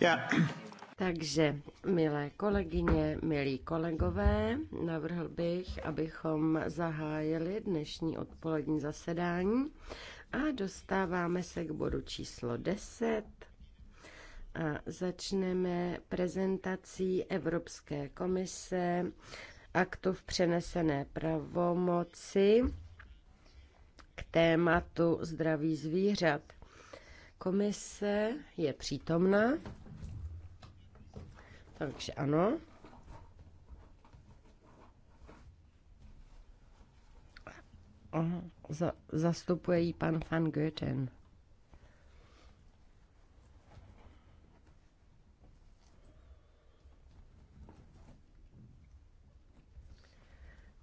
Yeah. Takže, milé kolegyně, milí kolegové, navrhl bych, abychom zahájili dnešní odpolední zasedání a dostáváme se k bodu číslo 10. A začneme prezentací Evropské komise aktu v přenesené pravomoci k tématu zdraví zvířat. Komise je přítomná. Takže ano. za, zastupuje ji pan van Goethen.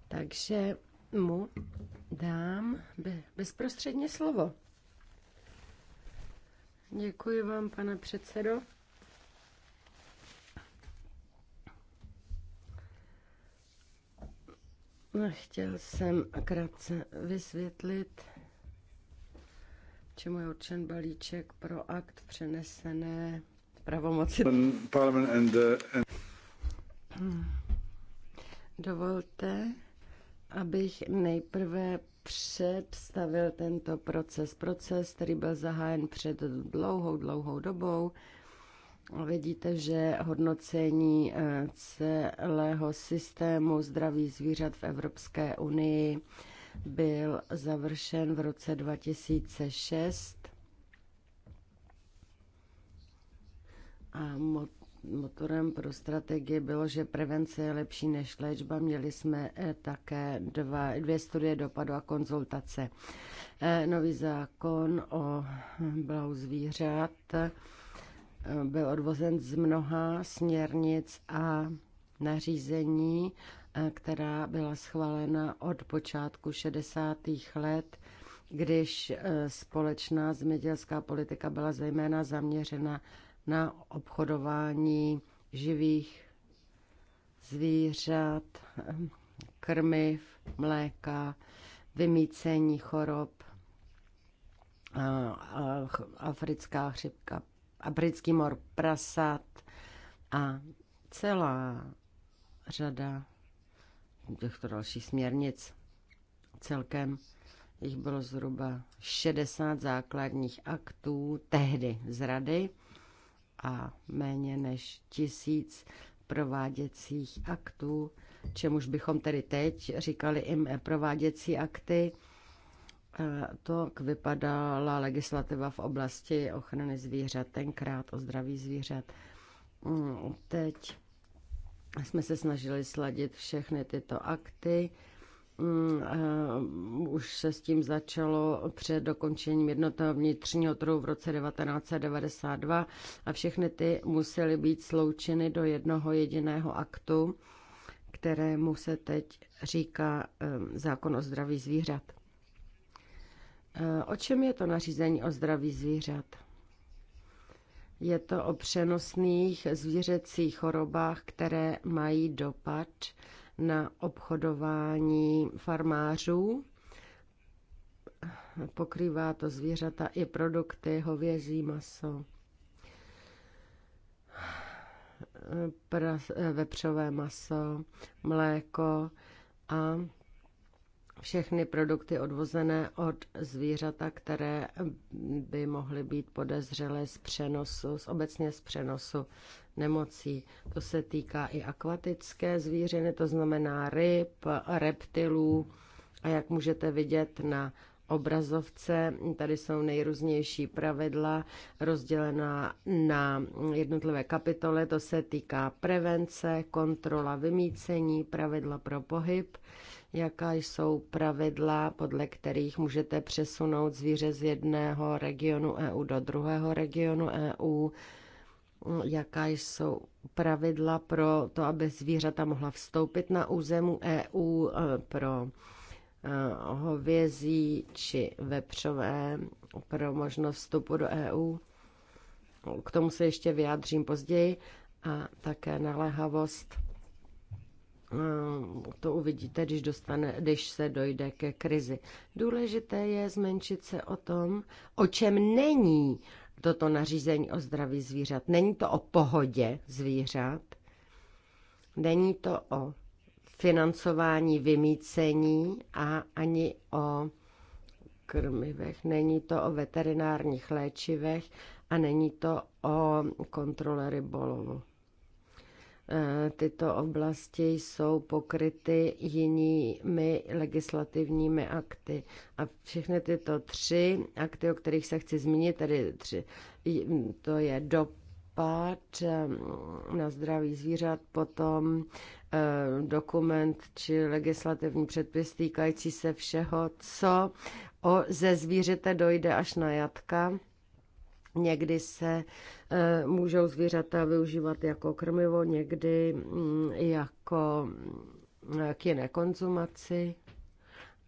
Takže mu dám bezprostředně slovo. Děkuji vám, pane předsedo. No, chtěl jsem krátce vysvětlit, čemu je určen balíček pro akt přenesené pravomoci. Uh, Dovolte, abych nejprve představil tento proces. Proces, který byl zahájen před dlouhou, dlouhou dobou Vidíte, že hodnocení eh, celého systému zdraví zvířat v Evropské unii byl završen v roce 2006 a motorem pro strategii bylo, že prevence je lepší než léčba. Měli jsme eh, také dva, dvě studie dopadu a konzultace. Eh, nový zákon o blahu zvířat byl odvozen z mnoha směrnic a nařízení, eh, která byla schválena od počátku 60. let, když eh, společná zemědělská politika byla zejména zaměřena na obchodování živých zvířat, eh, krmiv, mléka, vymícení chorob, africká chřipka, africký mor prasat a celá řada těchto dalších směrnic. Celkem jich bylo zhruba 60 základních aktů tehdy z rady a méně než tisíc prováděcích aktů, čemuž bychom tedy teď říkali im prováděcí akty E, to vypadala legislativa v oblasti ochrany zvířat, tenkrát o zdraví zvířat. Mm, teď jsme se snažili sladit všechny tyto akty. Mm, e, už se s tím začalo před dokončením jednotného vnitřního trhu v roce 1992 a všechny ty musely být sloučeny do jednoho jediného aktu, kterému se teď říká e, zákon o zdraví zvířat. O čem je to nařízení o zdraví zvířat? Je to o přenosných zvířecích chorobách, které mají dopad na obchodování farmářů. Pokrývá to zvířata i produkty, hovězí maso, pras, vepřové maso, mléko a všechny produkty odvozené od zvířata, které by mohly být podezřelé z přenosu, z obecně z přenosu nemocí. To se týká i akvatické zvířiny, to znamená ryb, reptilů. A jak můžete vidět na obrazovce, tady jsou nejrůznější pravidla rozdělená na jednotlivé kapitoly. To se týká prevence, kontrola vymícení, pravidla pro pohyb jaká jsou pravidla, podle kterých můžete přesunout zvíře z jedného regionu EU do druhého regionu EU, jaká jsou pravidla pro to, aby zvířata mohla vstoupit na území EU e, pro e, hovězí či vepřové pro možnost vstupu do EU. K tomu se ještě vyjádřím později a také naléhavost Eh, to uvidíte, když, dostane, když se dojde ke krizi. Důležité je zmenšit se o tom, o čem není toto nařízení o zdraví zvířat. Není to o pohodě zvířat, není to o financování vymícení a ani o krmivech, není to o veterinárních léčivech a není to o kontrole rybolovu. Eh, tyto oblasti jsou pokryty jinými legislativními akty. A všechny tyto tři akty, o kterých se chci zmínit, tedy tři, to je dopad eh, na zdraví zvířat, potom eh, dokument či legislativní předpis týkající se všeho, co o, ze zvířete dojde až na jatka Někdy se eh, můžou zvířata využívat jako krmivo, někdy mm, jako mm, k jiné konzumaci.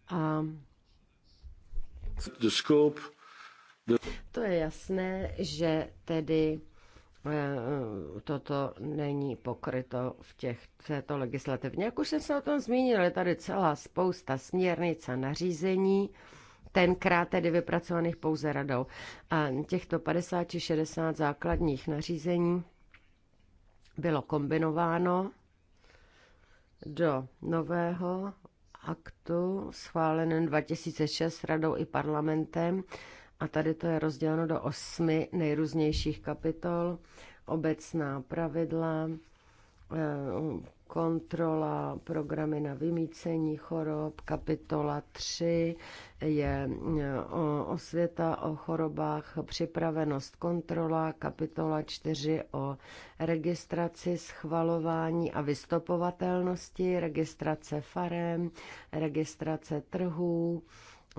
A to je jasné, že tedy eh, toto není pokryto v těch, této legislativně. Jak už jsem se o tom zmínil, je tady celá spousta směrnic a nařízení, tenkrát tedy vypracovaných pouze radou. A těchto 50 či 60 základních nařízení bylo kombinováno do nového aktu schváleném 2006 radou i parlamentem. A tady to je rozděleno do osmi nejrůznějších kapitol, obecná pravidla, eh, kontrola, programy na vymícení chorob, kapitola 3 je e, osvěta o chorobách, připravenost kontrola, kapitola 4 o registraci, schvalování a vystopovatelnosti, registrace farem, registrace trhů,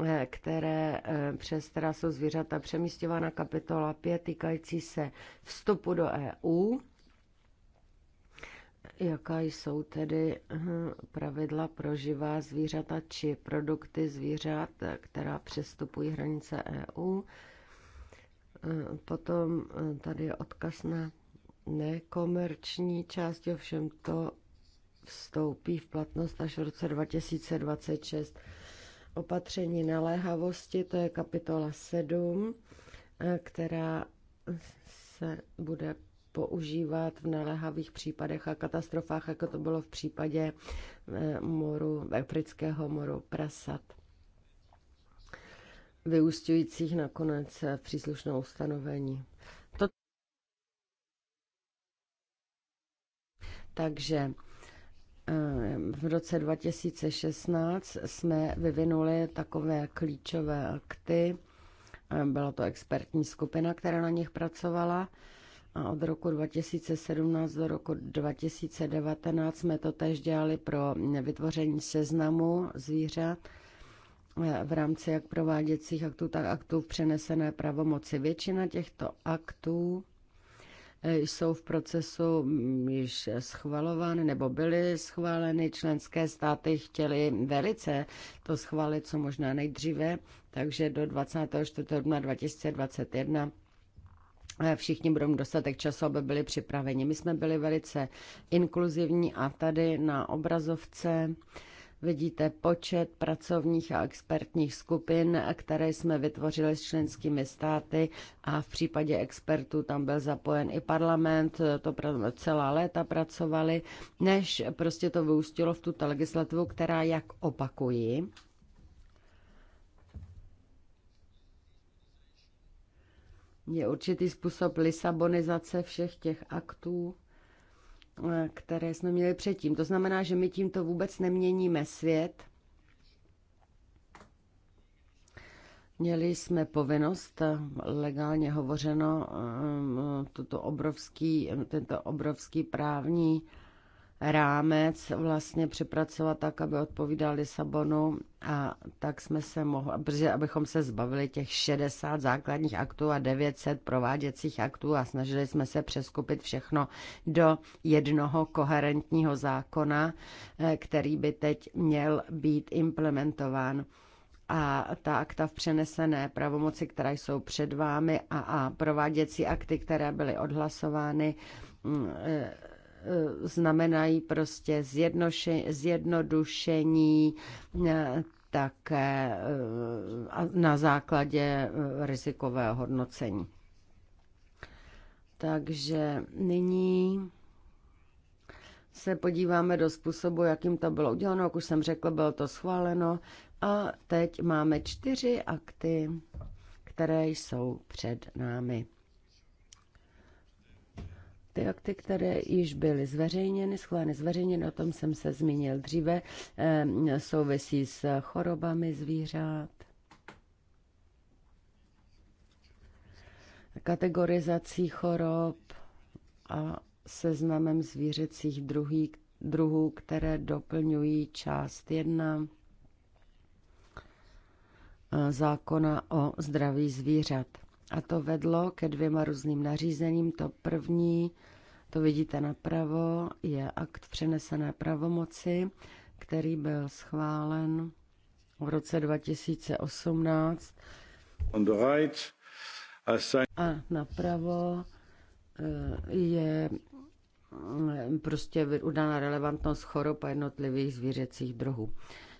e, které e, přes trasu jsou zvířata přemístěvána kapitola 5 týkající se vstupu do EU Jaká jsou tedy hm, pravidla pro živá zvířata či produkty zvířat, která přestupují hranice EU? Eh, potom eh, tady je odkaz na nekomerční část, ovšem to vstoupí v platnost až v roce 2026. Opatření naléhavosti, to je kapitola 7, eh, která se bude používat v naléhavých případech a katastrofách, jako to bylo v případě eh, moru, afrického moru prasat vyústějících nakonec v příslušné ustanovení. To... Takže eh, v roce 2016 jsme vyvinuli takové klíčové akty. Eh, byla to expertní skupina, která na nich pracovala. A od roku 2017 do roku 2019 jsme to tež dělali pro vytvoření seznamu zvířat eh, v rámci jak prováděcích aktů, tak aktů v přenesené pravomoci. Většina těchto aktů eh, jsou v procesu mm, již schvalovány nebo byly schváleny. Členské státy chtěly velice to schválit co možná nejdříve, takže do 24. dubna 2021 Eh, všichni budou mít dostatek času, aby byli připraveni. My jsme byli velice inkluzivní a tady na obrazovce vidíte počet pracovních a expertních skupin, které jsme vytvořili s členskými státy a v případě expertů tam byl zapojen i parlament, eh, to celá léta pracovali, než prostě to vyústilo v tuto legislativu, která, jak opakuji, je určitý způsob lisabonizace všech těch aktů, eh, které jsme měli předtím. To znamená, že my tímto vůbec neměníme svět. Měli jsme povinnost, eh, legálně hovořeno, eh, tuto obrovský, tento obrovský právní rámec vlastně přepracovat tak, aby odpovídal Lisabonu a tak jsme se mohli, protože abychom se zbavili těch 60 základních aktů a 900 prováděcích aktů a snažili jsme se přeskupit všechno do jednoho koherentního zákona, eh, který by teď měl být implementován a ta akta v přenesené pravomoci, které jsou před vámi a, a prováděcí akty, které byly odhlasovány, mm, eh, Eh, znamenají prostě zjednodušení eh, také eh, na základě rizikového hodnocení. Takže nyní se podíváme do způsobu, jakým to bylo uděláno. Jak už jsem řekla, bylo to schváleno. A teď máme čtyři akty, které jsou před námi. Ty akty, které již byly zveřejněny, schválně zveřejněny, o tom jsem se zmínil dříve, souvisí s chorobami zvířat, kategorizací chorob a seznamem zvířecích druhý, druhů, které doplňují část 1 e, zákona o zdraví zvířat. A to vedlo ke dvěma různým nařízením. To první, to vidíte napravo, je akt přenesené pravomoci, který byl schválen v roce 2018. a napravo eh, je mm, prostě udána relevantnost chorob a jednotlivých zvířecích druhů.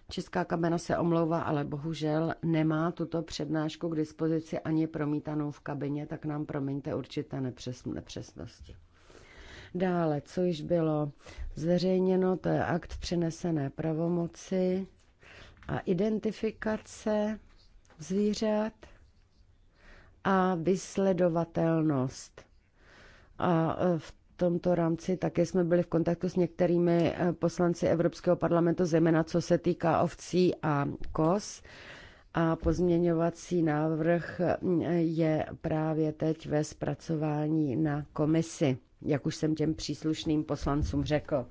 Česká kabina se omlouvá, ale bohužel nemá tuto přednášku k dispozici ani promítanou v kabině, tak nám promiňte určité nepřes, nepřesnosti. Dále, co již bylo zveřejněno, to je akt přenesené pravomoci a identifikace zvířat a vysledovatelnost. A e, v tomto rámci také jsme byli v kontaktu s některými eh, poslanci Evropského parlamentu, zejména co se týká ovcí a kos. A pozměňovací návrh eh, je právě teď ve zpracování na komisi, jak už jsem těm příslušným poslancům řekl.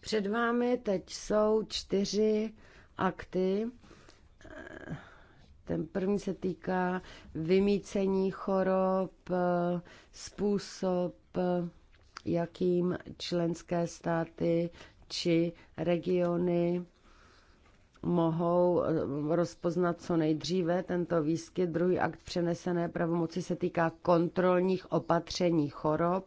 Před vámi teď jsou čtyři akty eh, ten první se týká vymícení chorob, eh, způsob, eh, jakým členské státy či regiony mohou eh, rozpoznat co nejdříve tento výskyt. Druhý akt přenesené pravomoci se týká kontrolních opatření chorob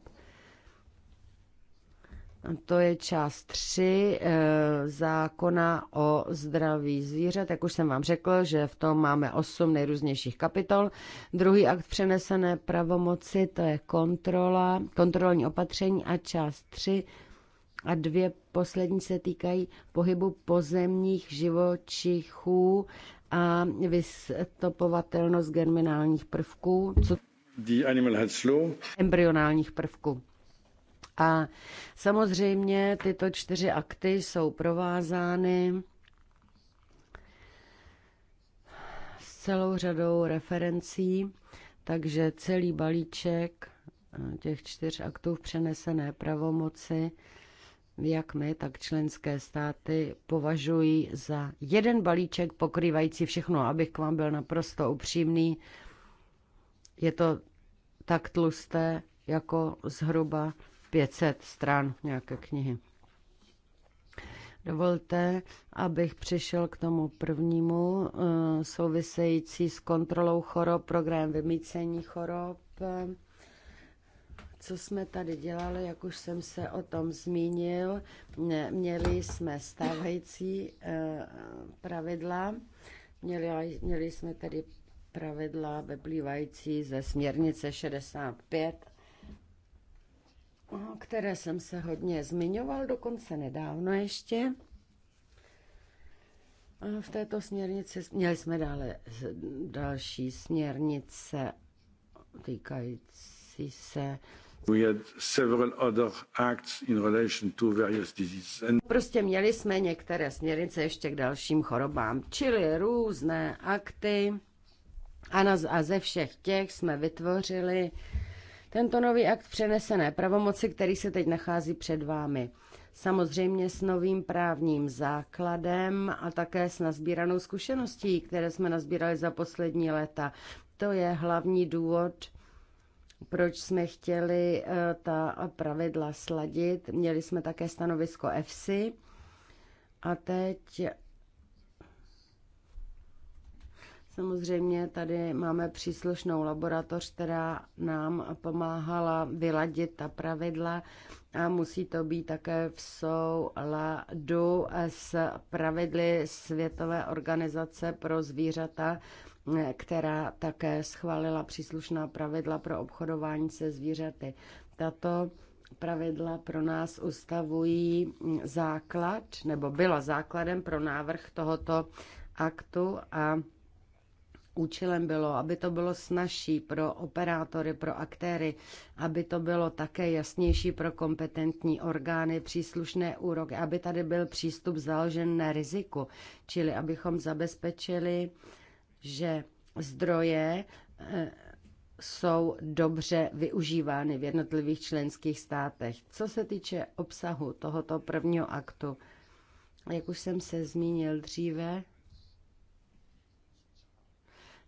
to je část 3 eh, zákona o zdraví zvířat. Jak už jsem vám řekl, že v tom máme 8 nejrůznějších kapitol. Druhý akt přenesené pravomoci, to je kontrola, kontrolní opatření a část 3 a dvě poslední se týkají pohybu pozemních živočichů a vystopovatelnost germinálních prvků. Co? animal Embryonálních prvků. A samozřejmě tyto čtyři akty jsou provázány s celou řadou referencí, takže celý balíček eh, těch čtyř aktů v přenesené pravomoci, jak my, tak členské státy považují za jeden balíček pokrývající všechno. Abych k vám byl naprosto upřímný, je to tak tlusté jako zhruba 500 stran nějaké knihy. Dovolte, abych přišel k tomu prvnímu eh, související s kontrolou chorob, program vymícení chorob. Co jsme tady dělali, jak už jsem se o tom zmínil, měli jsme stávající eh, pravidla, měli, měli jsme tedy pravidla vyplývající ze směrnice 65 o které jsem se hodně zmiňoval, dokonce nedávno ještě. V této směrnici měli jsme dále další směrnice týkající se We had several other acts in relation to various diseases. And... Prostě měli jsme některé směrnice ještě k dalším chorobám, čili různé akty a, na, a ze všech těch jsme vytvořili uh, tento nový akt přenesené pravomoci, který se teď nachází před vámi. Samozřejmě s novým právním základem a také s nazbíranou zkušeností, které jsme nazbírali za poslední léta. To je hlavní důvod, proč jsme chtěli eh, ta pravidla sladit. Měli jsme také stanovisko EFSI a teď Samozřejmě tady máme příslušnou laboratoř, která nám pomáhala vyladit ta pravidla a musí to být také v souladu s pravidly Světové organizace pro zvířata, která také schválila příslušná pravidla pro obchodování se zvířaty. Tato pravidla pro nás ustavují základ, nebo byla základem pro návrh tohoto aktu a Účelem bylo, aby to bylo snažší pro operátory, pro aktéry, aby to bylo také jasnější pro kompetentní orgány, příslušné úroky, aby tady byl přístup založen na riziku, čili abychom zabezpečili, že zdroje eh, jsou dobře využívány v jednotlivých členských státech. Co se týče obsahu tohoto prvního aktu, jak už jsem se zmínil dříve,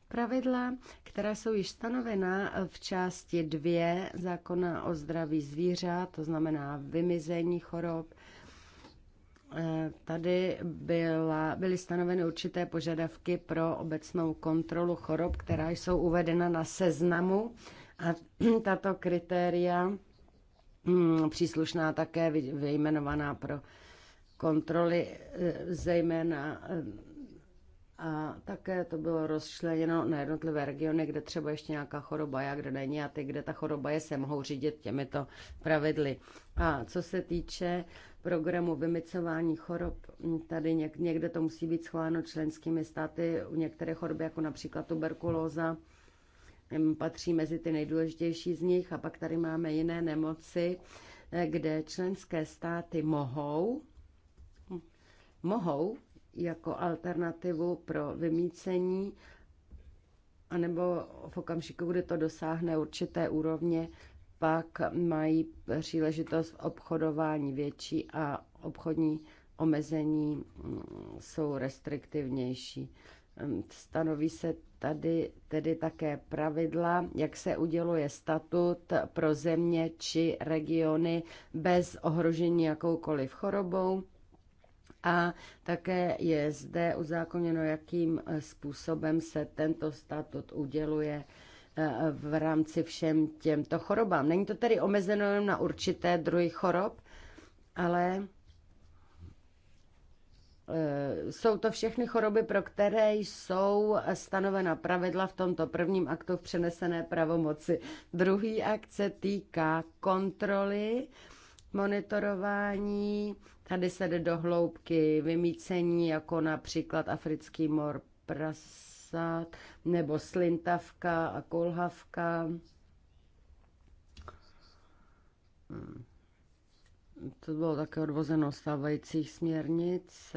Pravidla, která jsou již stanovená v části 2 zákona o zdraví zvířat, to znamená vymizení chorob, eh, Tady byla, byly stanoveny určité požadavky pro obecnou kontrolu chorob, která jsou uvedena na seznamu a tato kritéria hm, příslušná také vyjmenovaná pro kontroly, eh, zejména eh, a také to bylo rozšleněno na jednotlivé regiony, kde třeba ještě nějaká choroba je, kde není a ty, kde ta choroba je, se mohou řídit těmito pravidly. A co se týče programu vymycování chorob, tady někde to musí být schváleno členskými státy, u některé choroby, jako například tuberkulóza, patří mezi ty nejdůležitější z nich. A pak tady máme jiné nemoci, eh, kde členské státy mohou hm, mohou jako alternativu pro vymícení, anebo v okamžiku, kdy to dosáhne určité úrovně, pak mají příležitost obchodování větší a obchodní omezení mm, jsou restriktivnější. Ehm, stanoví se tady tedy také pravidla, jak se uděluje statut pro země či regiony bez ohrožení jakoukoliv chorobou a také je zde uzákoněno, jakým eh, způsobem se tento statut uděluje eh, v rámci všem těmto chorobám. Není to tedy omezeno jen na určité druhy chorob, ale eh, jsou to všechny choroby, pro které jsou stanovena pravidla v tomto prvním aktu v přenesené pravomoci. Druhý akt se týká kontroly monitorování. Tady se jde do hloubky vymícení, jako například africký mor prasat, nebo slintavka a kolhavka. Hmm. To bylo také odvozeno stávajících směrnic.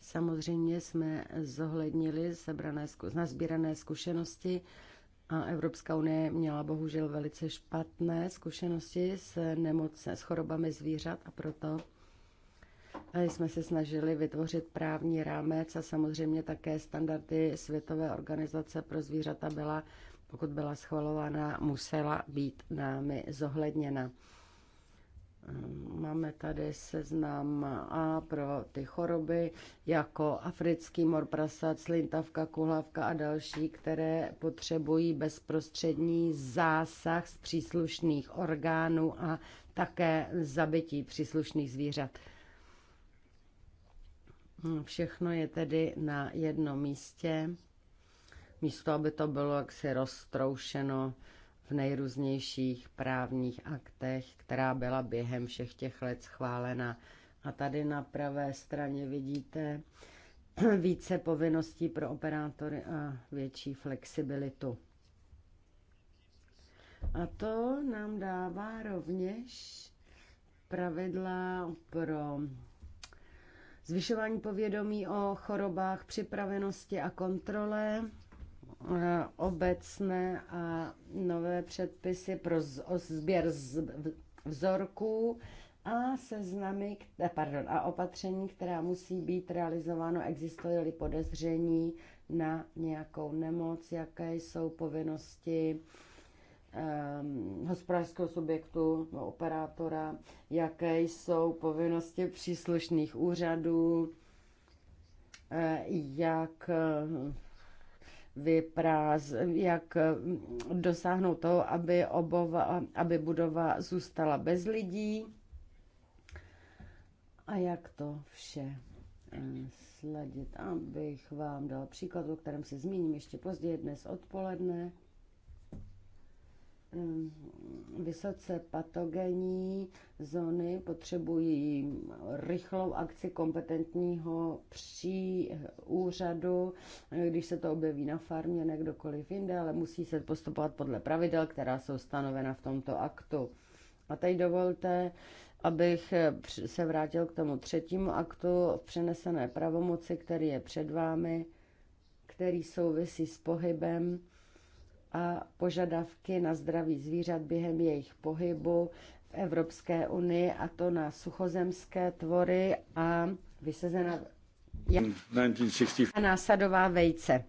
Samozřejmě jsme zohlednili sebrané, nazbírané zkušenosti a Evropská unie měla bohužel velice špatné zkušenosti s, nemoce, s chorobami zvířat a proto eh, jsme se snažili vytvořit právní rámec a samozřejmě také standardy Světové organizace pro zvířata byla, pokud byla schvalována, musela být námi zohledněna. Máme tady seznam A pro ty choroby, jako africký mor prasat, slintavka, kuhlavka a další, které potřebují bezprostřední zásah z příslušných orgánů a také zabití příslušných zvířat. Všechno je tedy na jednom místě, místo aby to bylo jaksi roztroušeno v nejrůznějších právních aktech, která byla během všech těch let schválena. A tady na pravé straně vidíte více povinností pro operátory a větší flexibilitu. A to nám dává rovněž pravidla pro zvyšování povědomí o chorobách, připravenosti a kontrole Eh, obecné a nové předpisy pro sběr vzorků a seznamy, eh, pardon, a opatření, která musí být realizováno, existuje-li podezření na nějakou nemoc, jaké jsou povinnosti um, hospodářského subjektu, nebo operátora, jaké jsou povinnosti příslušných úřadů, eh, jak vypráz, jak mm, dosáhnout toho, aby, obova, aby budova zůstala bez lidí a jak to vše eh, sladit. Abych vám dal příklad, o kterém se zmíním ještě později dnes odpoledne. Mm, vysoce patogenní zóny potřebují rychlou akci kompetentního pří úřadu, když se to objeví na farmě, ne kdokoliv jinde, ale musí se postupovat podle pravidel, která jsou stanovena v tomto aktu. A teď dovolte, abych se vrátil k tomu třetímu aktu v přenesené pravomoci, který je před vámi, který souvisí s pohybem a požadavky na zdraví zvířat během jejich pohybu v Evropské unii, a to na suchozemské tvory a vysezená a násadová vejce.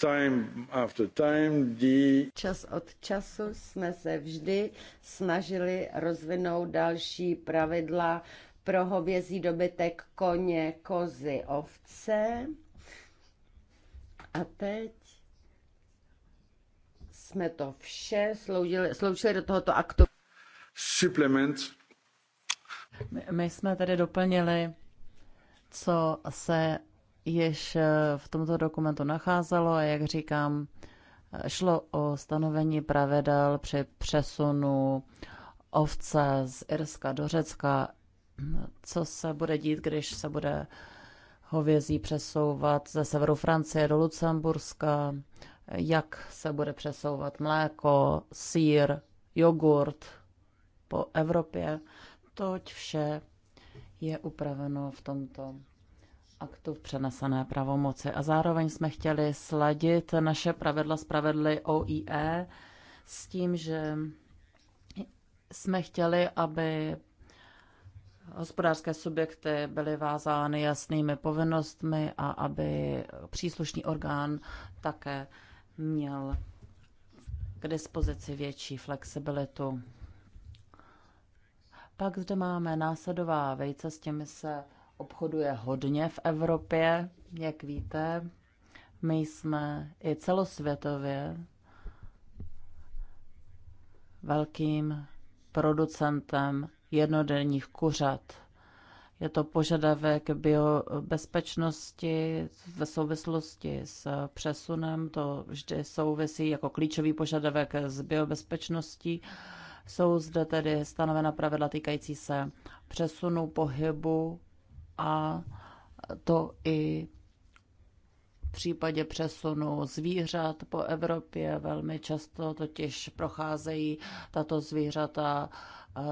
Time after time the... Čas od času jsme se vždy snažili rozvinout další pravidla pro hovězí dobytek, koně, kozy, ovce. A teď jsme to vše sloužili, sloužili do tohoto aktu. Supplement. My, my jsme tedy doplnili, co se již eh, v tomto dokumentu nacházelo a jak říkám, eh, šlo o stanovení pravidel při přesunu ovce z Irska do Řecka, co se bude dít, když se bude hovězí přesouvat ze severu Francie do Lucemburska, jak se bude přesouvat mléko, sír, jogurt po Evropě. Toť vše je upraveno v tomto aktu v přenesené pravomoci. A zároveň jsme chtěli sladit naše pravidla z pravidly OIE s tím, že jsme chtěli, aby hospodářské subjekty byly vázány jasnými povinnostmi a aby příslušný orgán také měl k dispozici větší flexibilitu. Pak zde máme následová vejce, s těmi se obchoduje hodně v Evropě, jak víte. My jsme i celosvětově velkým producentem jednodenních kuřat. Je to požadavek biobezpečnosti ve souvislosti s přesunem, to vždy souvisí jako klíčový požadavek s biobezpečností. Jsou zde tedy stanovena pravidla týkající se přesunu, pohybu a to i v případě přesunu zvířat po Evropě. Velmi často totiž procházejí tato zvířata Eh,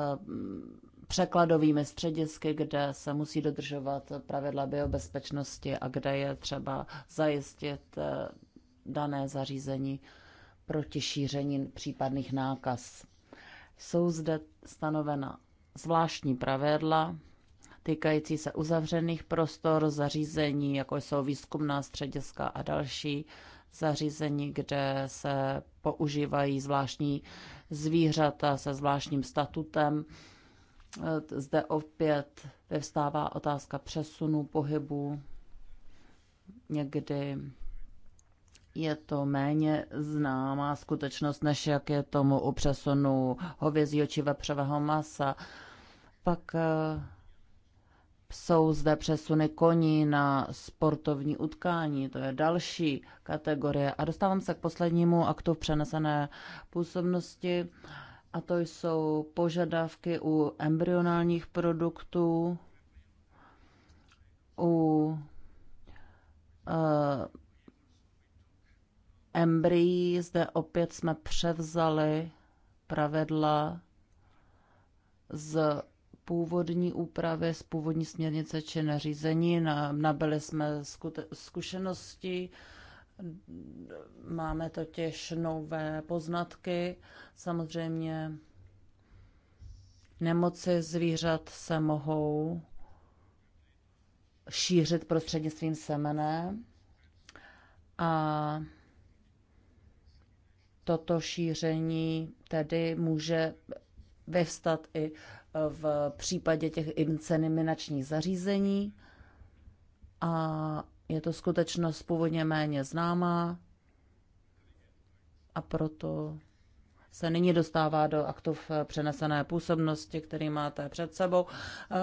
překladovými středisky, kde se musí dodržovat pravidla biobezpečnosti a kde je třeba zajistit eh, dané zařízení proti šíření případných nákaz. Jsou zde stanovena zvláštní pravidla týkající se uzavřených prostor, zařízení, jako jsou výzkumná střediska a další zařízení, kde se používají zvláštní zvířata se zvláštním statutem. Eh, zde opět vyvstává otázka přesunu, pohybu. Někdy je to méně známá skutečnost, než jak je tomu u přesunu hovězího či vepřového masa. Pak eh, jsou zde přesuny koní na sportovní utkání, to je další kategorie. A dostávám se k poslednímu aktu v přenesené působnosti, a to jsou požadavky u embryonálních produktů, u uh, embryí. Zde opět jsme převzali pravidla z původní úpravy z původní směrnice či nařízení. Nabili jsme zkušenosti, máme totiž nové poznatky. Samozřejmě nemoci zvířat se mohou šířit prostřednictvím semene a toto šíření tedy může vyvstat i v případě těch inseminačních zařízení a je to skutečnost původně méně známá a proto se nyní dostává do aktov přenesené působnosti, který máte před sebou. E,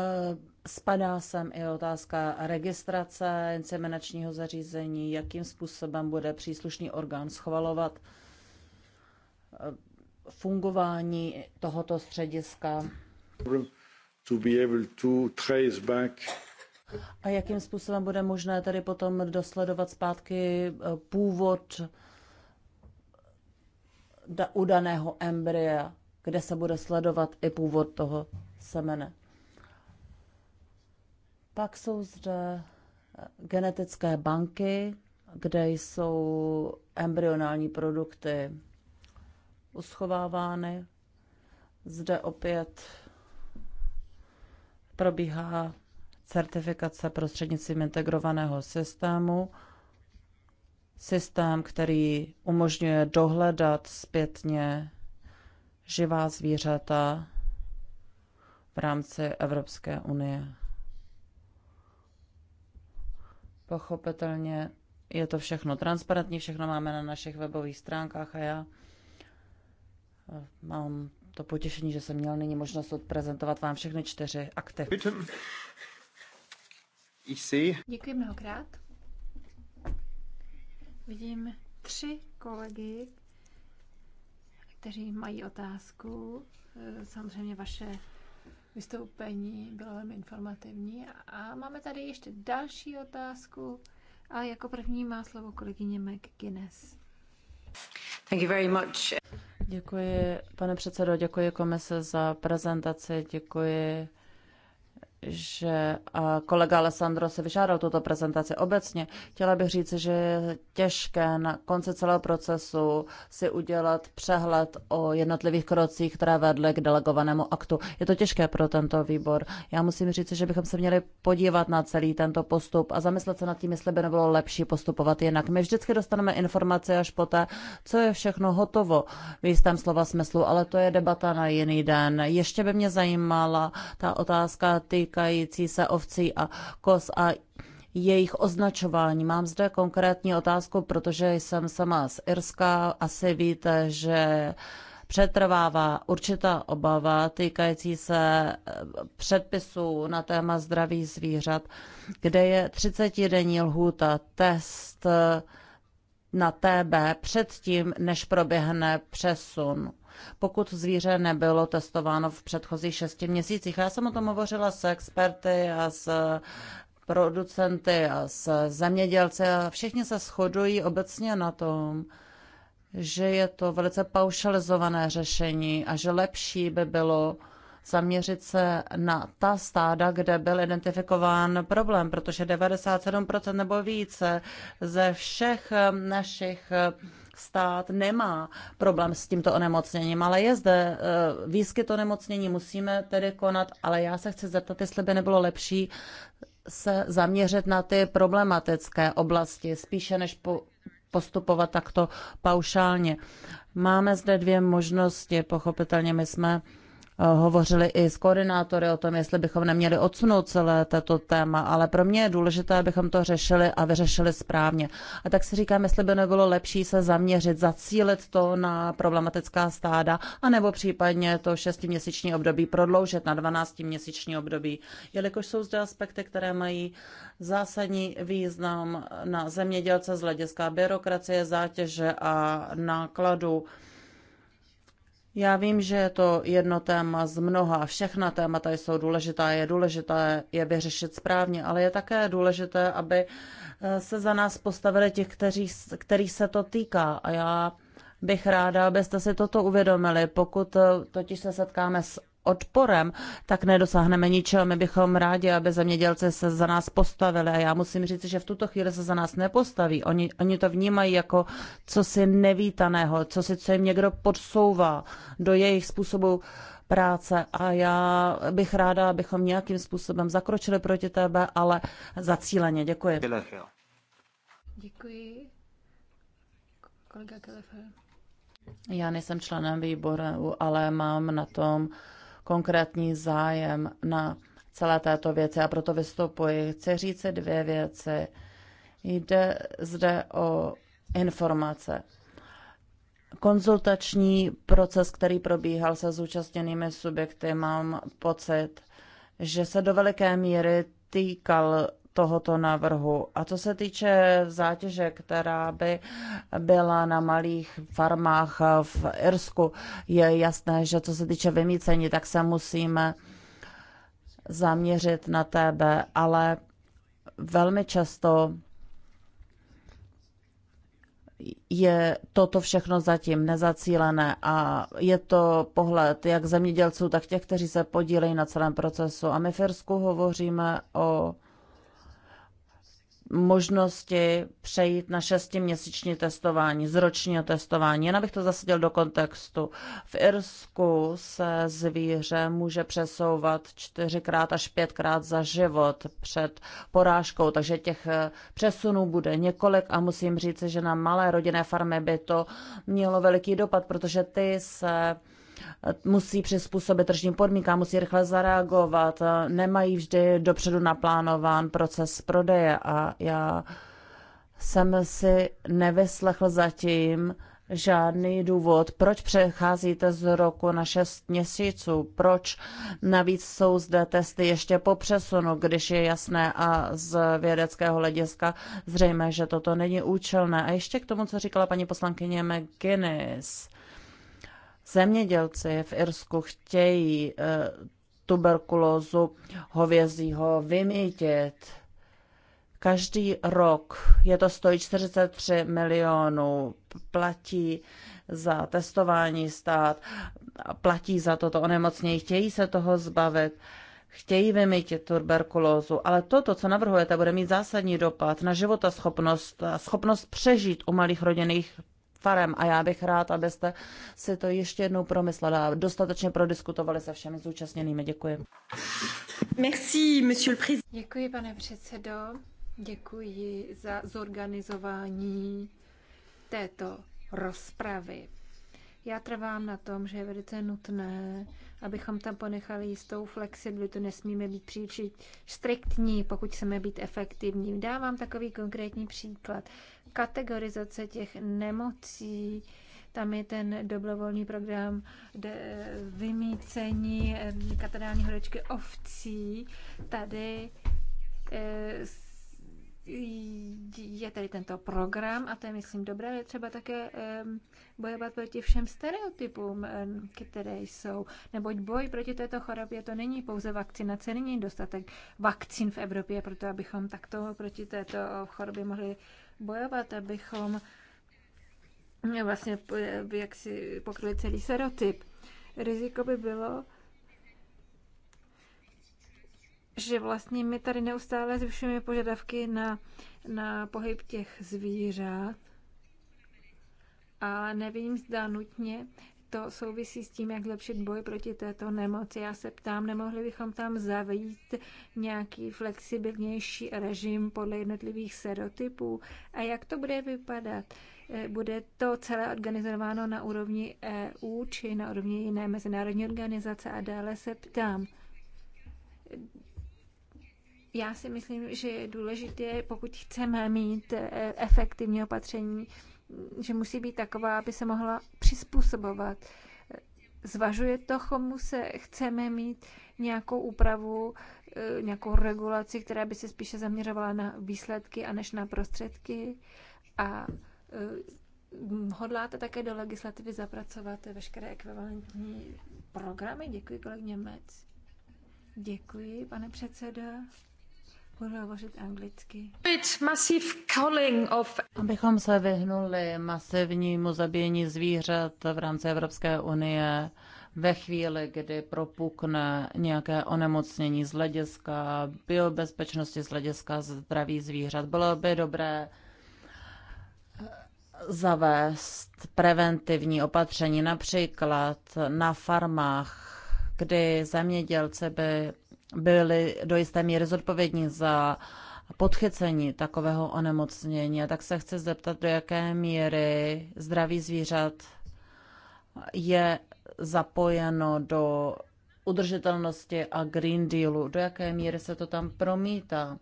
spadá sem i otázka registrace inseminačního zařízení, jakým způsobem bude příslušný orgán schvalovat e, fungování tohoto střediska a jakým způsobem bude možné tedy potom dosledovat zpátky eh, původ udaného u daného embrya, kde se bude sledovat i původ toho semene. Pak jsou zde eh, genetické banky, kde jsou embryonální produkty uschovávány. Zde opět probíhá certifikace prostřednictvím integrovaného systému, systém, který umožňuje dohledat zpětně živá zvířata v rámci Evropské unie. Pochopitelně je to všechno transparentní, všechno máme na našich webových stránkách a já Eh, mám to potěšení, že jsem měl nyní možnost odprezentovat vám všechny čtyři akty. Děkuji mnohokrát. Vidím tři kolegy, kteří mají otázku. Eh, samozřejmě vaše vystoupení bylo velmi informativní. A máme tady ještě další otázku. A jako první má slovo kolegyně McGuinness. Thank you very much. Děkuji, pane předsedo, děkuji komise za prezentaci, děkuji že kolega Alessandro se vyžádal tuto prezentaci obecně. Chtěla bych říct, že je těžké na konci celého procesu si udělat přehled o jednotlivých krocích, které vedly k delegovanému aktu. Je to těžké pro tento výbor. Já musím říct, že bychom se měli podívat na celý tento postup a zamyslet se nad tím, jestli by nebylo lepší postupovat jinak. My vždycky dostaneme informace až poté, co je všechno hotovo v jistém slova smyslu, ale to je debata na jiný den. Ještě by mě zajímala ta otázka ty týkající se ovcí a kos a jejich označování. Mám zde konkrétní otázku, protože jsem sama z Irska. Asi víte, že přetrvává určitá obava týkající se eh, předpisů na téma zdraví zvířat, kde je 30-denní lhůta test eh, na TB předtím, než proběhne přesun pokud zvíře nebylo testováno v předchozích šesti měsících. Já jsem o tom hovořila s experty a s producenty a s zemědělci a všichni se shodují obecně na tom, že je to velice paušalizované řešení a že lepší by bylo zaměřit se na ta stáda, kde byl identifikován problém, protože 97% nebo více ze všech našich stát nemá problém s tímto onemocněním, ale je zde eh, výskyt onemocnění, musíme tedy konat, ale já se chci zeptat, jestli by nebylo lepší se zaměřit na ty problematické oblasti, spíše než po, postupovat takto paušálně. Máme zde dvě možnosti, pochopitelně my jsme uh, Eh, hovořili i s koordinátory o tom, jestli bychom neměli odsunout celé tato téma, ale pro mě je důležité, abychom to řešili a vyřešili správně. A tak si říkám, jestli by nebylo lepší se zaměřit, zacílit to na problematická stáda, anebo případně to šestiměsíční období prodloužit na 12-měsíční období, jelikož jsou zde aspekty, které mají zásadní význam na zemědělce z hlediska byrokracie, zátěže a nákladu. Já vím, že je to jedno téma z mnoha. Všechna témata jsou důležitá. Je důležité je vyřešit správně, ale je také důležité, aby eh, se za nás postavili těch, kteří, kterých se to týká. A já bych ráda, abyste si toto uvědomili. Pokud eh, totiž se setkáme s odporem, tak nedosáhneme ničeho. My bychom rádi, aby zemědělci se za nás postavili. A já musím říct, že v tuto chvíli se za nás nepostaví. Oni, oni to vnímají jako co si nevítaného, co si co jim někdo podsouvá do jejich způsobu práce a já bych ráda, abychom nějakým způsobem zakročili proti tebe, ale zacíleně. Děkuji. Děkuji. Kolega Kelefer. Já nejsem členem výboru, ale mám na tom konkrétní zájem na celé této věci a proto vystupuji. Chci říct dvě věci. Jde zde o informace. Konzultační proces, který probíhal se zúčastněnými subjekty, mám pocit, že se do veliké míry týkal tohoto návrhu. A co se týče zátěže, která by byla na malých farmách v Irsku, je jasné, že co se týče vymícení, tak se musíme zaměřit na tebe, ale velmi často je toto všechno zatím nezacílené a je to pohled jak zemědělců, tak těch, kteří se podílejí na celém procesu. A my v Irsku hovoříme o možnosti přejít na šestiměsíční testování, z ročního testování. Jen abych to zasadil do kontextu. V Irsku se zvíře může přesouvat čtyřikrát až pětkrát za život před porážkou, takže těch eh, přesunů bude několik a musím říct, že na malé rodinné farmy by to mělo veliký dopad, protože ty se musí přizpůsobit tržním podmínkám, musí rychle zareagovat, nemají vždy dopředu naplánován proces prodeje a já jsem si nevyslechl zatím žádný důvod, proč přecházíte z roku na 6 měsíců, proč navíc jsou zde testy ještě po přesunu, když je jasné a z vědeckého hlediska zřejmé, že toto není účelné. A ještě k tomu, co říkala paní poslankyně McGuinness Zemědělci v Irsku chtějí eh, tuberkulózu hovězího vymítit. Každý rok je to stojí 43 milionů, platí za testování stát, platí za toto onemocnění, chtějí se toho zbavit chtějí vymítit tuberkulózu, ale toto, co navrhujete, bude mít zásadní dopad na životaschopnost a schopnost přežít u malých rodinných farem a já bych rád, abyste si to ještě jednou promysleli a dostatečně prodiskutovali se všemi zúčastněnými. Děkuji. Merci, monsieur le président. Děkuji, pane předsedo. Děkuji za zorganizování této rozpravy. Já trvám na tom, že je velice nutné, abychom tam ponechali jistou flexibilitu. Nesmíme být příliš striktní, pokud chceme být efektivní. Dávám takový konkrétní příklad kategorizace těch nemocí, tam je ten dobrovolný program de, vymícení katedrální horečky ovcí. Tady e, je tady tento program a to je, myslím, dobré. Je třeba také bojovat proti všem stereotypům, které jsou. Neboť boj proti této chorobě to není pouze vakcinace, není dostatek vakcín v Evropě, proto abychom takto proti této chorobě mohli bojovat, abychom vlastně jak si pokryli celý serotyp. Riziko by bylo, že vlastně my tady neustále zvyšujeme požadavky na, na pohyb těch zvířat, ale nevím, zda nutně to souvisí s tím, jak zlepšit boj proti této nemoci. Já se ptám, nemohli bychom tam zavít nějaký flexibilnější režim podle jednotlivých serotypů? A jak to bude vypadat? Eh, bude to celé organizováno na úrovni EU či na úrovni jiné mezinárodní organizace? A dále se ptám, já si myslím, že je důležité, pokud chceme mít eh, efektivní opatření, že musí být taková, aby se mohla přizpůsobovat. Zvažuje to, komu se chceme mít nějakou úpravu, eh, nějakou regulaci, která by se spíše zaměřovala na výsledky a než na prostředky. A eh, hodláte také do legislativy zapracovat veškeré ekvivalentní programy? Děkuji, kolegyně Mec. Děkuji, pane předsedo. Budu hovořit anglicky. Abychom se vyhnuli masivnímu zabíjení zvířat v rámci Evropské unie ve chvíli, kdy propukne nějaké onemocnění z hlediska biobezpečnosti, z hlediska zdraví zvířat, bylo by dobré eh, zavést preventivní opatření, například na farmách, kdy zemědělci by byli do jisté míry zodpovědní za podchycení takového onemocnění. A tak se chci zeptat, do jaké míry zdraví zvířat je zapojeno do udržitelnosti a Green Dealu, do jaké míry se to tam promítá.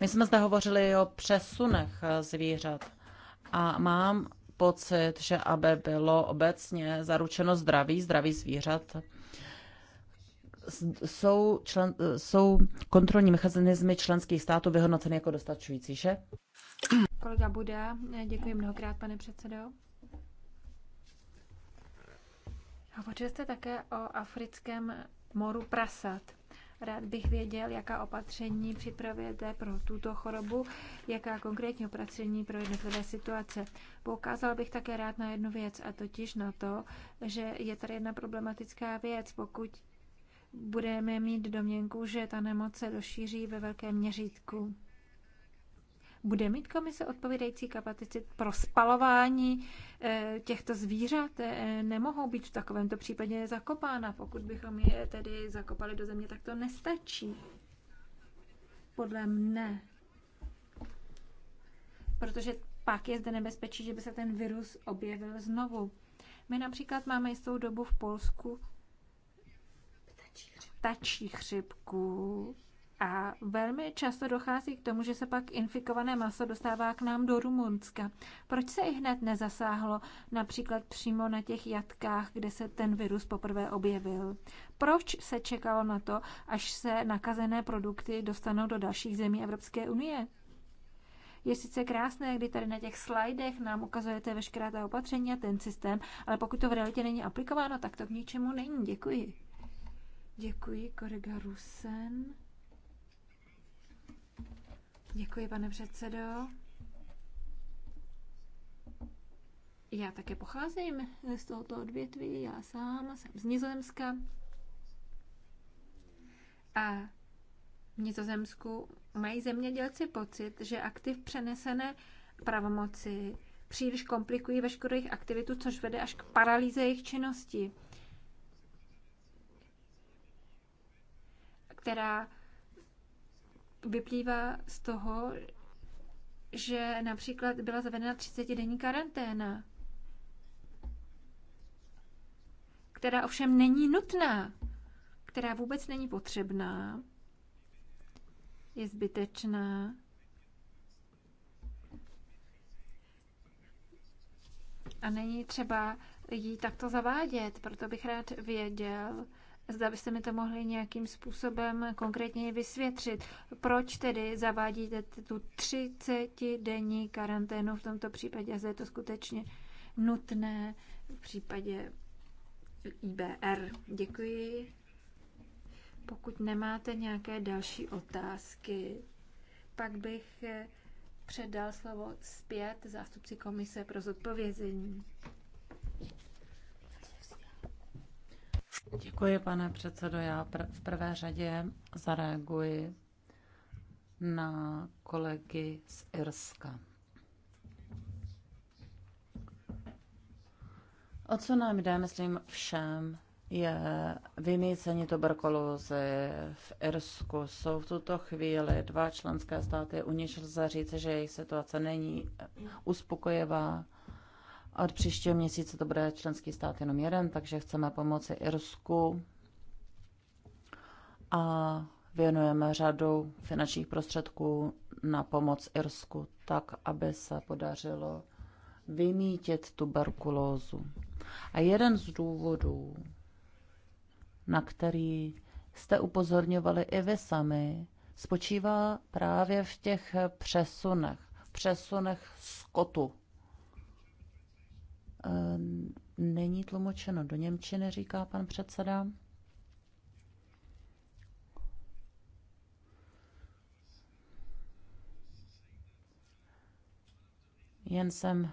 My jsme zde hovořili o přesunech zvířat a mám pocit, že aby bylo obecně zaručeno zdraví, zdraví zvířat, jsou, člen, jsou kontrolní mechanismy členských států vyhodnoceny jako dostačující, že? Kolega Buda, děkuji mnohokrát, pane předsedo. Hovořil jste také o africkém moru prasat. Rád bych věděl, jaká opatření připravujete pro tuto chorobu, jaká konkrétní opatření pro jednotlivé situace. Poukázal bych také rád na jednu věc, a totiž na to, že je tady jedna problematická věc. Pokud budeme mít domněnku, že ta nemoc se rozšíří ve velkém měřítku. Bude mít komise odpovídající kapacity pro spalování eh, těchto zvířat? Eh, nemohou být v takovémto případě zakopána. Pokud bychom je tedy zakopali do země, tak to nestačí. Podle mne. Protože pak je zde nebezpečí, že by se ten virus objevil znovu. My například máme jistou dobu v Polsku ptačí chřipku a velmi často dochází k tomu, že se pak infikované maso dostává k nám do Rumunska. Proč se i hned nezasáhlo například přímo na těch jatkách, kde se ten virus poprvé objevil? Proč se čekalo na to, až se nakazené produkty dostanou do dalších zemí Evropské unie? Je sice krásné, kdy tady na těch slajdech nám ukazujete veškerá ta opatření a ten systém, ale pokud to v realitě není aplikováno, tak to k ničemu není. Děkuji. Děkuji, kolega Rusen. Děkuji, pane předsedo. Já také pocházím z tohoto odvětví, já sám jsem z Nizozemska. A v Nizozemsku mají zemědělci pocit, že aktiv přenesené pravomoci příliš komplikují veškerou jejich aktivitu, což vede až k paralýze jejich činnosti. která vyplývá z toho, že například byla zavedena 30-denní karanténa, která ovšem není nutná, která vůbec není potřebná, je zbytečná. A není třeba ji takto zavádět, proto bych rád věděl, Zda byste mi to mohli nějakým způsobem konkrétně vysvětlit. Proč tedy zavádíte tu 30-denní karanténu v tomto případě? A je to skutečně nutné v případě IBR. Děkuji. Pokud nemáte nějaké další otázky, pak bych předal slovo zpět zástupci komise pro zodpovězení. Děkuji, pane předsedo. Já pr- v prvé řadě zareaguji na kolegy z Irska. O co nám jde, myslím, všem, je vymícení tuberkulózy v Irsku. Jsou v tuto chvíli dva členské státy, u nich lze říct, že jejich situace není uspokojivá. Od příštího měsíce to bude členský stát jenom jeden, takže chceme pomoci Irsku a věnujeme řadu finančních prostředků na pomoc Irsku, tak aby se podařilo vymítit tuberkulózu. A jeden z důvodů, na který jste upozorňovali i vy sami, spočívá právě v těch přesunech, přesunech skotu Ehm, není tlumočeno do Němčiny, říká pan předseda. Jen jsem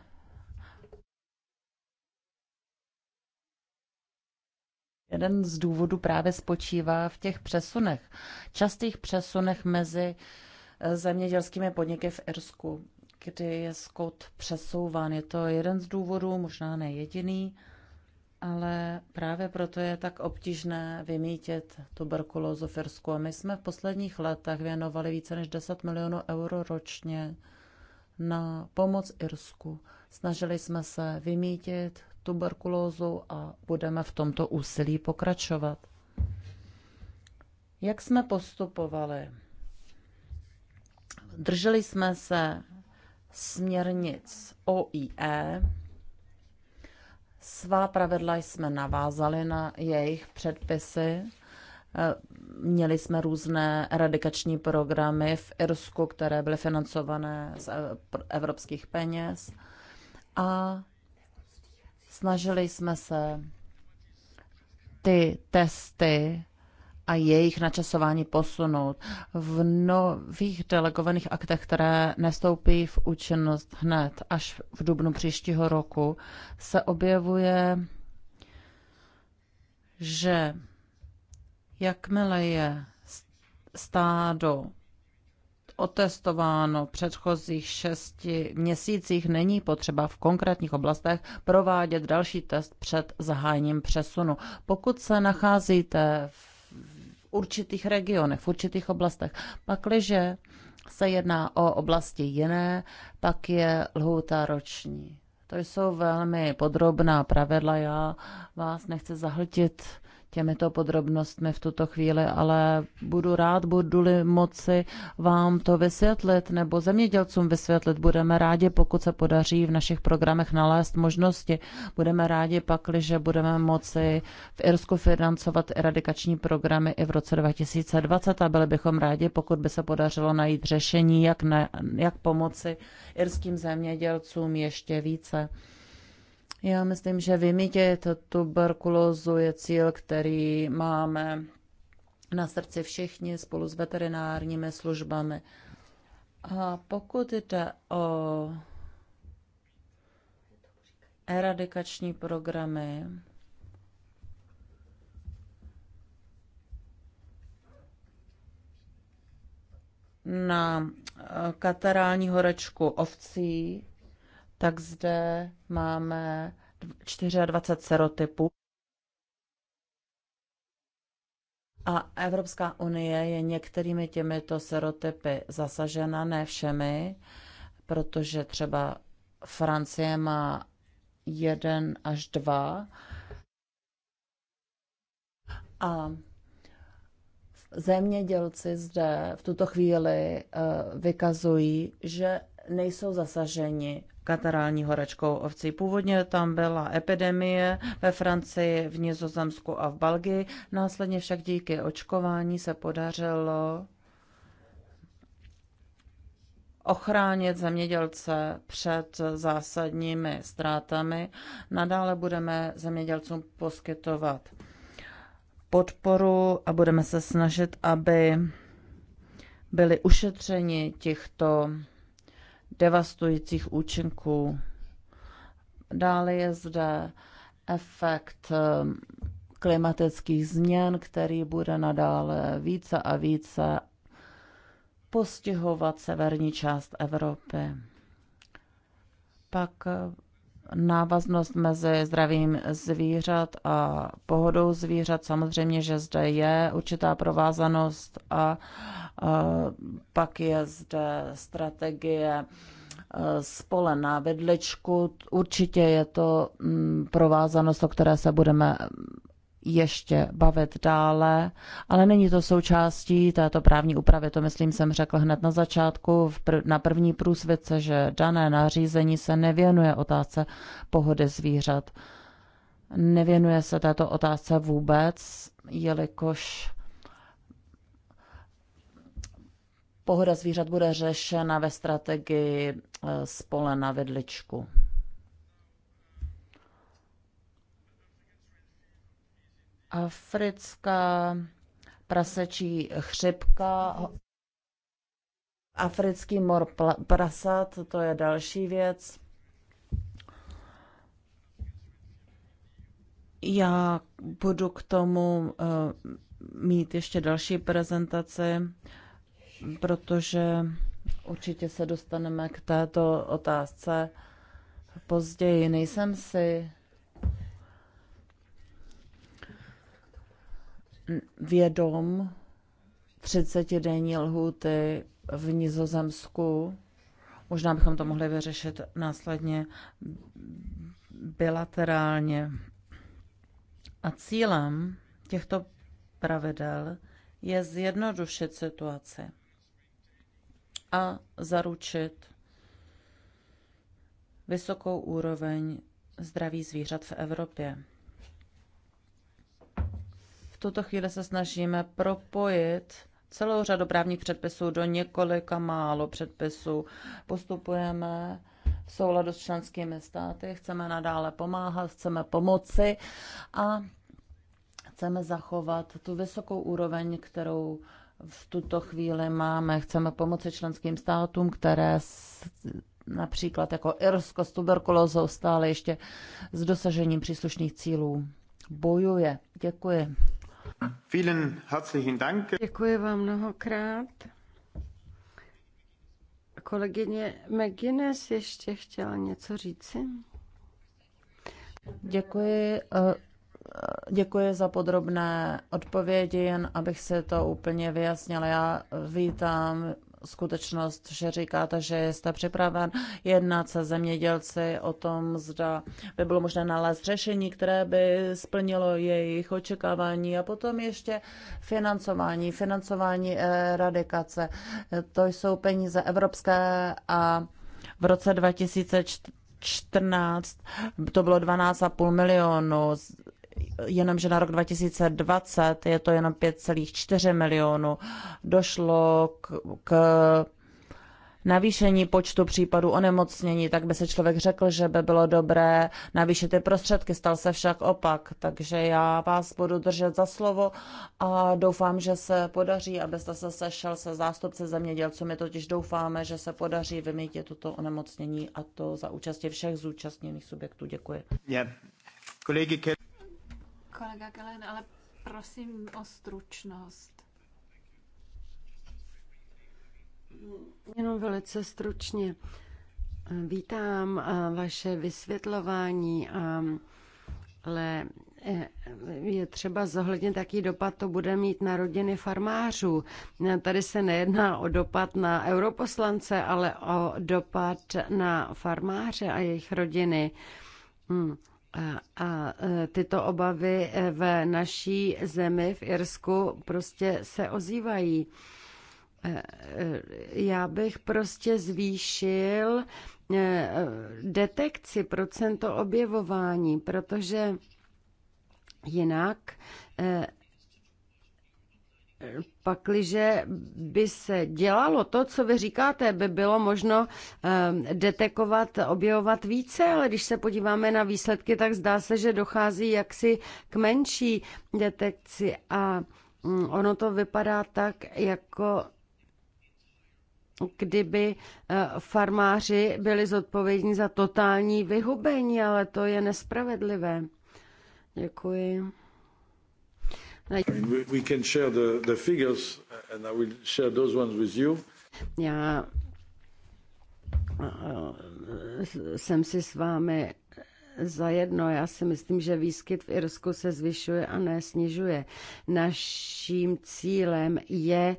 Jeden z důvodů právě spočívá v těch přesunech, častých přesunech mezi eh, zemědělskými podniky v Irsku kdy je skot přesouván. Je to jeden z důvodů, možná ne jediný, ale právě proto je tak obtížné vymítit tuberkulózu firsku. A my jsme v posledních letech věnovali více než 10 milionů euro ročně na pomoc Irsku. Snažili jsme se vymítit tuberkulózu a budeme v tomto úsilí pokračovat. Jak jsme postupovali? Drželi jsme se směrnic OIE. Svá pravidla jsme navázali na jejich předpisy. Eh, měli jsme různé eradikační programy v Irsku, které byly financované z evropských peněz a snažili jsme se ty testy a jejich načasování posunout. V nových delegovaných aktech, které nestoupí v účinnost hned až v dubnu příštího roku, se objevuje, že jakmile je stádo otestováno v předchozích šesti měsících, není potřeba v konkrétních oblastech provádět další test před zahájením přesunu. Pokud se nacházíte v určitých regionech, v určitých oblastech. Pakliže se jedná o oblasti jiné, pak je lhůta roční. To jsou velmi podrobná pravidla, já vás nechci zahltit těmito podrobnostmi v tuto chvíli, ale budu rád, budu-li moci vám to vysvětlit nebo zemědělcům vysvětlit. Budeme rádi, pokud se podaří v našich programech nalézt možnosti. Budeme rádi pak, že budeme moci v Irsku financovat eradikační programy i v roce 2020 a byli bychom rádi, pokud by se podařilo najít řešení, jak, na, jak pomoci irským zemědělcům ještě více. Já myslím, že vymítit tuberkulózu je cíl, který máme na srdci všichni spolu s veterinárními službami. A pokud jde o eradikační programy, na katarální horečku ovcí, tak zde máme 24 serotypů. A Evropská unie je některými těmito serotypy zasažena, ne všemi, protože třeba Francie má jeden až dva. A zemědělci zde v tuto chvíli eh, vykazují, že nejsou zasaženi katarální horečkou ovcí. Původně tam byla epidemie ve Francii, v Nizozemsku a v Belgii. Následně však díky očkování se podařilo ochránit zemědělce před zásadními ztrátami. Nadále budeme zemědělcům poskytovat podporu a budeme se snažit, aby byli ušetřeni těchto devastujících účinků. Dále je zde efekt eh, klimatických změn, který bude nadále více a více postihovat severní část Evropy. Pak eh, návaznost mezi zdravím zvířat a pohodou zvířat. Samozřejmě, že zde je určitá provázanost a, a pak je zde strategie e, spole na vedličku. Určitě je to provázanost, o které se budeme ještě bavit dále, ale není to součástí této právní úpravy. To, myslím, jsem řekl hned na začátku na první průsvědce, že dané nařízení se nevěnuje otázce pohody zvířat. Nevěnuje se této otázce vůbec, jelikož pohoda zvířat bude řešena ve strategii eh, spole na vidličku. africká prasečí chřipka, africký mor prasat, to je další věc. Já budu k tomu eh, mít ještě další prezentaci, protože určitě se dostaneme k této otázce později. Nejsem si vědom 30-denní lhuty v Nizozemsku. Možná bychom to mohli vyřešit následně bilaterálně. A cílem těchto pravidel je zjednodušit situaci a zaručit vysokou úroveň zdraví zvířat v Evropě tuto chvíli se snažíme propojit celou řadu právních předpisů do několika málo předpisů. Postupujeme v souladu s členskými státy, chceme nadále pomáhat, chceme pomoci a chceme zachovat tu vysokou úroveň, kterou v tuto chvíli máme. Chceme pomoci členským státům, které například jako Irsko s tuberkulózou stále ještě s dosažením příslušných cílů bojuje. Děkuji. Vielen herzlichen Dank. Děkuji vám mnohokrát. Kolegyně McGuinness ještě chtěla něco říci. Děkuji. Eh, eh, děkuji za podrobné odpovědi, jen abych se to úplně vyjasnila. Já vítám skutečnost, že říkáte, že jste připraven jednat se zemědělci o tom, zda by bylo možné nalézt řešení, které by splnilo jejich očekávání a potom ještě financování, financování eh, radikace. To jsou peníze evropské a v roce 2014 to bylo 12,5 milionů jenom že na rok 2020 je to jenom 5,4 milionů. Došlo k, k navýšení počtu případů onemocnění, tak by se člověk řekl, že by bylo dobré navýšit ty prostředky. Stal se však opak, takže já vás budu držet za slovo a doufám, že se podaří, abyste se sešel se zástupce zemědělců. My totiž doufáme, že se podaří vymítit toto onemocnění a to za účasti všech zúčastněných subjektů. Děkuji. Yeah. Kolegy Kolega Gelen, ale prosím o stručnost. Jenom velice stručně. Vítám eh, vaše vysvětlování, ale eh, je třeba zohlednit, jaký dopad to bude mít na rodiny farmářů. Tady se nejedná o dopad na europoslance, ale o dopad na farmáře a jejich rodiny. Hmm. A e, tyto obavy e, v naší zemi, v Irsku, prostě se ozývají. E, já bych prostě zvýšil detekci, procento objevování, protože jinak Pakliže by se dělalo to, co vy říkáte, by bylo možno ehm, detekovat, objevovat více, ale když se podíváme na výsledky, tak zdá se, že dochází jaksi k menší detekci a mm, ono to vypadá tak, jako kdyby e, farmáři byli zodpovědní za totální vyhubení, ale to je nespravedlivé. Děkuji. We can share the, the figures and I will share those ones with you. Já jsem si s vámi zajedno. Já si myslím, že výskyt v Irsku se zvyšuje a ne snižuje. Naším cílem je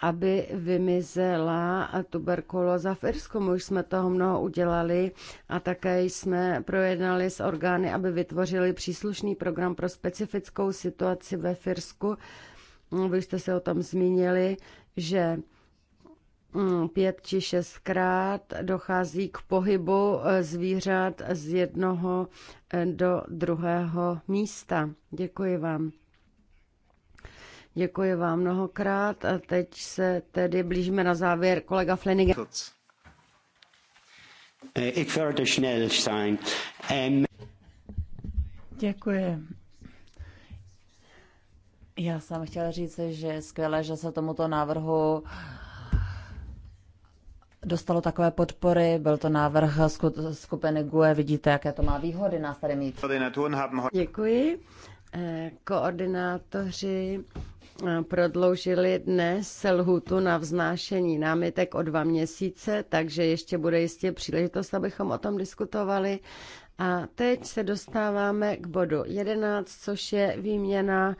aby vymizela tuberkulóza v Irsku. My už jsme toho mnoho udělali a také jsme projednali s orgány, aby vytvořili příslušný program pro specifickou situaci ve Firsku. Vy jste se o tom zmínili, že mm, pět či šestkrát dochází k pohybu e, zvířat z jednoho e, do druhého místa. Děkuji vám. Děkuji vám mnohokrát a teď se tedy blížíme na závěr kolega Flanagan. Děkuji. Já jsem chtěla říct, že je skvělé, že se tomuto návrhu dostalo takové podpory. Byl to návrh skupiny GUE. Vidíte, jaké to má výhody nás tady mít. Děkuji. Eh, koordinátoři eh, prodloužili dnes lhutu na vznášení námitek o dva měsíce, takže ještě bude jistě příležitost, abychom o tom diskutovali. A teď se dostáváme k bodu 11, což je výměna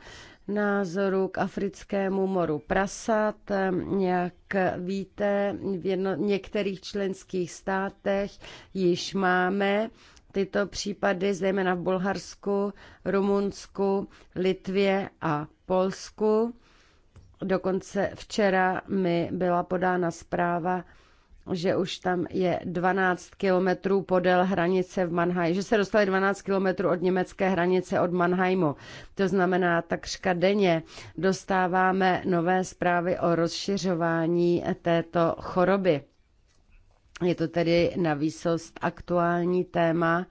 názoru k africkému moru prasat. Eh, jak víte, v jedno, některých členských státech již máme tyto případy, zejména v Bulharsku, Rumunsku, Litvě a Polsku. Dokonce včera mi byla podána zpráva, že už tam je 12 kilometrů podél hranice v Mannheimu, že se dostali 12 kilometrů od německé hranice od Mannheimu. To znamená, takřka denně dostáváme nové zprávy o rozšiřování této choroby. Je to tedy na výsost aktuální téma,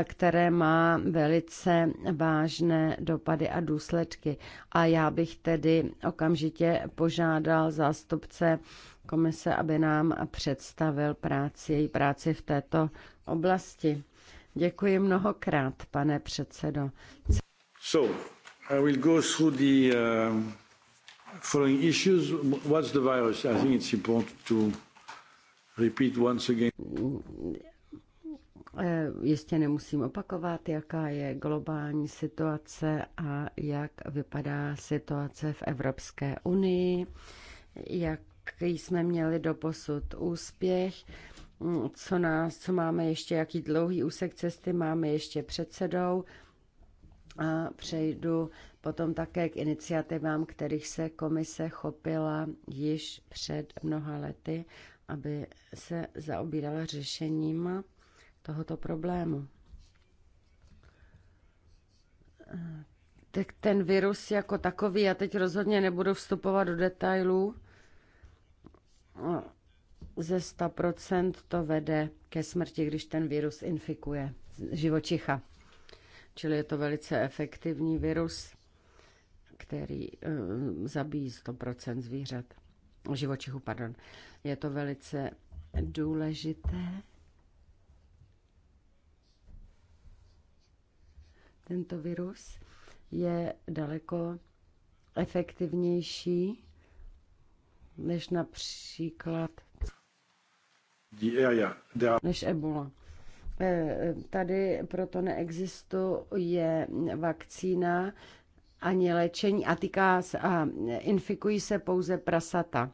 eh, které má velice vážné dopady a důsledky. A já bych tedy okamžitě požádal zástupce komise, aby nám představil práci, její práci v této oblasti. Děkuji mnohokrát, pane předsedo. So, I will go through the uh, following issues. What's the virus? I think it's important to Repeat once again. Eh, jistě nemusím opakovat, jaká je globální situace a jak vypadá situace v Evropské unii, jak jsme měli doposud úspěch, co, nás, co máme ještě, jaký dlouhý úsek cesty máme ještě před sebou. A přejdu potom také k iniciativám, kterých se komise chopila již před mnoha lety aby se zaobírala řešením tohoto problému. Tak ten virus jako takový, já teď rozhodně nebudu vstupovat do detailů, ze 100% to vede ke smrti, když ten virus infikuje živočicha. Čili je to velice efektivní virus, který e, zabíjí 100% zvířat živočichů, pardon. Je to velice důležité. Tento virus je daleko efektivnější než například než Ebola. Eh, eh, tady proto neexistuje vakcína, ani léčení a týká a infikují se pouze prasata.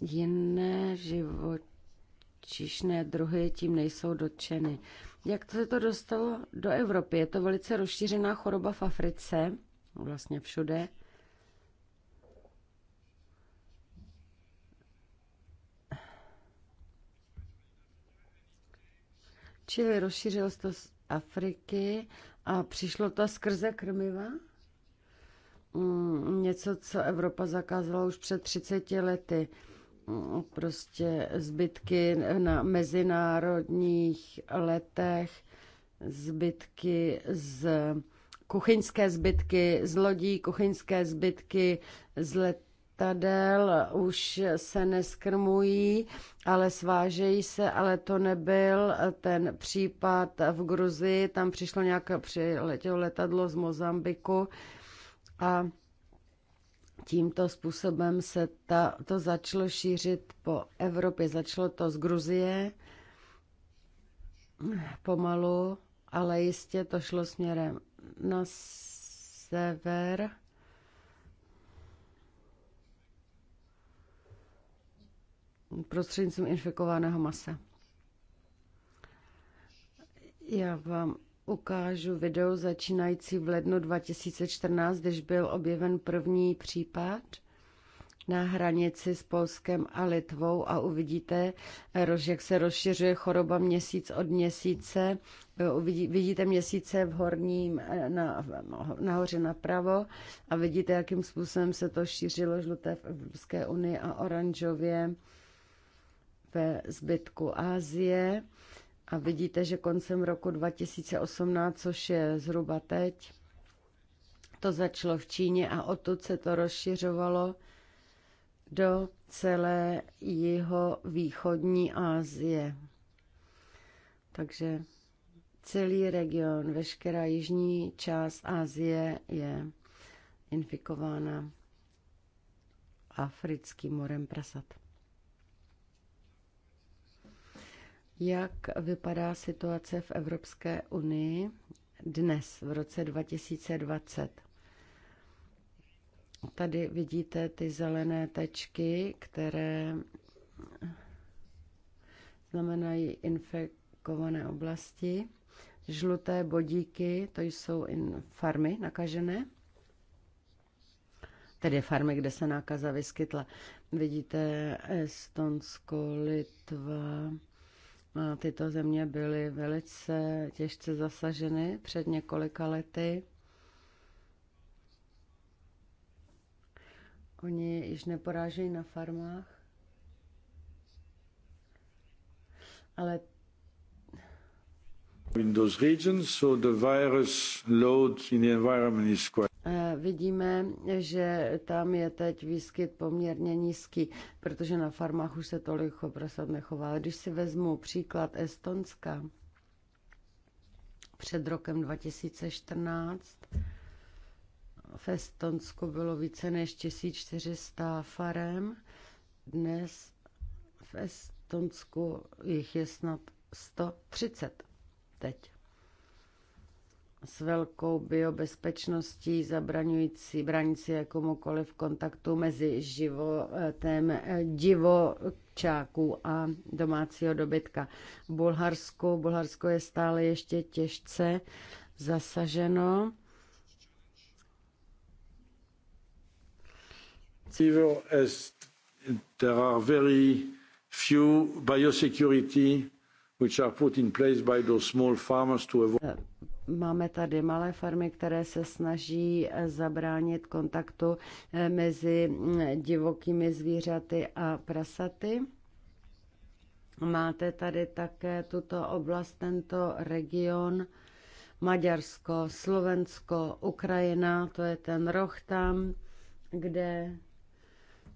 Jiné živočišné druhy tím nejsou dotčeny. Jak to se to dostalo do Evropy? Je to velice rozšířená choroba v Africe, vlastně všude. Čili rozšířilo se to z Afriky a přišlo to skrze krmiva? Mm, něco, co Evropa zakázala už před 30 lety. Mm, prostě zbytky na mezinárodních letech, zbytky z kuchyňské zbytky z lodí, kuchyňské zbytky z let letadel už se neskrmují, ale svážejí se, ale to nebyl ten případ v Gruzii, tam přišlo nějaké, přiletělo letadlo z Mozambiku a tímto způsobem se ta, to začalo šířit po Evropě. Začalo to z Gruzie pomalu, ale jistě to šlo směrem na sever prostřednictvím infikovaného masa. Já vám ukážu video začínající v lednu 2014, když byl objeven první případ na hranici s Polskem a Litvou a uvidíte, jak se rozšiřuje choroba měsíc od měsíce. Uvidí, vidíte měsíce v horním na, nahoře napravo a vidíte, jakým způsobem se to šířilo žluté v Evropské unii a oranžově ve zbytku Asie. A vidíte, že koncem roku 2018, což je zhruba teď, to začalo v Číně a odtud se to rozšiřovalo do celé jeho východní Asie. Takže celý region, veškerá jižní část Asie je infikována africkým morem prasat. jak vypadá situace v Evropské unii dnes, v roce 2020. Tady vidíte ty zelené tečky, které znamenají infekované oblasti. Žluté bodíky, to jsou in farmy nakažené, tedy farmy, kde se nákaza vyskytla. Vidíte Estonsko, Litva, Tyto země byly velice těžce zasaženy před několika lety. Oni již neporážejí na farmách, ale in those regions, so the virus load in the environment is quite Eh, vidíme, že tam je teď výskyt poměrně nízký, protože na farmách už se tolik prasat nechová. Když si vezmu příklad Estonska, před rokem 2014 v Estonsku bylo více než 1400 farem, dnes v Estonsku jich je snad 130 teď s velkou biobezpečností, zabraňující branici jakomukoliv kontaktu mezi životem divočáků a domácího dobytka. V Bulharsku, Bulharsko je stále ještě těžce zasaženo. As there are very few biosecurity which are put in place by those small farmers to avoid Máme tady malé farmy, které se snaží eh, zabránit kontaktu eh, mezi mm, divokými zvířaty a prasaty. Máte tady také tuto oblast, tento region, Maďarsko, Slovensko, Ukrajina, to je ten roh tam, kde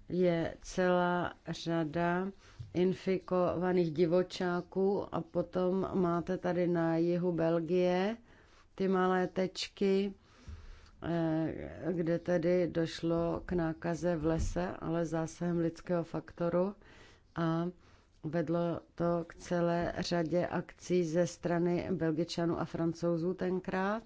je celá řada infikovaných divočáků a potom máte tady na jihu Belgie ty malé tečky, eh, kde tedy došlo k nákaze v lese, ale zásahem lidského faktoru a vedlo to k celé řadě akcí ze strany Belgičanů a Francouzů tenkrát.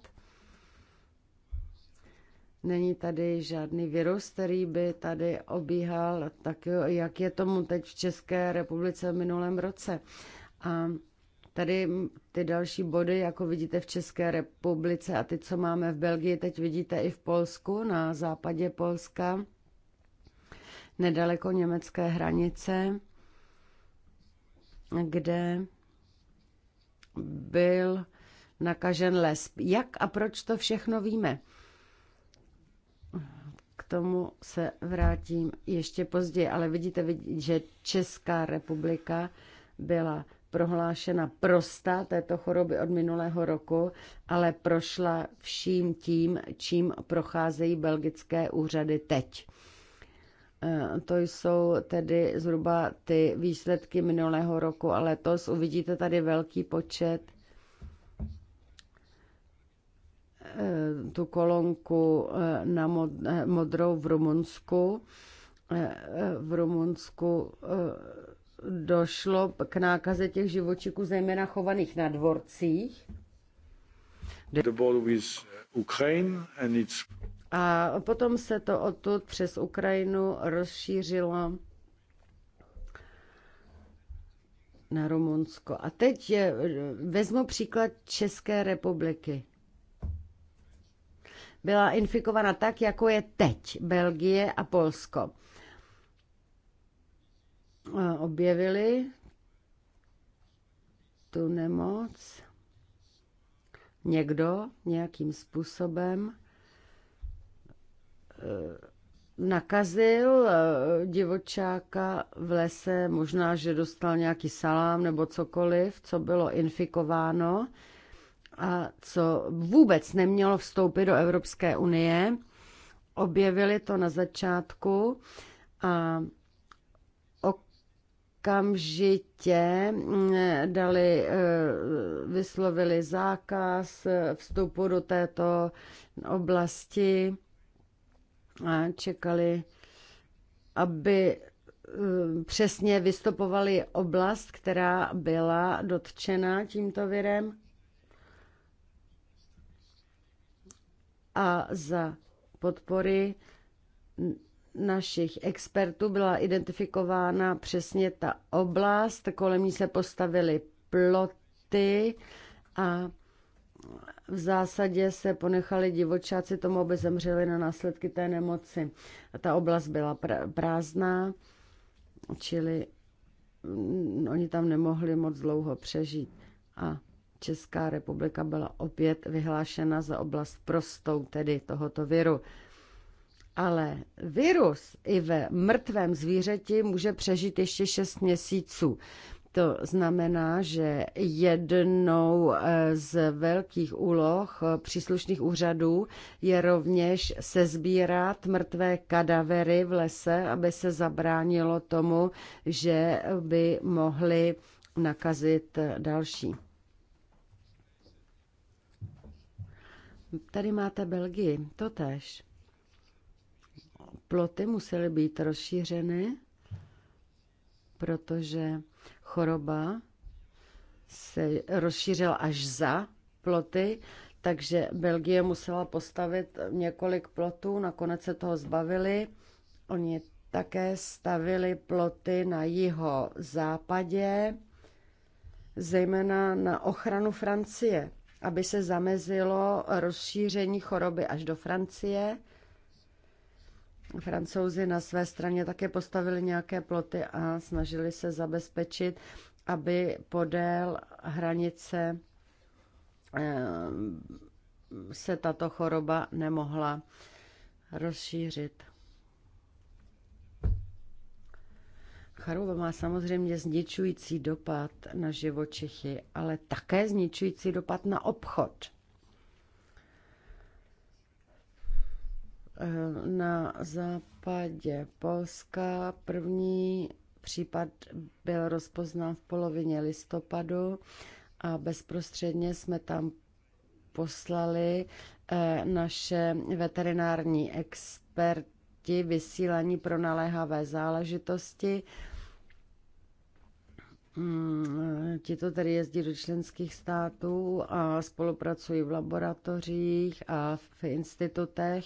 Není tady žádný virus, který by tady obíhal, tak jak je tomu teď v České republice v minulém roce. A Tady ty další body, jako vidíte v České republice a ty, co máme v Belgii, teď vidíte i v Polsku, na západě Polska, nedaleko německé hranice, kde byl nakažen les. Jak a proč to všechno víme? K tomu se vrátím ještě později, ale vidíte, že Česká republika byla prohlášena prosta této choroby od minulého roku, ale prošla vším tím, čím procházejí belgické úřady teď. E, to jsou tedy zhruba ty výsledky minulého roku a letos uvidíte tady velký počet e, tu kolonku e, na modrou v Rumunsku. V Rumunsku došlo k nákaze těch živočichů, zejména chovaných na dvorcích. The border with Ukraine and it's... A potom se to odtud přes Ukrajinu rozšířilo na Rumunsko. A teď je, vezmu příklad České republiky. Byla infikována tak, jako je teď Belgie a Polsko. Eh, objevili tu nemoc, někdo nějakým způsobem eh, nakazil eh, divočáka v lese, možná, že dostal nějaký salám nebo cokoliv, co bylo infikováno a co vůbec nemělo vstoupit do Evropské unie. Objevili to na začátku a okamžitě mm, dali, eh, vyslovili zákaz eh, vstupu do této oblasti a čekali, aby eh, přesně vystupovali oblast, která byla dotčena tímto virem. A za podpory našich expertů byla identifikována přesně ta oblast, kolem ní se postavily ploty a v zásadě se ponechali divočáci tomu, aby zemřeli na následky té nemoci. A ta oblast byla pr- prázdná, čili mm, oni tam nemohli moc dlouho přežít. A Česká republika byla opět vyhlášena za oblast prostou, tedy tohoto viru. Ale virus i ve mrtvém zvířeti může přežít ještě 6 měsíců. To znamená, že jednou eh, z velkých úloh eh, příslušných úřadů je rovněž sezbírat mrtvé kadavery v lese, aby se zabránilo tomu, že by mohli nakazit eh, další. Tady máte Belgii, to tež ploty musely být rozšířeny, protože choroba se rozšířila až za ploty, takže Belgie musela postavit několik plotů, nakonec se toho zbavili. Oni také stavili ploty na jiho západě, zejména na ochranu Francie, aby se zamezilo rozšíření choroby až do Francie Francouzi na své straně také postavili nějaké ploty a snažili se zabezpečit, aby podél hranice eh, se tato choroba nemohla rozšířit. Choroba má samozřejmě zničující dopad na živočichy, ale také zničující dopad na obchod. Eh, na západě Polska první případ byl rozpoznán v polovině listopadu a bezprostředně jsme tam poslali eh, naše veterinární experti vysílání pro naléhavé záležitosti. Hmm, eh, ti to tedy jezdí do členských států a spolupracují v laboratořích a v institutech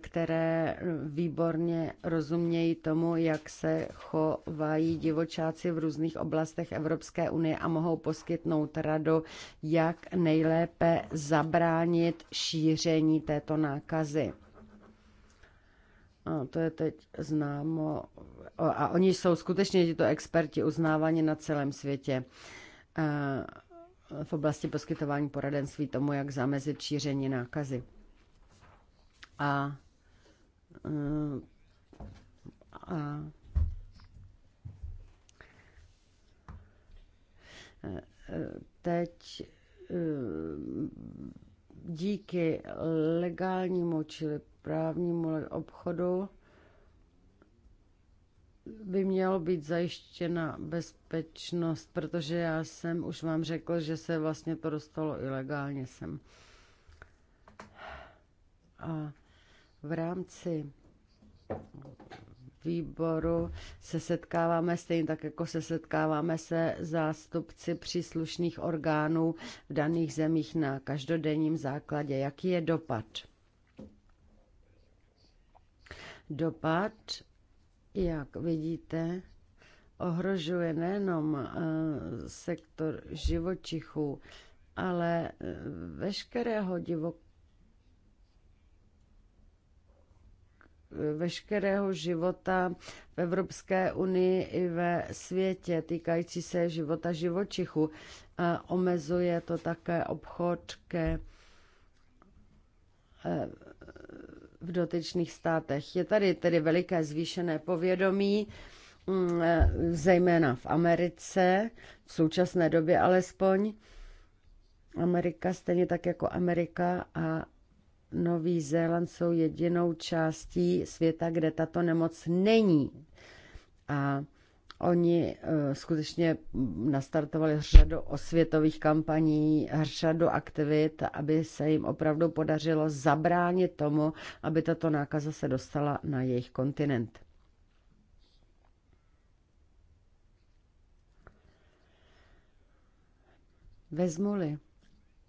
které výborně rozumějí tomu, jak se chovají divočáci v různých oblastech Evropské unie a mohou poskytnout radu, jak nejlépe zabránit šíření této nákazy. A to je teď známo. A oni jsou skutečně tito experti uznáváni na celém světě v oblasti poskytování poradenství tomu, jak zamezit šíření nákazy a, a teď e, díky legálnímu, čili právnímu obchodu by mělo být zajištěna bezpečnost, protože já jsem už vám řekl, že se vlastně to dostalo ilegálně sem. A v rámci výboru se setkáváme stejně tak, jako se setkáváme se zástupci příslušných orgánů v daných zemích na každodenním základě. Jaký je dopad? Dopad, jak vidíte, ohrožuje nejenom eh, sektor živočichů, ale eh, veškerého divoké veškerého života v Evropské unii i ve světě týkající se života živočichu. Omezuje to také obchod ke e, v dotyčných státech. Je tady tedy veliké zvýšené povědomí, mm, e, zejména v Americe, v současné době alespoň. Amerika stejně tak jako Amerika a Nový Zéland jsou jedinou částí světa, kde tato nemoc není. A Oni eh, skutečně nastartovali řadu osvětových kampaní, řadu aktivit, aby se jim opravdu podařilo zabránit tomu, aby tato nákaza se dostala na jejich kontinent. Vezmuli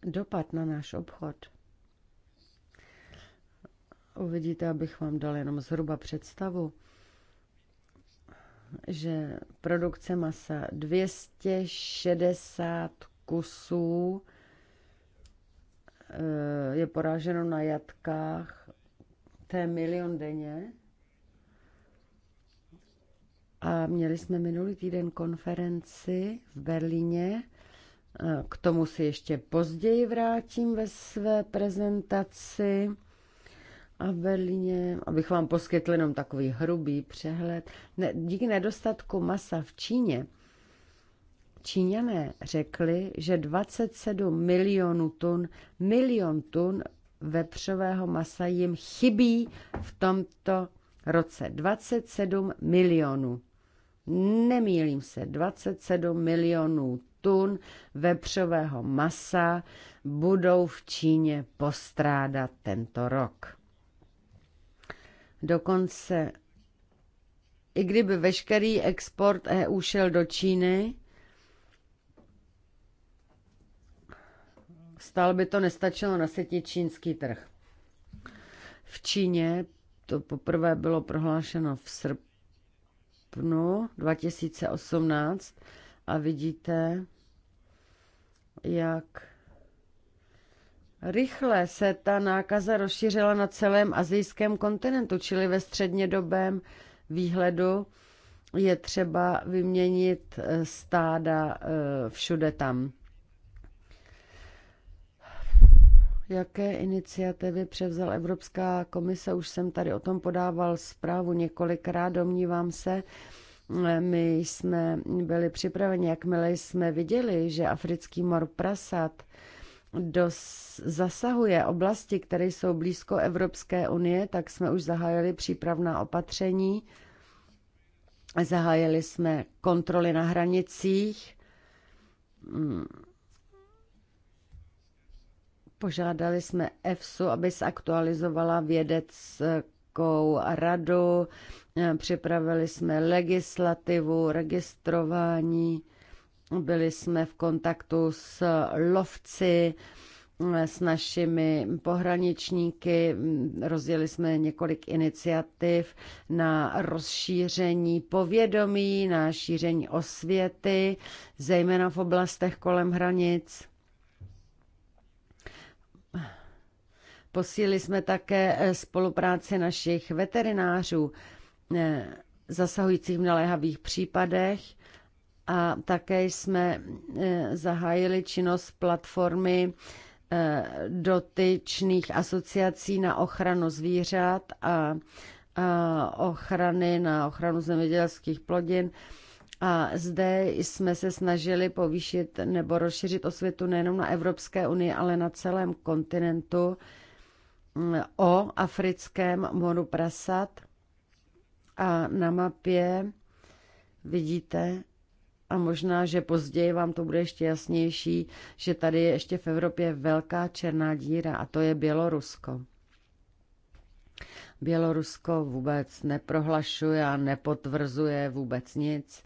dopad na náš obchod – uvidíte, abych vám dal jenom zhruba představu, že produkce masa 260 kusů eh, je poráženo na jatkách, to je milion denně. A měli jsme minulý týden konferenci v Berlíně, eh, k tomu si ještě později vrátím ve své prezentaci a v Berlíně, abych vám poskytl jenom takový hrubý přehled. Ne, díky nedostatku masa v Číně Číňané řekli, že 27 milionů tun, milion tun vepřového masa jim chybí v tomto roce. 27 milionů. Nemýlím se, 27 milionů tun vepřového masa budou v Číně postrádat tento rok. Dokonce, i kdyby veškerý export EU šel do Číny, stál by to nestačilo nasytit čínský trh. V Číně to poprvé bylo prohlášeno v srpnu 2018 a vidíte, jak Rychle se ta nákaza rozšířila na celém azijském kontinentu, čili ve střednědobém výhledu je třeba vyměnit eh, stáda eh, všude tam. Jaké iniciativy převzal Evropská komise? Už jsem tady o tom podával zprávu několikrát, domnívám se. Eh, my jsme byli připraveni, jakmile jsme viděli, že africký mor prasat dos, zasahuje oblasti, které jsou blízko Evropské unie, tak jsme už zahájili přípravná opatření. Zahájili jsme kontroly na hranicích. Požádali jsme EFSU, aby se aktualizovala vědeckou radu. Připravili jsme legislativu, registrování byli jsme v kontaktu s lovci, eh, s našimi pohraničníky. Mm, rozjeli jsme několik iniciativ na rozšíření povědomí, na šíření osvěty, zejména v oblastech kolem hranic. Posílili jsme také eh, spolupráci našich veterinářů eh, zasahujících v naléhavých případech a také jsme e, zahájili činnost platformy e, dotyčných asociací na ochranu zvířat a ochrany na ochranu zemědělských plodin. A zde jsme se snažili povýšit nebo rozšířit osvětu nejenom na Evropské unii, ale na celém kontinentu o africkém moru prasat. A na mapě vidíte, a možná, že později vám to bude ještě jasnější, že tady je ještě v Evropě velká černá díra a to je Bělorusko. Bělorusko vůbec neprohlašuje a nepotvrzuje vůbec nic.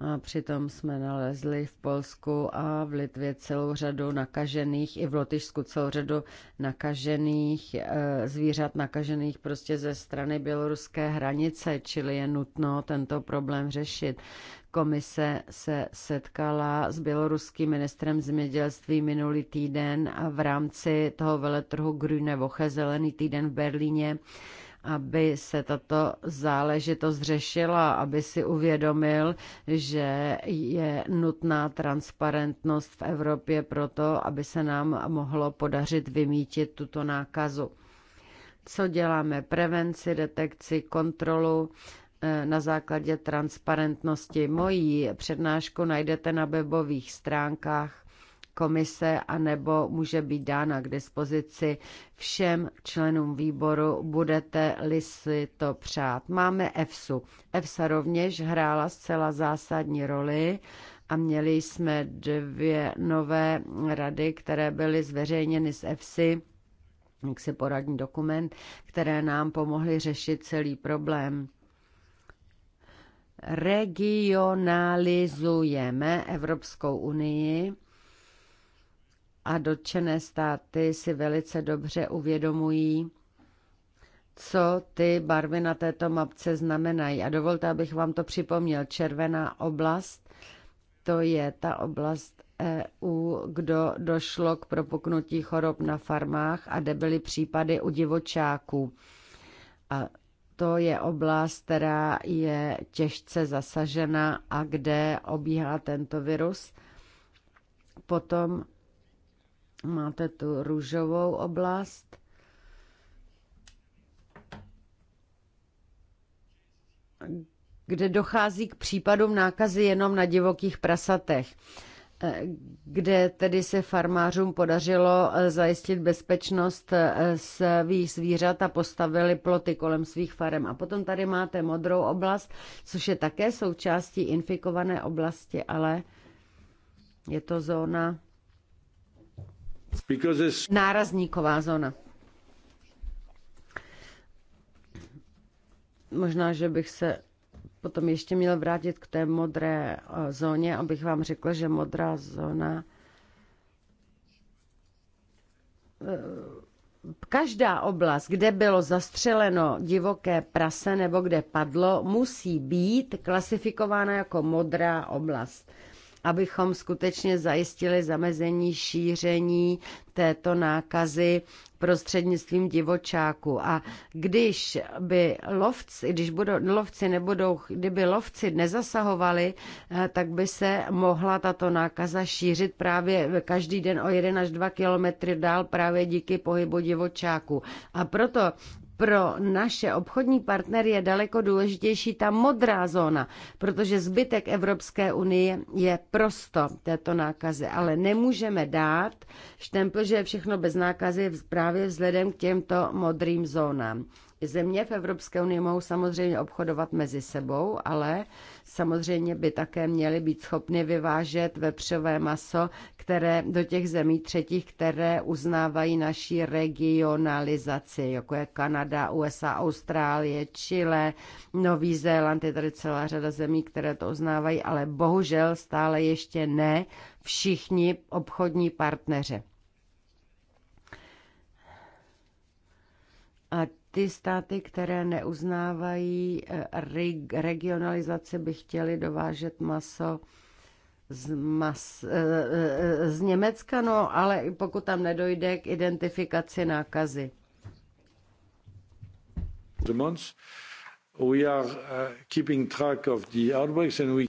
A přitom jsme nalezli v Polsku a v Litvě celou řadu nakažených, i v Lotyšsku celou řadu nakažených, e, zvířat nakažených prostě ze strany běloruské hranice, čili je nutno tento problém řešit. Komise se setkala s běloruským ministrem zemědělství minulý týden a v rámci toho veletrhu Grüne Woche, zelený týden v Berlíně, aby se tato záležitost řešila, aby si uvědomil, že je nutná transparentnost v Evropě proto, aby se nám mohlo podařit vymítit tuto nákazu. Co děláme? Prevenci, detekci, kontrolu eh, na základě transparentnosti. Mojí přednášku najdete na webových stránkách komise anebo může být dána k dispozici všem členům výboru, budete-li si to přát. Máme EFSU. EFSA rovněž hrála zcela zásadní roli a měli jsme dvě nové rady, které byly zveřejněny z EFSI, jaksi poradní dokument, které nám pomohly řešit celý problém regionalizujeme Evropskou unii a dotčené státy si velice dobře uvědomují, co ty barvy na této mapce znamenají. A dovolte, abych vám to připomněl. Červená oblast, to je ta oblast EU, kdo došlo k propuknutí chorob na farmách a kde byly případy u divočáků. A to je oblast, která je těžce zasažena a kde obíhá tento virus. Potom Máte tu růžovou oblast. kde dochází k případům nákazy jenom na divokých prasatech, kde tedy se farmářům podařilo eh, zajistit bezpečnost eh, svých zvířat a postavili ploty kolem svých farem. A potom tady máte modrou oblast, což je také součástí infikované oblasti, ale je to zóna Nárazníková zóna. Možná, že bych se potom ještě měl vrátit k té modré eh, zóně, abych vám řekl, že modrá zóna eh, každá oblast, kde bylo zastřeleno divoké prase nebo kde padlo, musí být klasifikována jako modrá oblast abychom skutečně zajistili zamezení šíření této nákazy prostřednictvím divočáku. A když by lovci, když budou, lovci nebudou, kdyby lovci nezasahovali, eh, tak by se mohla tato nákaza šířit právě každý den o 1 až 2 kilometry dál právě díky pohybu divočáku. A proto pro naše obchodní partnery je daleko důležitější ta modrá zóna, protože zbytek Evropské unie je prosto této nákazy, ale nemůžeme dát štempl, že je všechno bez nákazy právě vzhledem k těmto modrým zónám. Země v Evropské unii mohou samozřejmě obchodovat mezi sebou, ale samozřejmě by také měly být schopny vyvážet vepřové maso, které do těch zemí třetích, které uznávají naší regionalizaci, jako je Kanada, USA, Austrálie, Chile, Nový Zéland, je tady celá řada zemí, které to uznávají, ale bohužel stále ještě ne všichni obchodní partneři. A ty státy, které neuznávají eh, regionalizaci, by chtěly dovážet maso z, mas, eh, eh, z Německa, no ale pokud tam nedojde k identifikaci nákazy. We are keeping track of the outbreaks and we...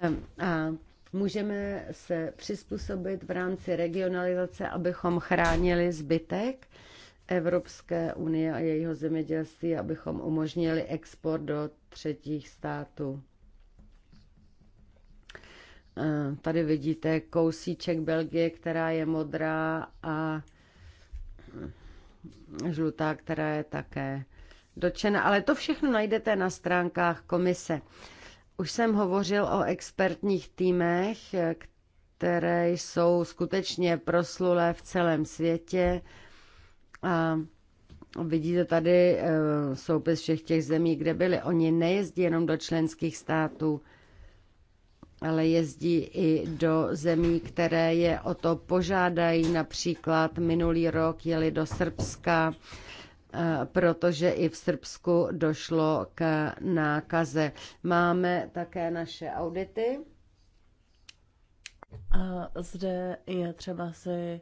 A můžeme se přizpůsobit v rámci regionalizace, abychom chránili zbytek Evropské unie a jejího zemědělství, abychom umožnili export do třetích států. Eh, tady vidíte kousíček Belgie, která je modrá a eh, žlutá, která je také dočena. Ale to všechno najdete na stránkách komise. Už jsem hovořil o expertních týmech, eh, které jsou skutečně proslulé v celém světě a Vidíte tady eh, soupis všech těch zemí, kde byli. Oni nejezdí jenom do členských států, ale jezdí i do zemí, které je o to požádají. Například minulý rok jeli do Srbska, eh, protože i v Srbsku došlo k nákaze. Máme také naše audity. A zde je třeba si eh,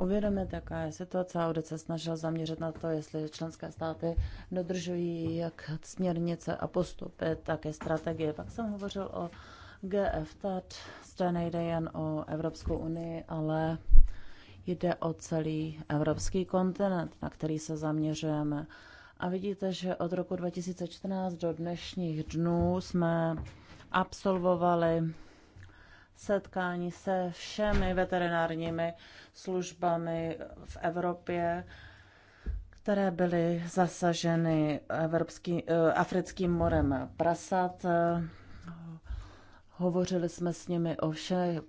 uvědomit, jaká je situace a se snažil zaměřit na to, jestli členské státy dodržují jak směrnice a postupy, tak i strategie. Pak jsem hovořil o GFTAT, zde nejde jen o Evropskou unii, ale jde o celý evropský kontinent, na který se zaměřujeme. A vidíte, že od roku 2014 do dnešních dnů jsme absolvovali setkání se všemi veterinárními službami v Evropě, které byly zasaženy evropský, eh, africkým morem prasat. Hovořili jsme s nimi o všech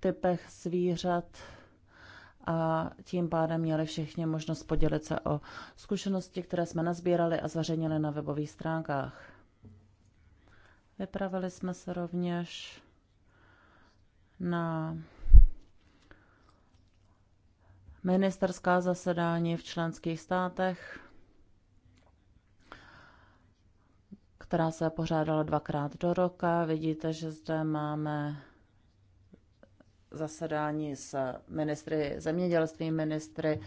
typech zvířat a tím pádem měli všichni možnost podělit se o zkušenosti, které jsme nazbírali a zveřejnili na webových stránkách. Vypravili jsme se rovněž na ministerská zasedání v členských státech, která se pořádala dvakrát do roka. Vidíte, že zde máme zasedání s ministry zemědělství, ministry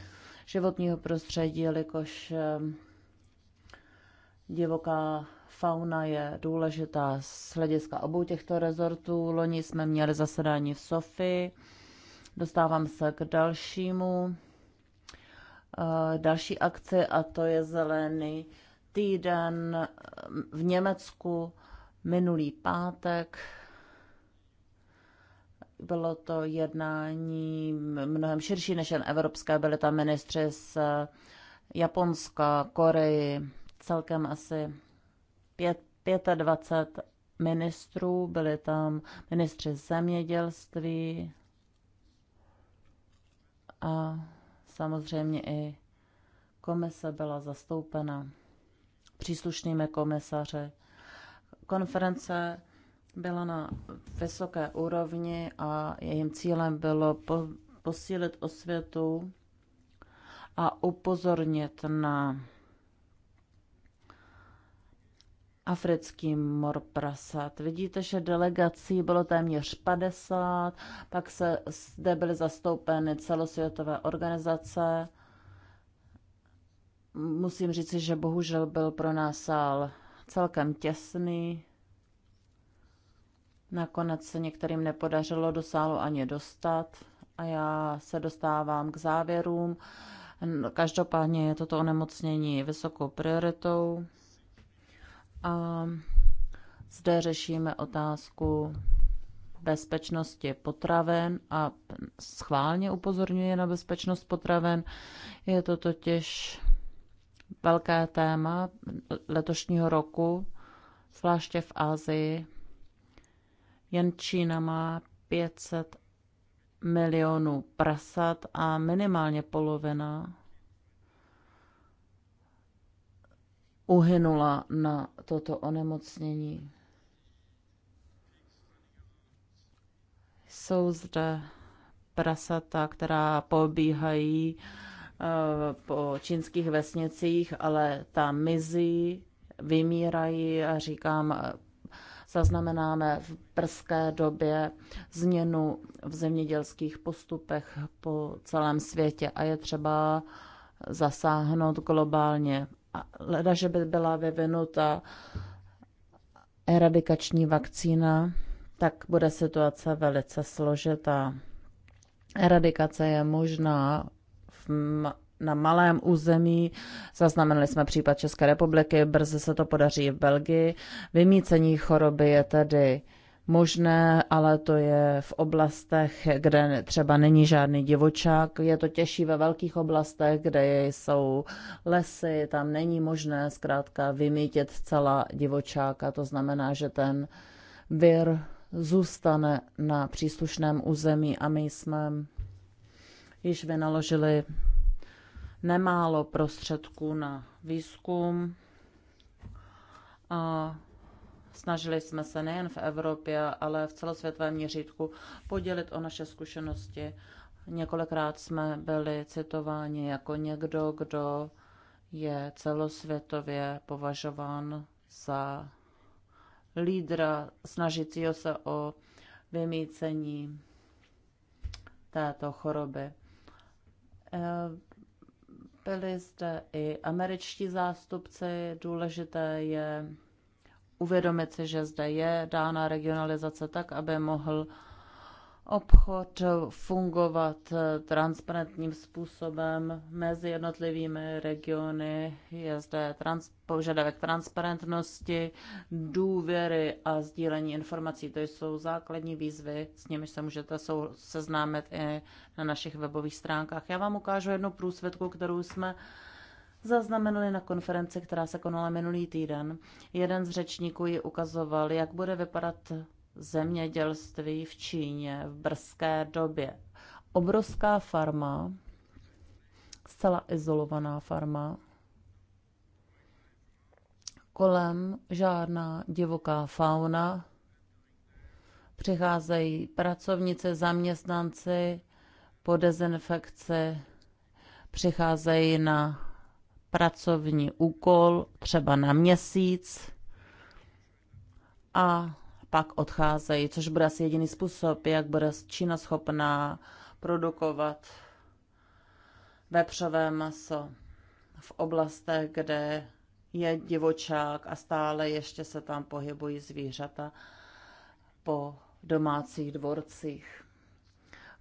životního prostředí, jelikož eh, divoká fauna je důležitá z hlediska obou těchto rezortů. Loni jsme měli zasedání v Sofii. Dostávám se k dalšímu eh, další akci a to je zelený týden v Německu minulý pátek. Bylo to jednání mnohem širší než jen evropské. Byly tam ministři z Japonska, Koreji, celkem asi pět, 25 ministrů, byli tam ministři zemědělství a samozřejmě i komise byla zastoupena příslušnými komisaři. Konference byla na vysoké úrovni a jejím cílem bylo po, posílit osvětu a upozornit na africký mor prasat. Vidíte, že delegací bylo téměř 50, pak se zde byly zastoupeny celosvětové organizace. Musím říci, že bohužel byl pro nás sál celkem těsný. Nakonec se některým nepodařilo do sálu ani dostat a já se dostávám k závěrům. Každopádně je toto onemocnění vysokou prioritou. A zde řešíme otázku bezpečnosti potravin a schválně upozorňuje na bezpečnost potravin. Je to totiž velké téma letošního roku, zvláště v Asii. Jen Čína má 500 milionů prasat a minimálně polovina uhynula na toto onemocnění. Jsou zde prasata, která pobíhají eh, po čínských vesnicích, ale ta mizí, vymírají a říkám, zaznamenáme v brzké době změnu v zemědělských postupech po celém světě a je třeba zasáhnout globálně leda, že by byla vyvinuta eradikační vakcína, tak bude situace velice složitá. Eradikace je možná v na malém území. Zaznamenali jsme případ České republiky, brzy se to podaří v Belgii. Vymícení choroby je tedy možné, ale to je v oblastech, kde třeba není žádný divočák. Je to těžší ve velkých oblastech, kde jsou lesy, tam není možné zkrátka vymítit celá divočáka. To znamená, že ten vir zůstane na příslušném území a my jsme již vynaložili nemálo prostředků na výzkum a Snažili jsme se nejen v Evropě, ale v celosvětovém měřítku podělit o naše zkušenosti. Několikrát jsme byli citováni jako někdo, kdo je celosvětově považován za lídra snažícího se o vymícení této choroby. E, byli zde i američtí zástupci. Důležité je uvědomit si, že zde je dána regionalizace tak, aby mohl obchod fungovat transparentním způsobem mezi jednotlivými regiony. Je zde trans- požadavek transparentnosti, důvěry a sdílení informací. To jsou základní výzvy, s nimiž se můžete sou- seznámit i na našich webových stránkách. Já vám ukážu jednu průsvědku, kterou jsme uh, zaznamenali na konferenci, která se konala minulý týden. Jeden z řečníků ji ukazoval, jak bude vypadat zemědělství v Číně v brzké době. Obrovská farma, zcela izolovaná farma, kolem žádná divoká fauna, přicházejí pracovnice, zaměstnanci po dezinfekci, přicházejí na pracovní úkol třeba na měsíc a pak odcházejí, což bude asi jediný způsob, jak bude Čína schopná produkovat vepřové maso v oblastech, kde je divočák a stále ještě se tam pohybují zvířata po domácích dvorcích.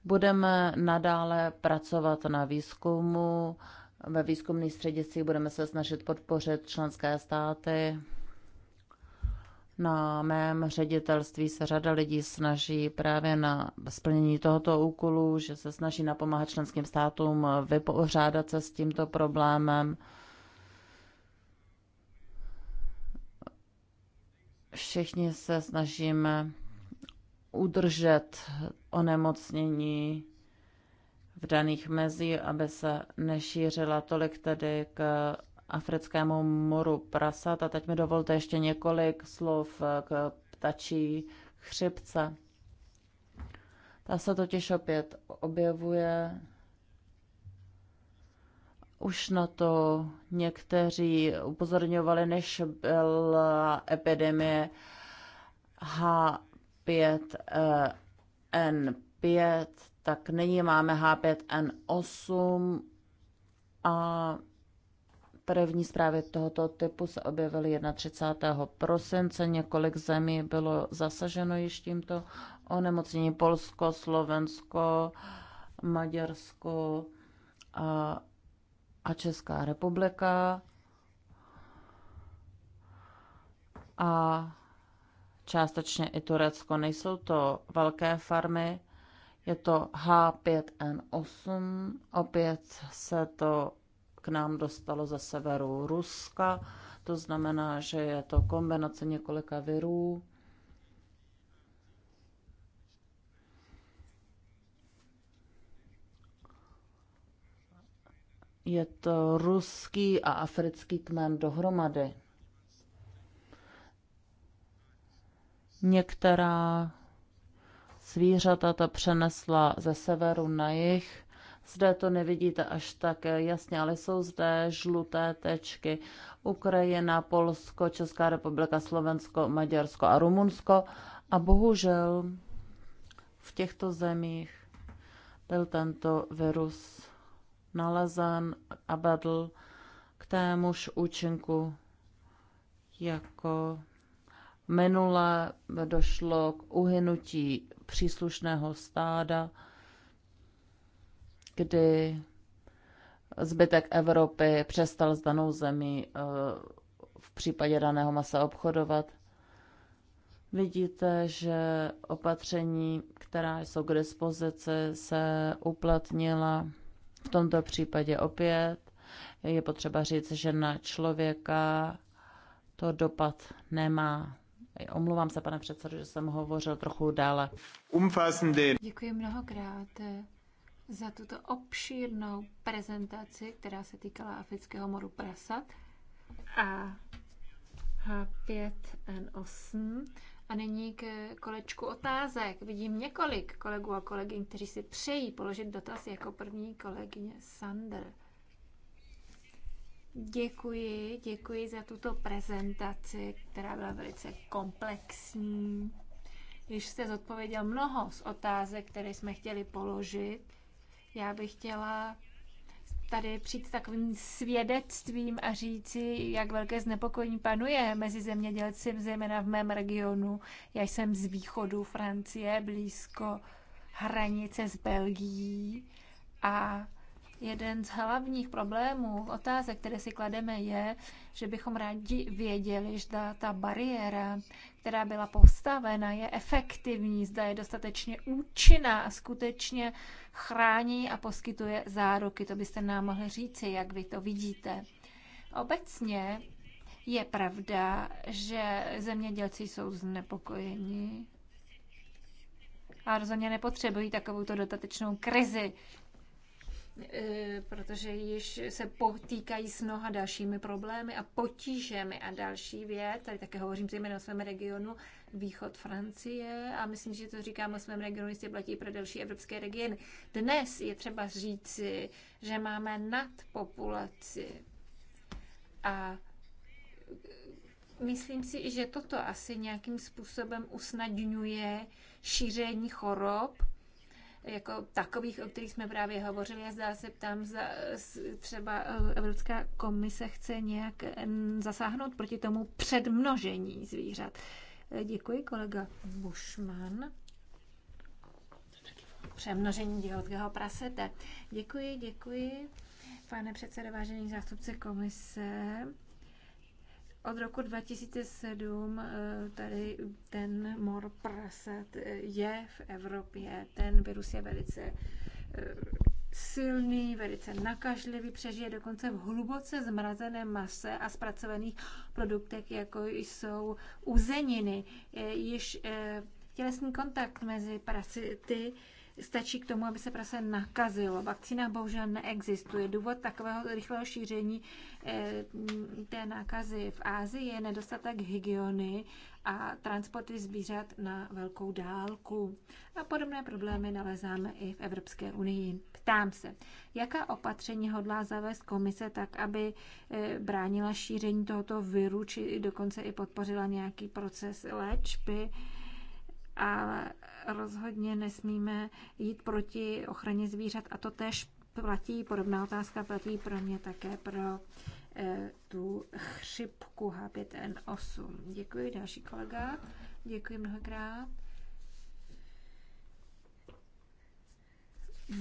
Budeme nadále pracovat na výzkumu, ve výzkumných středicích budeme se snažit podpořit členské státy. Na mém ředitelství se řada lidí snaží právě na splnění tohoto úkolu, že se snaží napomáhat členským státům vypořádat se s tímto problémem. Všichni se snažíme udržet onemocnění v daných mezí, aby se nešířila tolik tedy k africkému moru prasat. A teď mi dovolte ještě několik slov k ptačí chřipce. Ta se totiž opět objevuje. Už na to někteří upozorňovali, než byla epidemie H5N5, tak nyní máme H5N8 a první zprávy tohoto typu se objevily 31. prosince. Několik zemí bylo zasaženo již tímto onemocnění. Polsko, Slovensko, Maďarsko a, a Česká republika. A částečně i Turecko. Nejsou to velké farmy, je to H5N8, opět se to k nám dostalo ze severu Ruska, to znamená, že je to kombinace několika virů. Je to ruský a africký kmen dohromady. Některá zvířata ta přenesla ze severu na jih. Zde to nevidíte až tak jasně, ale jsou zde žluté tečky. Ukrajina, Polsko, Česká republika, Slovensko, Maďarsko a Rumunsko. A bohužel v těchto zemích byl tento virus nalezen a vedl k témuž účinku jako minule došlo k uhynutí příslušného stáda, kdy zbytek Evropy přestal s danou zemí eh, v případě daného masa obchodovat. Vidíte, že opatření, která jsou k dispozici, se uplatnila v tomto případě opět. Je potřeba říct, že na člověka to dopad nemá. Omlouvám se, pane předsedo, že jsem hovořil trochu dále. Umfassende. Děkuji mnohokrát eh, za tuto obšírnou prezentaci, která se týkala afrického moru prasat a H5N8. A nyní k kolečku otázek. Vidím několik kolegů a kolegyň, kteří si přejí položit dotaz jako první kolegyně Sander. Děkuji, děkuji za tuto prezentaci, která byla velice komplexní. Již jste zodpověděl mnoho z otázek, které jsme chtěli položit. Já bych chtěla tady přijít s takovým svědectvím a říci, jak velké znepokojení panuje mezi zemědělci, zejména v mém regionu. Já jsem z východu Francie, blízko hranice s Belgií a Jeden z hlavních problémů, otázek, které si klademe, je, že bychom rádi věděli, zda ta bariéra, která byla postavena, je efektivní, zda je dostatečně účinná a skutečně chrání a poskytuje záruky. To byste nám mohli říci, jak vy to vidíte. Obecně je pravda, že zemědělci jsou znepokojeni a rozhodně nepotřebují takovouto dodatečnou krizi, E, protože již se potýkají s mnoha dalšími problémy a potížemi. A další věc, tady také hovořím zejména o svém regionu, východ Francie, a myslím, že to říkám o svém regionu, jistě platí pro další evropské regiony. Dnes je třeba říci, že máme nadpopulaci. A myslím si, že toto asi nějakým způsobem usnadňuje šíření chorob, jako takových, o kterých jsme právě hovořili. Já zdá se ptám, za, třeba e, Evropská komise chce nějak zasáhnout proti tomu předmnožení zvířat. E, děkuji, kolega Bušman. Přemnožení dělotkého prasete. Děkuji, děkuji. Pane předsedo, vážený zástupce komise, od roku 2007 eh, tady ten mor prasat eh, je v Evropě. Ten virus je velice eh, silný, velice nakažlivý, přežije dokonce v hluboce zmrazené mase a zpracovaných produktech, jako jsou uzeniny. Již tělesný kontakt mezi parasity stačí k tomu, aby se prase nakazilo. Vakcína bohužel neexistuje. Důvod takového rychlého šíření eh, té nákazy v Ázii je nedostatek hygieny a transporty zvířat na velkou dálku. A podobné problémy nalezáme i v Evropské unii. Ptám se, jaká opatření hodlá zavést komise tak, aby eh, bránila šíření tohoto viru, či dokonce i podpořila nějaký proces léčby? ale rozhodně nesmíme jít proti ochraně zvířat a to tež platí, podobná otázka platí pro mě také pro eh, tu chřipku H5N8. Děkuji, další kolega. Děkuji mnohokrát.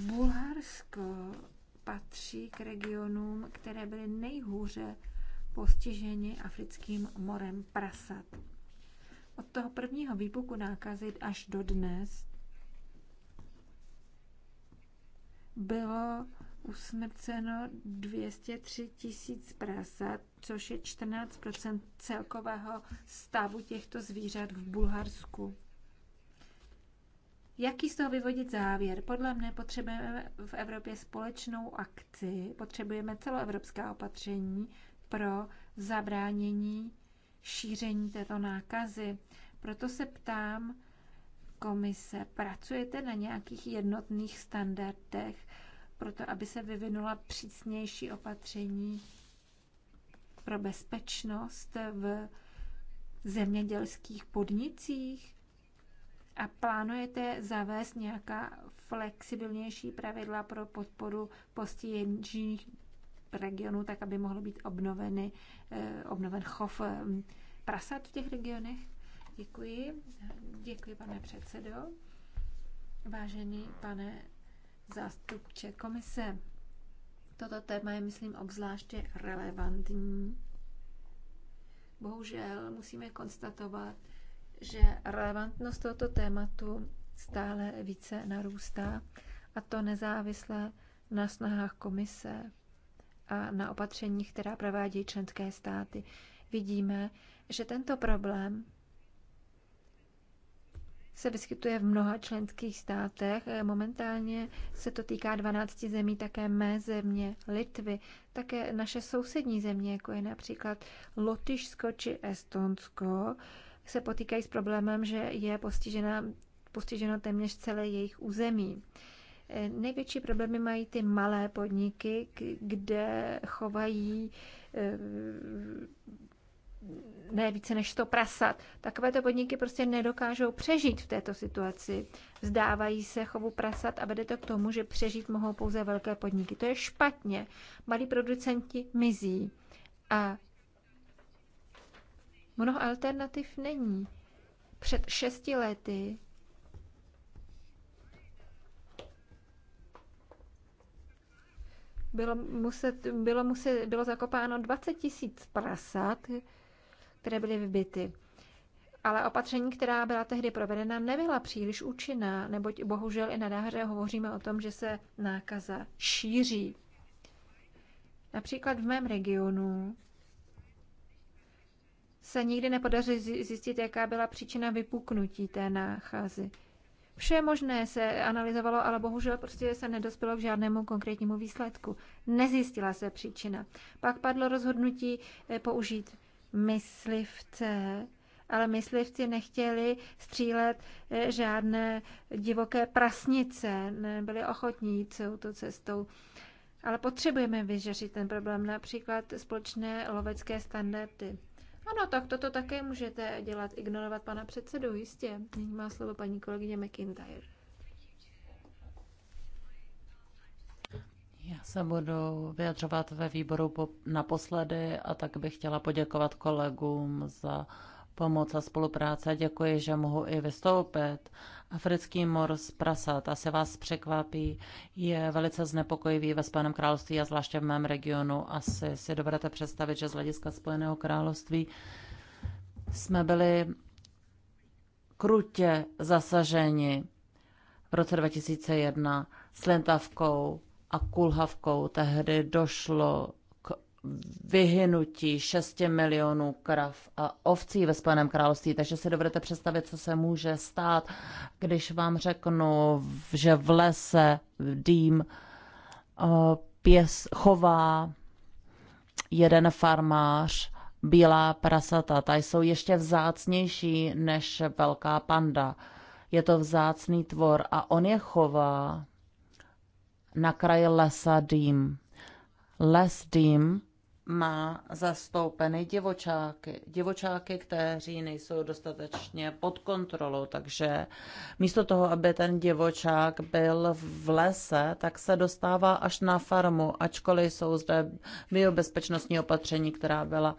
Bulharsko patří k regionům, které byly nejhůře postiženy africkým morem prasat. Od toho prvního výbuchu nákazy až do dnes bylo usmrceno 203 tisíc prasat, což je 14 celkového stavu těchto zvířat v Bulharsku. Jaký z toho vyvodit závěr? Podle mne potřebujeme v Evropě společnou akci, potřebujeme celoevropská opatření pro zabránění šíření této nákazy. Proto se ptám komise, pracujete na nějakých jednotných standardech, proto aby se vyvinula přísnější opatření pro bezpečnost v zemědělských podnicích? A plánujete zavést nějaká flexibilnější pravidla pro podporu postižených regionů, tak aby mohlo být obnoveny, eh, obnoven chov eh, prasat v těch regionech? Děkuji. Děkuji, pane předsedo. Vážený pane zástupče komise, toto téma je, myslím, obzvláště relevantní. Bohužel musíme konstatovat, že relevantnost tohoto tématu stále více narůstá, a to nezávisle na snahách komise a na opatření, která provádí členské státy. Vidíme, že tento problém se vyskytuje v mnoha členských státech. Momentálně se to týká 12 zemí, také mé země, Litvy, také naše sousední země, jako je například Lotyšsko či Estonsko, se potýkají s problémem, že je postižena, postiženo téměř celé jejich území. Eh, největší problémy mají ty malé podniky, kde chovají eh, ne více než to prasat. Takovéto podniky prostě nedokážou přežít v této situaci. Vzdávají se chovu prasat a vede to k tomu, že přežít mohou pouze velké podniky. To je špatně. Malí producenti mizí a mnoho alternativ není. Před šesti lety bylo, muset, bylo, muset, bylo zakopáno 20 tisíc prasat, které byly vybity. Ale opatření, která byla tehdy provedena, nebyla příliš účinná, neboť bohužel i náhře hovoříme o tom, že se nákaza šíří. Například v mém regionu se nikdy nepodaří zjistit, jaká byla příčina vypuknutí té nákazy. Vše možné se analyzovalo, ale bohužel prostě se nedospělo k žádnému konkrétnímu výsledku. Nezjistila se příčina. Pak padlo rozhodnutí eh, použít myslivce, ale myslivci nechtěli střílet eh, žádné divoké prasnice, nebyli ochotní jít tou cestou. Ale potřebujeme vyřešit ten problém, například společné lovecké standardy. Ano, tak toto také můžete dělat, ignorovat pana předsedu, jistě. Nyní má slovo paní kolegyně McIntyre. Já se budu vyjadřovat ve výboru po, naposledy a tak bych chtěla poděkovat kolegům za uh, pomoc a spolupráce. Děkuji, že mohu i vystoupit. Africký mor z prasat, asi vás překvapí, je velice znepokojivý ve Spojeném království a zvláště v mém regionu. Asi si dovedete představit, že z hlediska Spojeného království jsme byli krutě zasaženi v roce 2001 slintavkou a kulhavkou. Tehdy došlo vyhynutí 6 milionů krav a ovcí ve Spojeném království, takže si dovedete představit, co se může stát, když vám řeknu, že v lese v dým eh, pěs chová jeden farmář bílá prasata. Ta jsou ještě vzácnější než velká panda. Je to vzácný tvor a on je chová na kraji lesa dým. Les dým má zastoupeny divočáky. Divočáky, kteří nejsou dostatečně pod kontrolou, takže místo toho, aby ten divočák byl v lese, tak se dostává až na farmu, ačkoliv jsou zde biobezpečnostní opatření, která byla uh,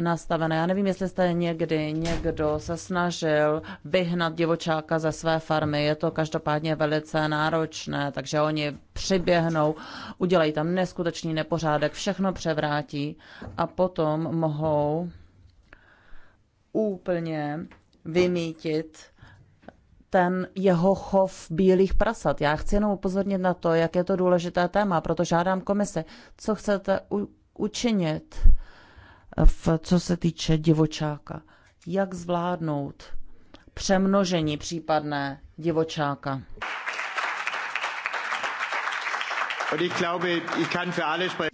nastavené. Já nevím, jestli jste někdy někdo se snažil vyhnat divočáka ze své farmy. Je to každopádně velice náročné, takže oni přiběhnou, udělají tam neskutečný nepořádek, všechno převrátí a potom mohou úplně vymítit ten jeho chov bílých prasat. Já chci jenom upozornit na to, jak je to důležité téma, proto žádám komise, co chcete u- učinit v, co se týče divočáka. Jak zvládnout přemnožení případné divočáka?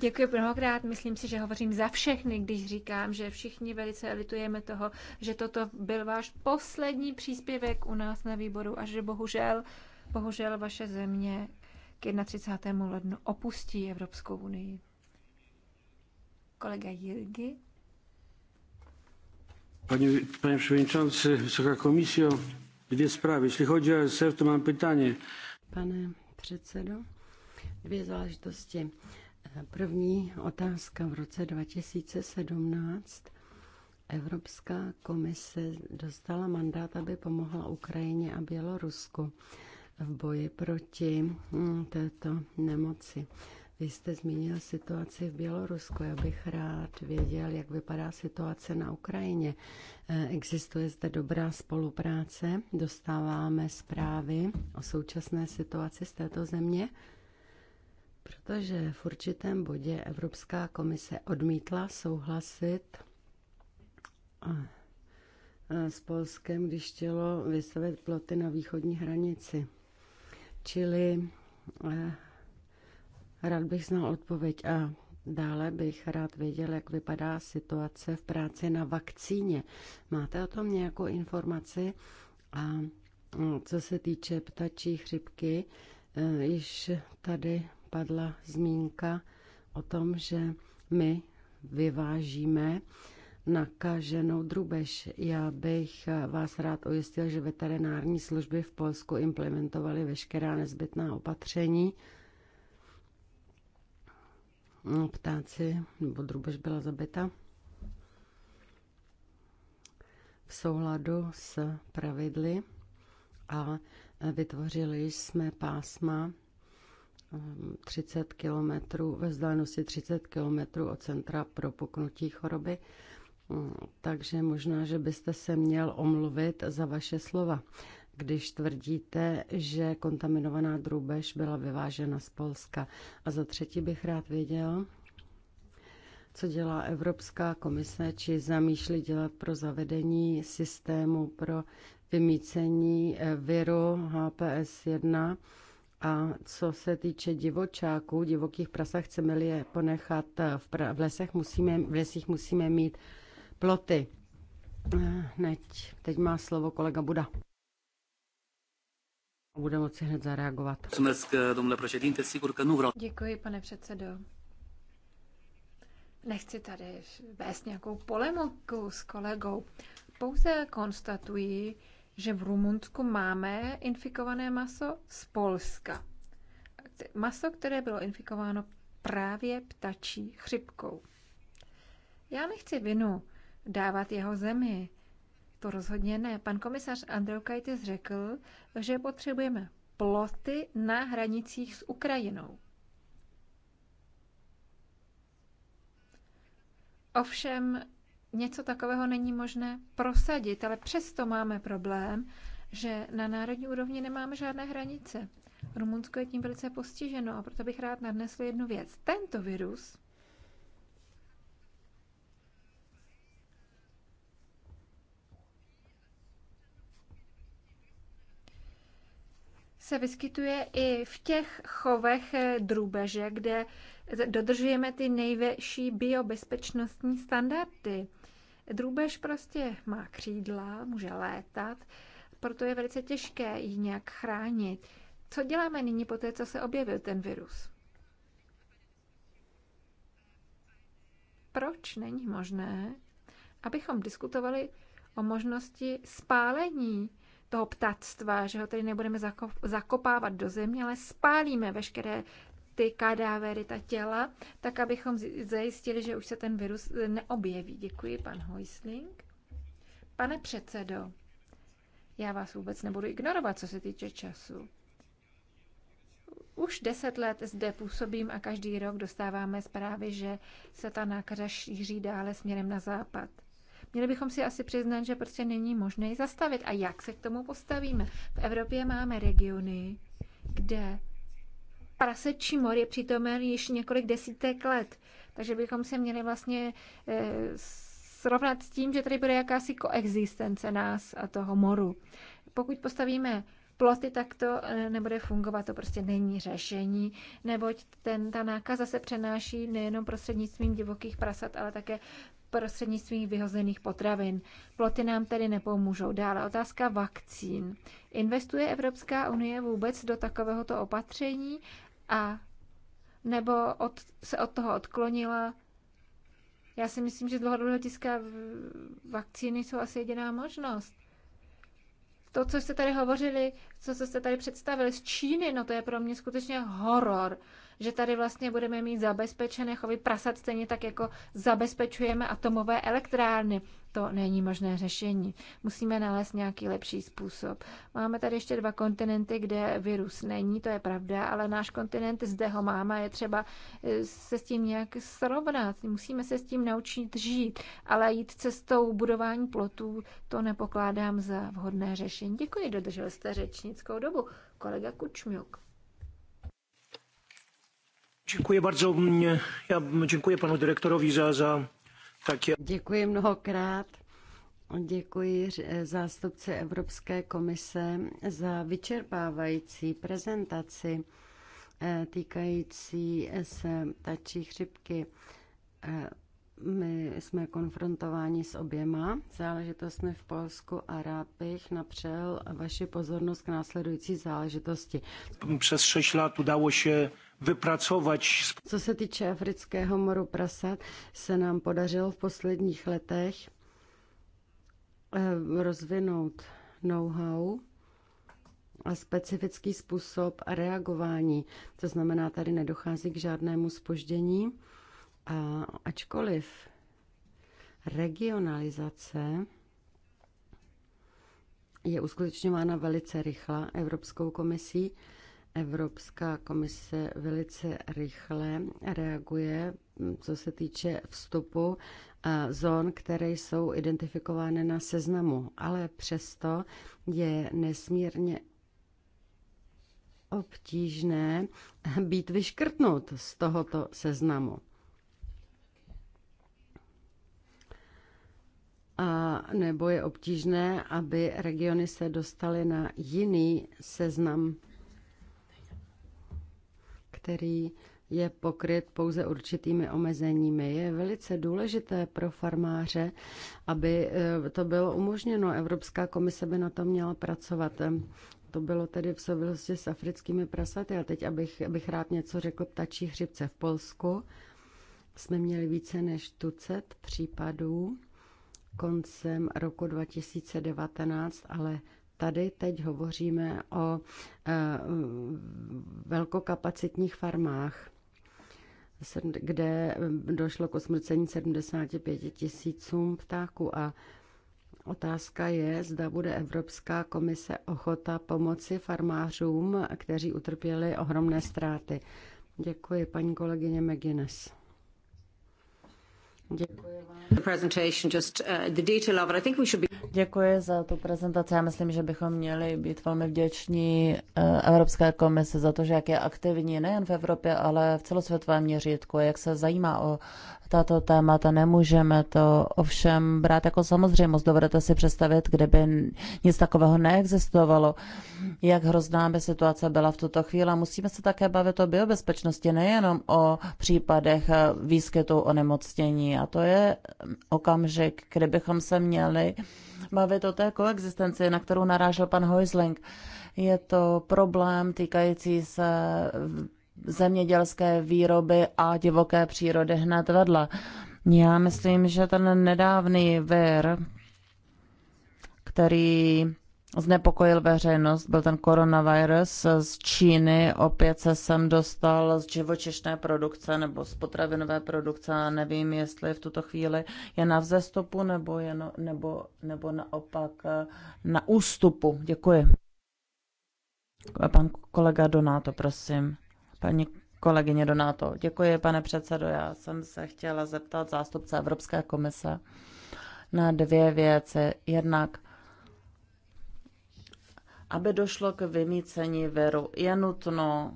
Děkuji mnohokrát. Myslím si, že hovořím za všechny, když říkám, že všichni velice litujeme toho, že toto byl váš poslední příspěvek u nás na výboru a že bohužel, bohužel vaše země k 31. lednu opustí Evropskou unii. Kolega Jirgi. Panie, panie Przewodniczący, Wysoka Komisjo, dwie sprawy. Jeśli chodzi o ESF, to mám pytanie. Pane předsedo, dvě záležitosti. První otázka v roce 2017 Evropská komise dostala mandát, aby pomohla Ukrajině a Bělorusku v boji proti hm, této nemoci. Vy jste zmínil situaci v Bělorusku. Já bych rád věděl, jak vypadá situace na Ukrajině. Eh, existuje zde dobrá spolupráce, dostáváme zprávy o současné situaci z této země, protože v určitém bodě Evropská komise odmítla souhlasit s Polskem, když chtělo vystavit ploty na východní hranici. Čili eh, Rád bych znal odpověď a dále bych rád věděl, jak vypadá situace v práci na vakcíně. Máte o tom nějakou informaci? A mm, co se týče ptačí chřipky, e, již tady padla zmínka o tom, že my vyvážíme nakaženou drubež. Já bych vás rád ujistil, že veterinární služby v Polsku implementovaly veškerá nezbytná opatření No, ptáci nebo drubež byla zabita v souladu s pravidly a vytvořili jsme pásma 30 ehm, km ve vzdálenosti 30 km od centra pro poknutí choroby. Mm, takže možná, že byste se měl omluvit za vaše slova, když tvrdíte, že kontaminovaná drůbež byla vyvážena z Polska. A za třetí bych rád věděl, co dělá Evropská komise, či zamýšlí dělat pro zavedení systému pro vymícení eh, viru HPS 1 a co se týče divočáků, divokých prasa chceme-li je ponechat eh, v, pra- v, lesech, musíme, v lesích musíme mít ploty. Eh, neď, teď má slovo kolega Buda bude moci hned zareagovat. Děkuji, pane předsedo. Nechci tady vést nějakou polemiku s kolegou. Pouze konstatuji, že v Rumunsku máme infikované maso z Polska. Maso, které bylo infikováno právě ptačí chřipkou. Já nechci vinu dávat jeho zemi, to rozhodně ne. Pan komisař Andreukaitis řekl, že potřebujeme ploty na hranicích s Ukrajinou. Ovšem něco takového není možné prosadit, ale přesto máme problém, že na národní úrovni nemáme žádné hranice. Rumunsko je tím velice postiženo a proto bych rád nadnesl jednu věc. Tento virus se vyskytuje i v těch chovech eh, drůbeže, kde dodržujeme ty nejvyšší biobezpečnostní standardy. Drůbež prostě má křídla, může létat, proto je velice těžké ji nějak chránit. Co děláme nyní po té, co se objevil ten virus? Proč není možné, abychom diskutovali o možnosti spálení toho ptactva, že ho tedy nebudeme zakopávat do země, ale spálíme veškeré ty kadávery, ta těla, tak abychom zajistili, že už se ten virus e, neobjeví. Děkuji, pan Hoisling. Pane předsedo, já vás vůbec nebudu ignorovat, co se týče času. Už deset let zde působím a každý rok dostáváme zprávy, že se ta nákaza šíří dále směrem na západ. Měli bychom si asi přiznat, že prostě není možné ji zastavit. A jak se k tomu postavíme? V Evropě máme regiony, kde prasečí mor je přítomen již několik desítek let. Takže bychom se měli vlastně e, srovnat s tím, že tady bude jakási koexistence nás a toho moru. Pokud postavíme ploty, tak to eh, nebude fungovat, to prostě není řešení, neboť ten, ta nákaza se přenáší nejenom prostřednictvím divokých prasat, ale také prostřednictvím vyhozených potravin. Ploty nám tedy nepomůžou. Dále otázka vakcín. Investuje Evropská unie vůbec do takovéhoto opatření a nebo od, se od toho odklonila? Já si myslím, že z dlouhodobého hlediska vakcíny jsou asi jediná možnost. To, co jste tady hovořili, co, jste tady představili z Číny, no to je pro mě skutečně horor že tady vlastně budeme mít zabezpečené chovy prasat stejně tak, jako zabezpečujeme atomové elektrárny. To není možné řešení. Musíme nalézt nějaký lepší způsob. Máme tady ještě dva kontinenty, kde virus není, to je pravda, ale náš kontinent zde ho máme, je třeba eh, se s tím nějak srovnat. Musíme se s tím naučit žít, ale jít cestou budování plotů, to nepokládám za vhodné řešení. Děkuji, dodržel jste řečnickou dobu. Kolega Kučmiuk. Děkuji bardzo. Já děkuji panu direktorovi za, za také. Děkuji mnohokrát. Děkuji zástupci Evropské komise za vyčerpávající prezentaci eh, týkající se ptačí chřipky. Eh, my jsme konfrontováni s oběma záležitostmi v Polsku a rád bych napřel vaši pozornost k následující záležitosti. Přes 6 let udalo se vypracovat. Co se týče afrického moru prasat, se nám podařilo v posledních letech eh, rozvinout know-how a specifický způsob reagování. To znamená, tady nedochází k žádnému spoždění. A ačkoliv regionalizace je uskutečňována velice rychle Evropskou komisí, Evropská komise velice rychle reaguje, mm, co se týče vstupu zón, které jsou identifikovány na seznamu, ale přesto je nesmírně obtížné být vyškrtnut z tohoto seznamu. a nebo je obtížné, aby regiony se dostaly na jiný seznam který je pokryt pouze určitými omezeními. Je velice důležité pro farmáře, aby eh, to bylo umožněno. Evropská komise by na to měla pracovat. To bylo tedy v souvislosti s africkými prasaty. A teď, abych, abych rád něco řekl ptačí chřipce v Polsku, jsme měli více než tucet případů koncem roku 2019, ale Tady teď hovoříme o eh, velkokapacitních farmách, kde došlo k osmrcení 75 tisícům ptáků a Otázka je, zda bude Evropská komise ochota pomoci farmářům, kteří utrpěli ohromné ztráty. Děkuji, paní kolegyně McGuinness. Děkuji za tu prezentaci. Já myslím, že bychom měli být velmi vděční uh, Evropské komisi za to, že jak je aktivní nejen v Evropě, ale v celosvětovém měřítku, jak se zajímá o tato témata. Nemůžeme to ovšem brát jako samozřejmost. Dovedete si představit, kdyby nic takového neexistovalo, jak hrozná by situace byla v tuto chvíli. Musíme se také bavit o biobezpečnosti, nejenom o případech výskytu onemocnění. A to je okamžik, kdybychom se měli bavit o té koexistenci, na kterou narážel pan Heusling. Je to problém týkající se zemědělské výroby a divoké přírody hned vedle. Já myslím, že ten nedávný vir, který znepokojil veřejnost, byl ten koronavirus z Číny. Opět se sem dostal z živočišné produkce nebo z potravinové produkce. Nevím, jestli v tuto chvíli je na vzestupu nebo, je no, nebo, nebo naopak eh, na ústupu. Děkuji. Pan kolega Donáto, prosím. Paní kolegyně Donato, děkuji, pane předsedo. Já jsem se chtěla zeptat zástupce Evropské komise na dvě věci. Jednak, aby došlo k vymícení viru, je nutno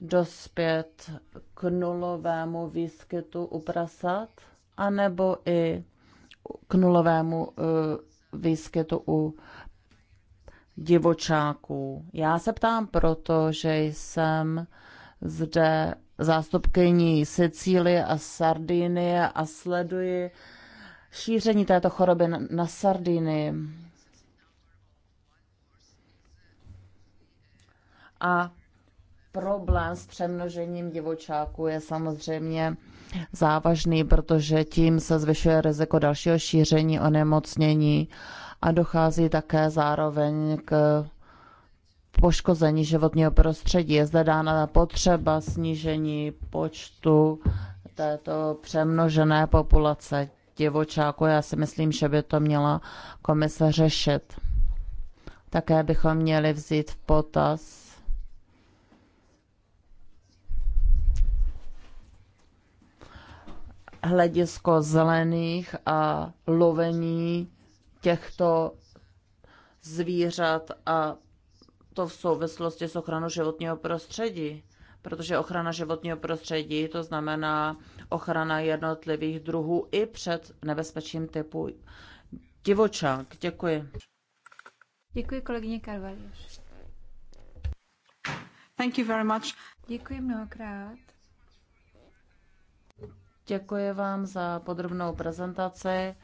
dospět k nulovému výskytu u prasat, anebo i k nulovému eh, výskytu u divočáků. Já se ptám proto, že jsem zde zástupkyní Sicílie a Sardinie a sleduji šíření této choroby na Sardinii. A problém s přemnožením divočáků je samozřejmě závažný, protože tím se zvyšuje riziko dalšího šíření onemocnění a dochází také zároveň k poškození životního prostředí. Je zde dána potřeba snížení počtu této přemnožené populace divočáku. Já si myslím, že by to měla komise řešit. Také bychom měli vzít v potaz hledisko zelených a lovení těchto zvířat a to v souvislosti s ochranou životního prostředí. Protože ochrana životního prostředí to znamená ochrana jednotlivých druhů i před nebezpečím typu divočák. Děkuji. Děkuji kolegyně Karvalíš. Thank you very much. Děkuji mnohokrát. Děkuji vám za podrobnou prezentaci.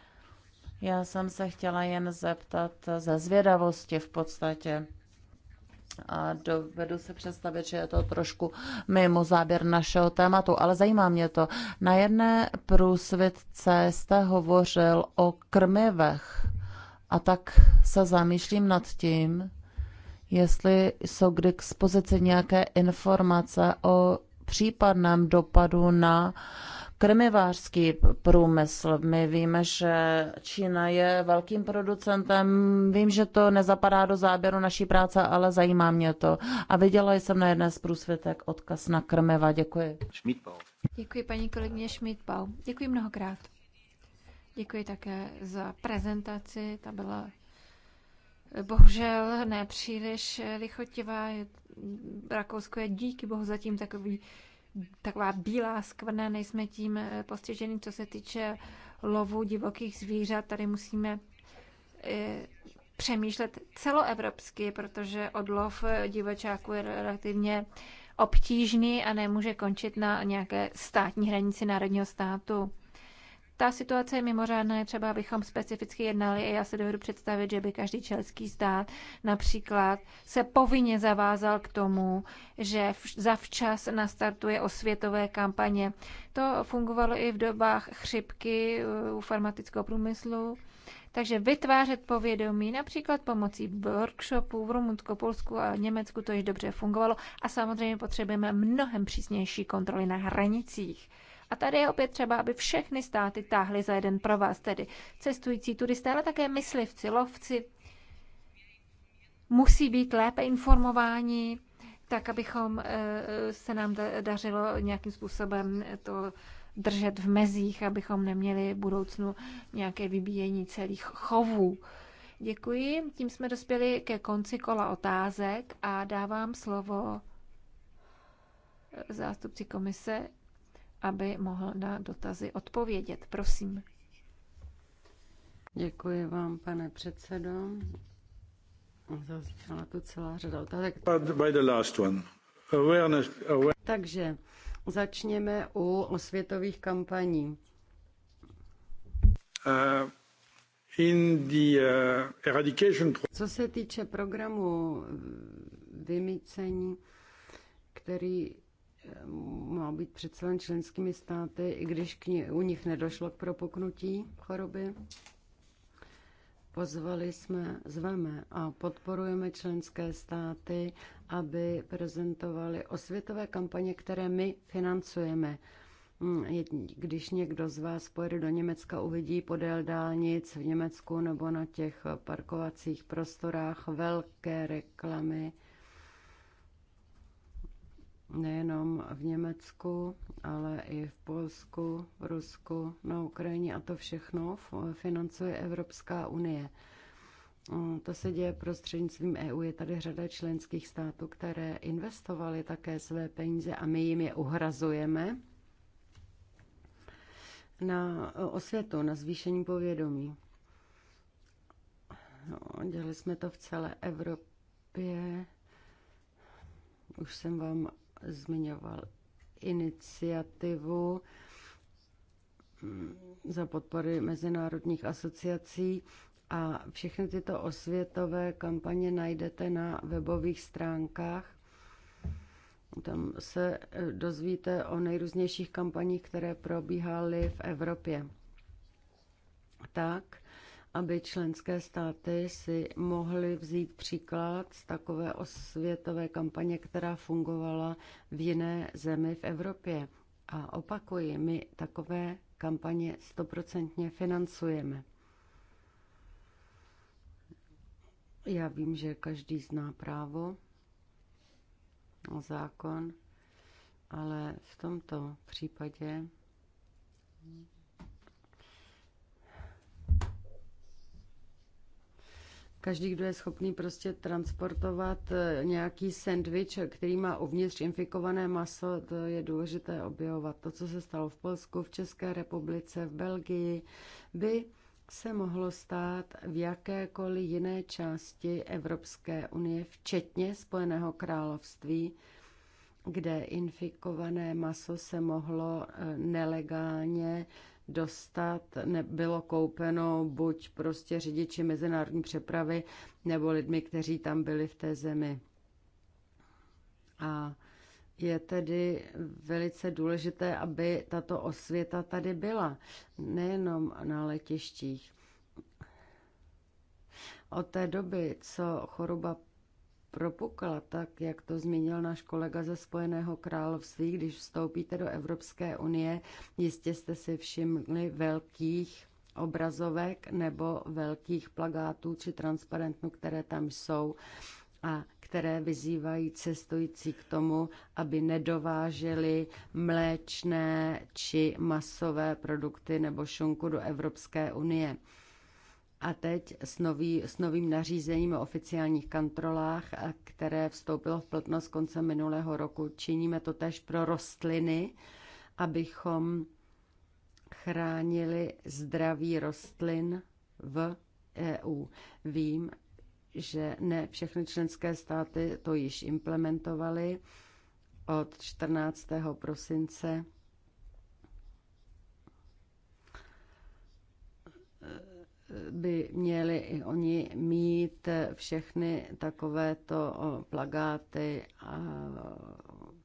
Já jsem se chtěla jen zeptat ze zvědavosti v podstatě. A dovedu se představit, že je to trošku mimo záběr našeho tématu, ale zajímá mě to. Na jedné průsvitce jste hovořil o krmivech a tak se zamýšlím nad tím, jestli jsou k dispozici nějaké informace o případném dopadu na krmivářský průmysl. My víme, že Čína je velkým producentem. Vím, že to nezapadá do záběru naší práce, ale zajímá mě to. A viděla jsem na jedné z průsvitek odkaz na krmiva. Děkuji. Šmítbau. Děkuji paní kolegyně Šmítbau. Děkuji mnohokrát. Děkuji také za prezentaci. Ta byla bohužel nepříliš lichotivá. Rakousko je díky bohu zatím takový taková bílá skvrna, nejsme tím eh, postižený, co se týče lovu divokých zvířat. Tady musíme eh, přemýšlet celoevropsky, protože odlov eh, divočáků je relativně obtížný a nemůže končit na nějaké státní hranici národního státu. Ta situace je mimořádná, je třeba abychom specificky jednali a já se dovedu představit, že by každý členský stát například se povinně zavázal k tomu, že zavčas nastartuje osvětové kampaně. To fungovalo i v dobách chřipky uh, u farmatického průmyslu. Takže vytvářet povědomí například pomocí workshopů v Rumunsku, Polsku a Německu to již dobře fungovalo a samozřejmě potřebujeme mnohem přísnější kontroly na hranicích. A tady je opět třeba, aby všechny státy táhly za jeden pro vás, tedy cestující turisté, ale také myslivci, lovci, musí být lépe informováni, tak abychom eh, se nám dařilo nějakým způsobem to držet v mezích, abychom neměli v budoucnu nějaké vybíjení celých chovů. Děkuji. Tím jsme dospěli ke konci kola otázek a dávám slovo eh, zástupci komise aby mohl na dotazy odpovědět. Prosím. Děkuji vám, pane předsedo. Zazněla tu celá řada otázek. By the last one. Awareness, awareness. Takže začněme u osvětových kampaní. Uh, in the, uh, eradication... Co se týče programu eh, vymícení, který má být představen členskými státy, i když k ní, u nich nedošlo k propuknutí choroby. Pozvali jsme, zveme a podporujeme členské státy, aby prezentovali osvětové kampaně, které my financujeme. Mm, když někdo z vás pojede do Německa, uvidí podél dálnic v Německu nebo na těch parkovacích prostorách velké reklamy nejenom v Německu, ale i v Polsku, v Rusku, na Ukrajině a to všechno financuje Evropská unie. Mm, to se děje prostřednictvím EU. Je tady řada členských států, které investovaly také své peníze a my jim je uhrazujeme na osvětu, na zvýšení povědomí. No, dělali jsme to v celé Evropě. Už jsem vám zmiňoval iniciativu mm, za podpory mezinárodních asociací a všechny tyto osvětové kampaně najdete na webových stránkách. Tam se eh, dozvíte o nejrůznějších kampaních, které probíhaly v Evropě. Tak, aby členské státy si mohly vzít příklad z takové osvětové kampaně, která fungovala v jiné zemi v Evropě. A opakuji, my takové kampaně stoprocentně financujeme. Já vím, že každý zná právo a zákon, ale v tomto případě Každý, kdo je schopný prostě transportovat eh, nějaký sendvič, který má uvnitř infikované maso, to je důležité objevovat. To, co se stalo v Polsku, v České republice, v Belgii, by se mohlo stát v jakékoliv jiné části Evropské unie, včetně Spojeného království, kde infikované maso se mohlo eh, nelegálně dostat, nebylo koupeno buď prostě řidiči mezinárodní přepravy nebo lidmi, kteří tam byli v té zemi. A je tedy velice důležité, aby tato osvěta tady byla, nejenom na letištích. Od té doby, co choroba propukla, tak jak to zmínil náš kolega ze Spojeného království, když vstoupíte do Evropské unie, jistě jste si všimli velkých obrazovek nebo velkých plagátů či transparentů, které tam jsou a které vyzývají cestující k tomu, aby nedováželi mléčné či masové produkty nebo šunku do Evropské unie a teď s, nový, s novým nařízením o oficiálních kontrolách, které vstoupilo v platnost konce minulého roku, činíme to tež pro rostliny, abychom chránili zdraví rostlin v EU. Vím, že ne všechny členské státy to již implementovaly od 14. prosince by měli i oni mít všechny takovéto plagáty a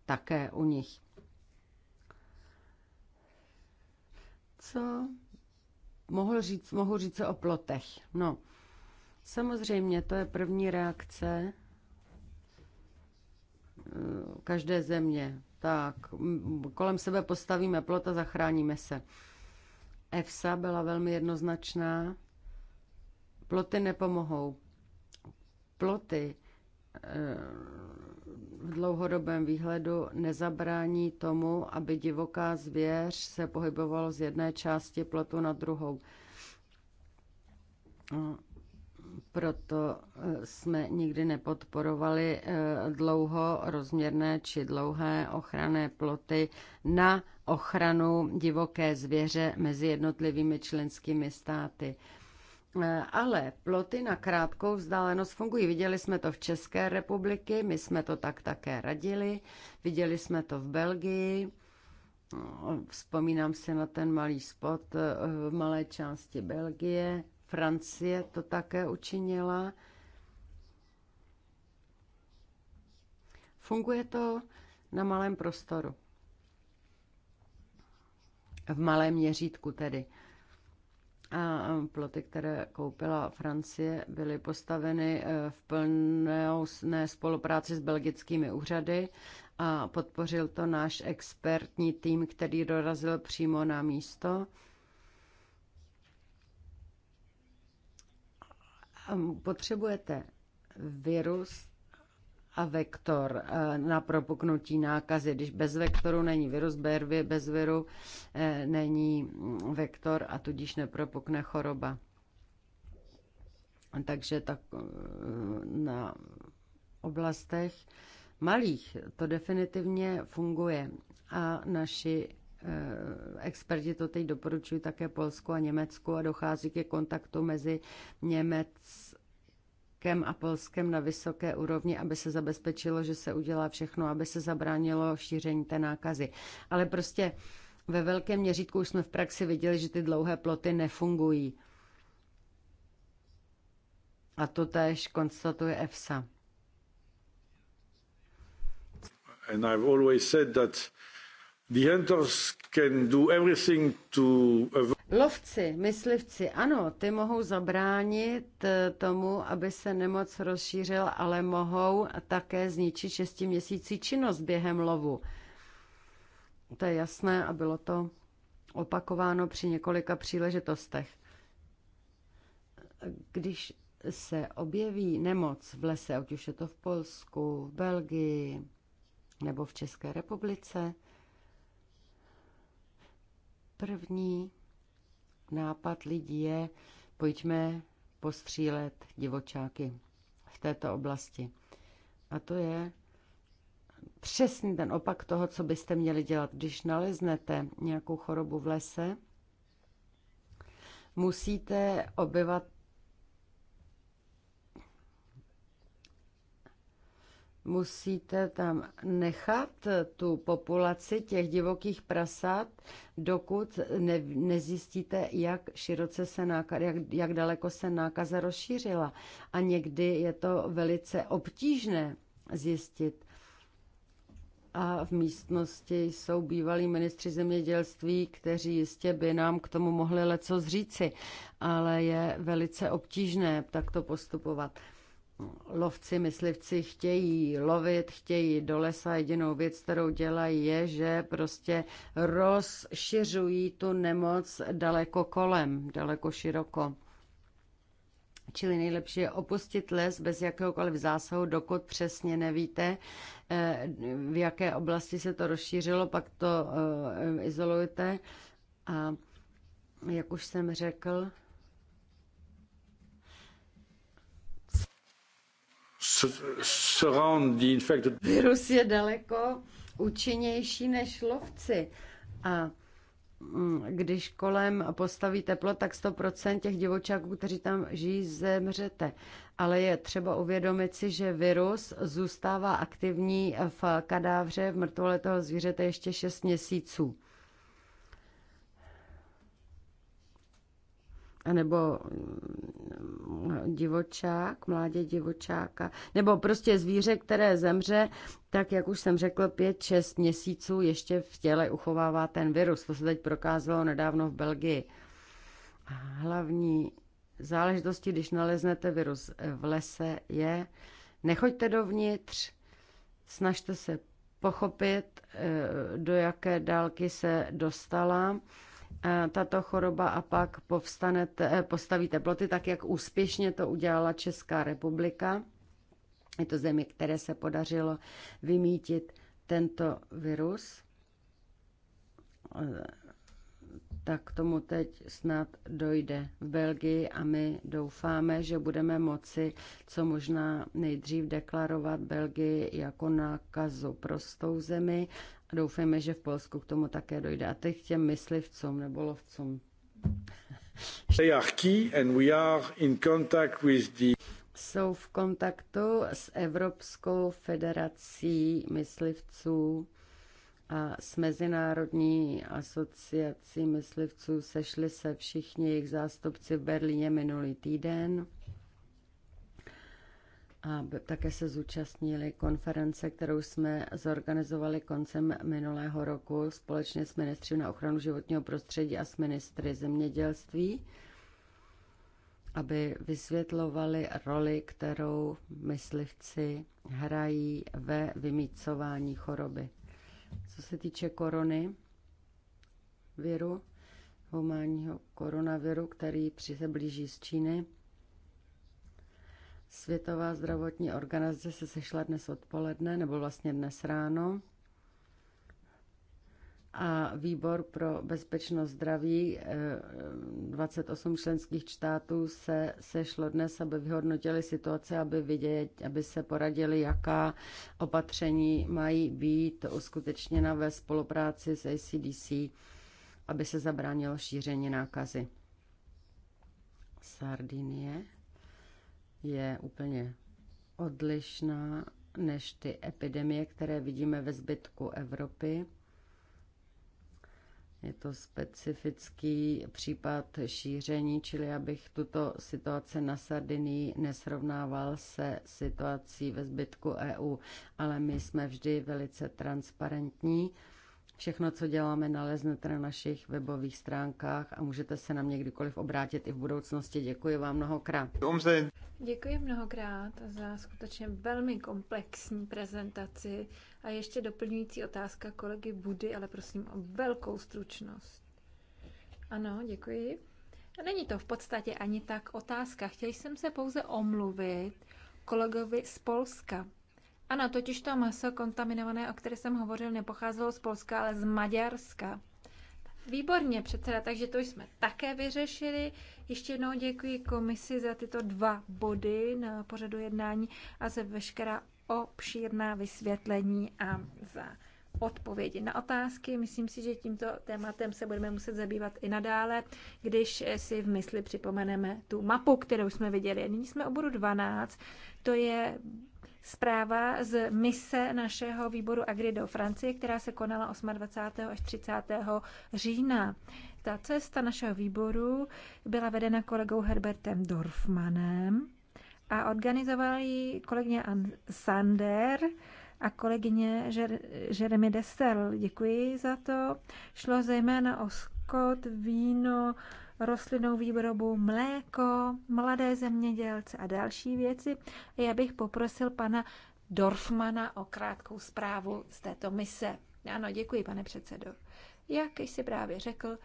také u nich. Co mohl říct, mohu říct o plotech? No, samozřejmě to je první reakce e, každé země. Tak, kolem sebe postavíme plot a zachráníme se. EFSA byla velmi jednoznačná Ploty nepomohou. Ploty eh, v dlouhodobém výhledu nezabrání tomu, aby divoká zvěř se pohybovala z jedné části plotu na druhou. No, proto eh, jsme nikdy nepodporovali eh, dlouho rozměrné či dlouhé ochranné ploty na ochranu divoké zvěře mezi jednotlivými členskými státy. Eh, ale ploty na krátkou vzdálenost fungují. Viděli jsme to v České republiky, my jsme to tak také radili, viděli jsme to v Belgii. No, vzpomínám si na ten malý spot eh, v malé části Belgie. Francie to také učinila. Funguje to na malém prostoru. V malém měřítku tedy ploty, které koupila Francie, byly postaveny e, v plné spolupráci s belgickými úřady a podpořil to náš expertní tým, který dorazil přímo na místo. Potřebujete virus a vektor eh, na propuknutí nákazy. Když bez vektoru není virus, bez viru eh, není mm, vektor a tudíž nepropukne choroba. Takže tak eh, na oblastech malých to definitivně funguje a naši Experti to teď doporučují také Polsku a Německu a dochází ke kontaktu mezi Němec, Českem a Polskem na vysoké úrovni, aby se zabezpečilo, že se udělá všechno, aby se zabránilo šíření té nákazy. Ale prostě ve velkém měřítku už jsme v praxi viděli, že ty dlouhé ploty nefungují. A to tež konstatuje EFSA. And I've always said that the hunters can do everything to avoid Lovci, myslivci, ano, ty mohou zabránit eh, tomu, aby se nemoc rozšířila, ale mohou také zničit šestiměsící činnost během lovu. To je jasné a bylo to opakováno při několika příležitostech. Když se objeví nemoc v lese, ať už je to v Polsku, v Belgii nebo v České republice, první nápad lidí je, pojďme postřílet divočáky v této oblasti. A to je přesně ten opak toho, co byste měli dělat. Když naleznete nějakou chorobu v lese, musíte obyvat musíte tam nechat tu populaci těch divokých prasat, dokud ne, nezjistíte, jak široce se nákaza, jak, jak daleko se nákaza rozšířila. A někdy je to velice obtížné zjistit. A v místnosti jsou bývalí ministři zemědělství, kteří jistě by nám k tomu mohli leco zříci, ale je velice obtížné takto postupovat lovci, myslivci chtějí lovit, chtějí do lesa. Jedinou věc, kterou dělají, je, že prostě rozšiřují tu nemoc daleko kolem, daleko široko. Čili nejlepší je opustit les bez jakéhokoliv zásahu, dokud přesně nevíte, eh, v jaké oblasti se to rozšířilo, pak to eh, izolujte. A jak už jsem řekl, Virus je daleko účinnější než lovci. A mm, když kolem postaví teplo, tak 100% těch divočáků, kteří tam žijí, zemřete. Ale je třeba uvědomit si, že virus zůstává aktivní v kadávře v toho zvířete ještě 6 měsíců. nebo mm, divočák, mládě divočáka, nebo prostě zvíře, které zemře, tak jak už jsem řekl, 5-6 měsíců ještě v těle uchovává ten virus. To se teď prokázalo nedávno v Belgii. Hlavní záležitosti, když naleznete virus v lese, je nechoďte dovnitř, snažte se pochopit, eh, do jaké dálky se dostala tato choroba a pak povstanete, eh, postaví teploty, tak jak úspěšně to udělala Česká republika. Je to země, které se podařilo vymítit tento virus. Eh, tak tomu teď snad dojde v Belgii a my doufáme, že budeme moci co možná nejdřív deklarovat Belgii jako nákazu prostou zemi Doufejme, že v Polsku k tomu také dojde. A teď těm myslivcům nebo lovcům. They are key and we are in contact with the... Jsou v kontaktu s Evropskou federací myslivců a s Mezinárodní asociací myslivců sešli se všichni jejich zástupci v Berlíně minulý týden a také se zúčastnili konference, kterou jsme zorganizovali koncem minulého roku společně s ministry na ochranu životního prostředí a s ministry zemědělství, aby vysvětlovali roli, kterou myslivci hrají ve vymícování choroby. Co se týče korony, viru, humánního koronaviru, který se blíží z Číny, Světová zdravotní organizace se sešla dnes odpoledne, nebo vlastně dnes ráno. A výbor pro bezpečnost zdraví 28 eh, členských států se sešlo dnes, aby vyhodnotili situaci, aby, vidět, aby se poradili, jaká opatření mají být uskutečněna ve spolupráci s ACDC, aby se zabránilo šíření nákazy. Sardinie je úplně odlišná než ty epidemie, které vidíme ve zbytku Evropy. Je to specifický případ šíření, čili abych tuto situaci na Sardinii nesrovnával se situací ve zbytku EU, ale my jsme vždy velice transparentní Všechno, co děláme, naleznete na našich webových stránkách a můžete se nám někdykoliv obrátit i v budoucnosti. Děkuji vám mnohokrát. Děkuji mnohokrát za skutečně velmi komplexní prezentaci a ještě doplňující otázka kolegy Budy, ale prosím o velkou stručnost. Ano, děkuji. Není to v podstatě ani tak otázka. Chtěl jsem se pouze omluvit kolegovi z Polska, ano, totiž to maso kontaminované, o které jsem hovořil, nepocházelo z Polska, ale z Maďarska. Výborně, předseda, takže to jsme také vyřešili. Ještě jednou děkuji komisi za tyto dva body na pořadu jednání a za veškerá obšírná vysvětlení a za odpovědi na otázky. Myslím si, že tímto tématem se budeme muset zabývat i nadále, když si v mysli připomeneme tu mapu, kterou jsme viděli. Nyní jsme o bodu 12, to je zpráva z mise našeho výboru Agri do Francie, která se konala 28. až 30. října. Ta cesta našeho výboru byla vedena kolegou Herbertem Dorfmanem a organizovali ji kolegyně Ann Sander a kolegyně Jeremy Dessel. Děkuji za to. Šlo zejména o skot, víno, rostlinnou výrobu, mléko, mladé zemědělce a další věci. Já bych poprosil pana Dorfmana o krátkou zprávu z této mise. Ano, děkuji, pane předsedo. Jak jsi právě řekl,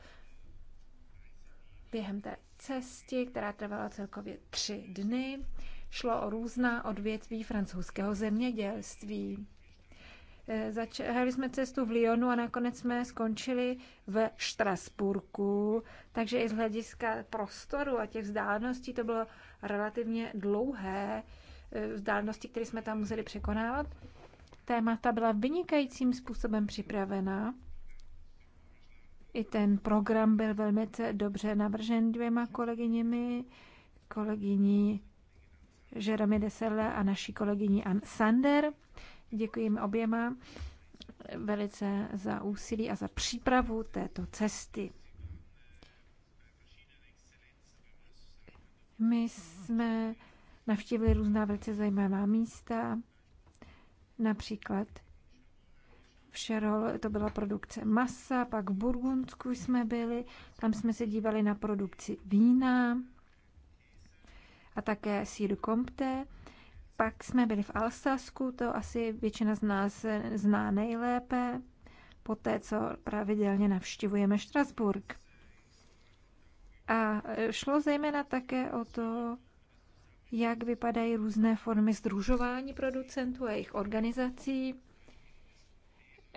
během té cesty, která trvala celkově tři dny, šlo o různá odvětví francouzského zemědělství. Eh, Začali jsme cestu v Lyonu a nakonec jsme skončili v Štrasburku, takže i z hlediska prostoru a těch vzdáleností to bylo relativně dlouhé, eh, vzdálenosti, které jsme tam museli překonávat. Témata byla vynikajícím způsobem připravena. I ten program byl velmi dobře navržen dvěma kolegyněmi, kolegyní Jeremy Deselle a naší kolegyní Ann Sander. Děkuji oběma velice za úsilí a za přípravu této cesty. My jsme navštívili různá velice zajímavá místa, například v Šerol to byla produkce masa, pak v Burgundsku jsme byli, tam jsme se dívali na produkci vína a také sír Comte. Pak jsme byli v Alsasku, to asi většina z nás zná nejlépe, po té, co pravidelně navštěvujeme Štrasburg. A šlo zejména také o to, jak vypadají různé formy združování producentů a jejich organizací.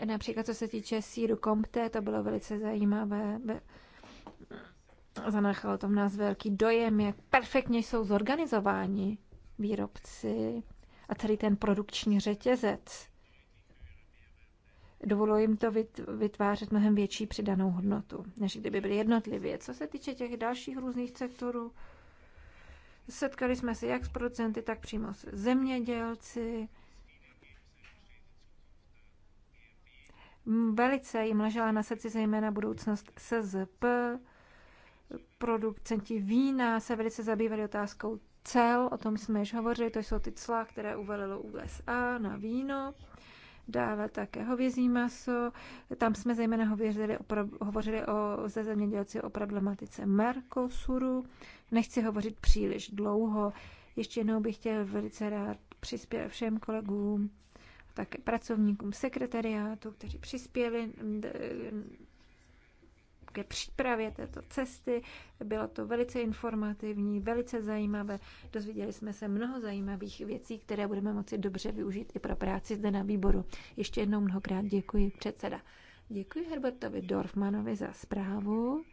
Například co se týče síru Comte, to bylo velice zajímavé. Zanechalo to v nás velký dojem, jak perfektně jsou zorganizováni výrobci a celý ten produkční řetězec. Dovoluje jim to vytvářet mnohem větší přidanou hodnotu, než kdyby byly jednotlivě. Co se týče těch dalších různých sektorů, setkali jsme se jak s producenty, tak přímo s zemědělci. Velice jim ležela na srdci zejména budoucnost SZP, producenti vína se velice zabývali otázkou cel, o tom jsme již hovořili, to jsou ty cla, které uvalilo USA na víno, dále také hovězí maso, tam jsme zejména hovořili, hovořili o, ze zemědělci o problematice Mercosuru, nechci hovořit příliš dlouho, ještě jednou bych chtěl velice rád přispět všem kolegům, také pracovníkům sekretariátu, kteří přispěli ke přípravě této cesty. Bylo to velice informativní, velice zajímavé. Dozvěděli jsme se mnoho zajímavých věcí, které budeme moci dobře využít i pro práci zde na výboru. Ještě jednou mnohokrát děkuji předseda. Děkuji Herbertovi Dorfmanovi za zprávu.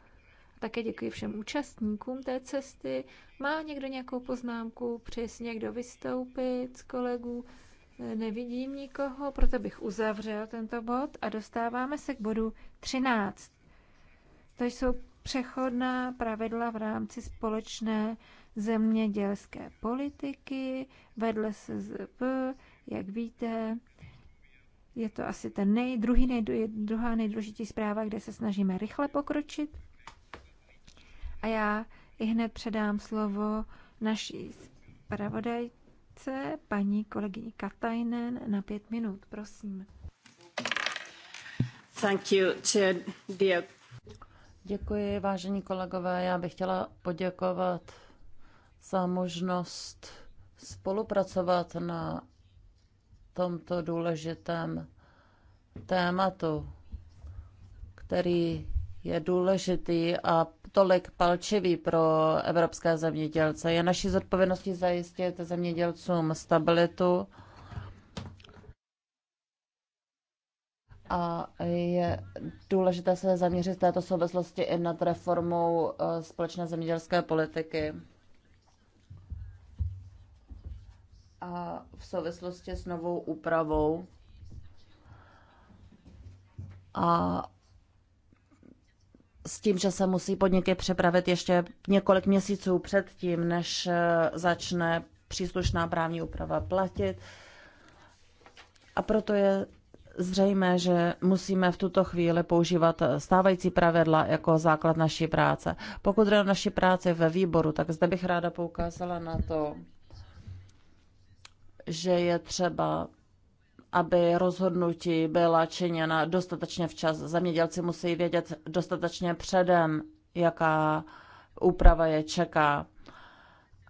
Také děkuji všem účastníkům té cesty. Má někdo nějakou poznámku? Přes někdo vystoupit z kolegů? Nevidím nikoho, proto bych uzavřel tento bod a dostáváme se k bodu 13. To jsou přechodná pravidla v rámci společné zemědělské politiky vedle SZP, jak víte, je to asi ten nej, druhý, nej, druhá nejdůležitější zpráva, kde se snažíme rychle pokročit. A já i hned předám slovo naší zpravodajce, paní kolegyni Katajnen, na pět minut, prosím. Thank you, dear Děkuji, vážení kolegové. Já bych chtěla poděkovat za možnost spolupracovat na tomto důležitém tématu, který je důležitý a tolik palčivý pro evropské zemědělce. Je naší zodpovědností zajistit zemědělcům stabilitu A je důležité se zaměřit v této souvislosti i nad reformou eh, společné zemědělské politiky. A v souvislosti s novou úpravou a s tím, že se musí podniky připravit ještě několik měsíců předtím, než eh, začne příslušná právní úprava platit. A proto je zřejmé, že musíme v tuto chvíli používat stávající pravidla jako základ naší práce. Pokud jde o naši práci ve výboru, tak zde bych ráda poukázala na to, že je třeba aby rozhodnutí byla činěna dostatečně včas. Zemědělci musí vědět dostatečně předem, jaká úprava je čeká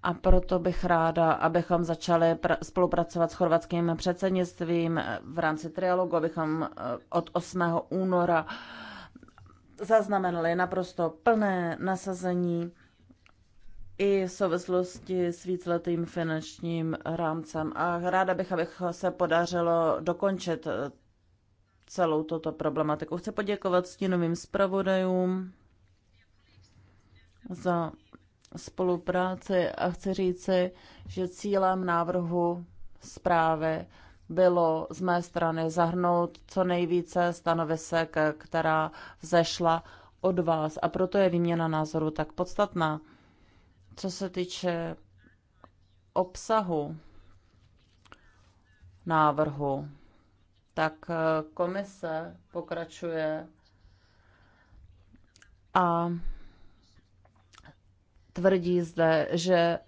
a proto bych ráda, abychom začali spolupracovat s chorvatským předsednictvím v rámci trialogu, abychom eh, od 8. února zaznamenali naprosto plné nasazení i v souvislosti s víceletým finančním rámcem. A ráda bych, abych se podařilo dokončit eh, celou toto problematiku. Chci poděkovat stínovým zpravodajům za spolupráce a chci říci, že cílem návrhu zprávy bylo z mé strany zahrnout co nejvíce stanovisek, která vzešla od vás a proto je výměna názoru tak podstatná. Co se týče obsahu návrhu, tak eh, komise pokračuje a tvrdí zde, že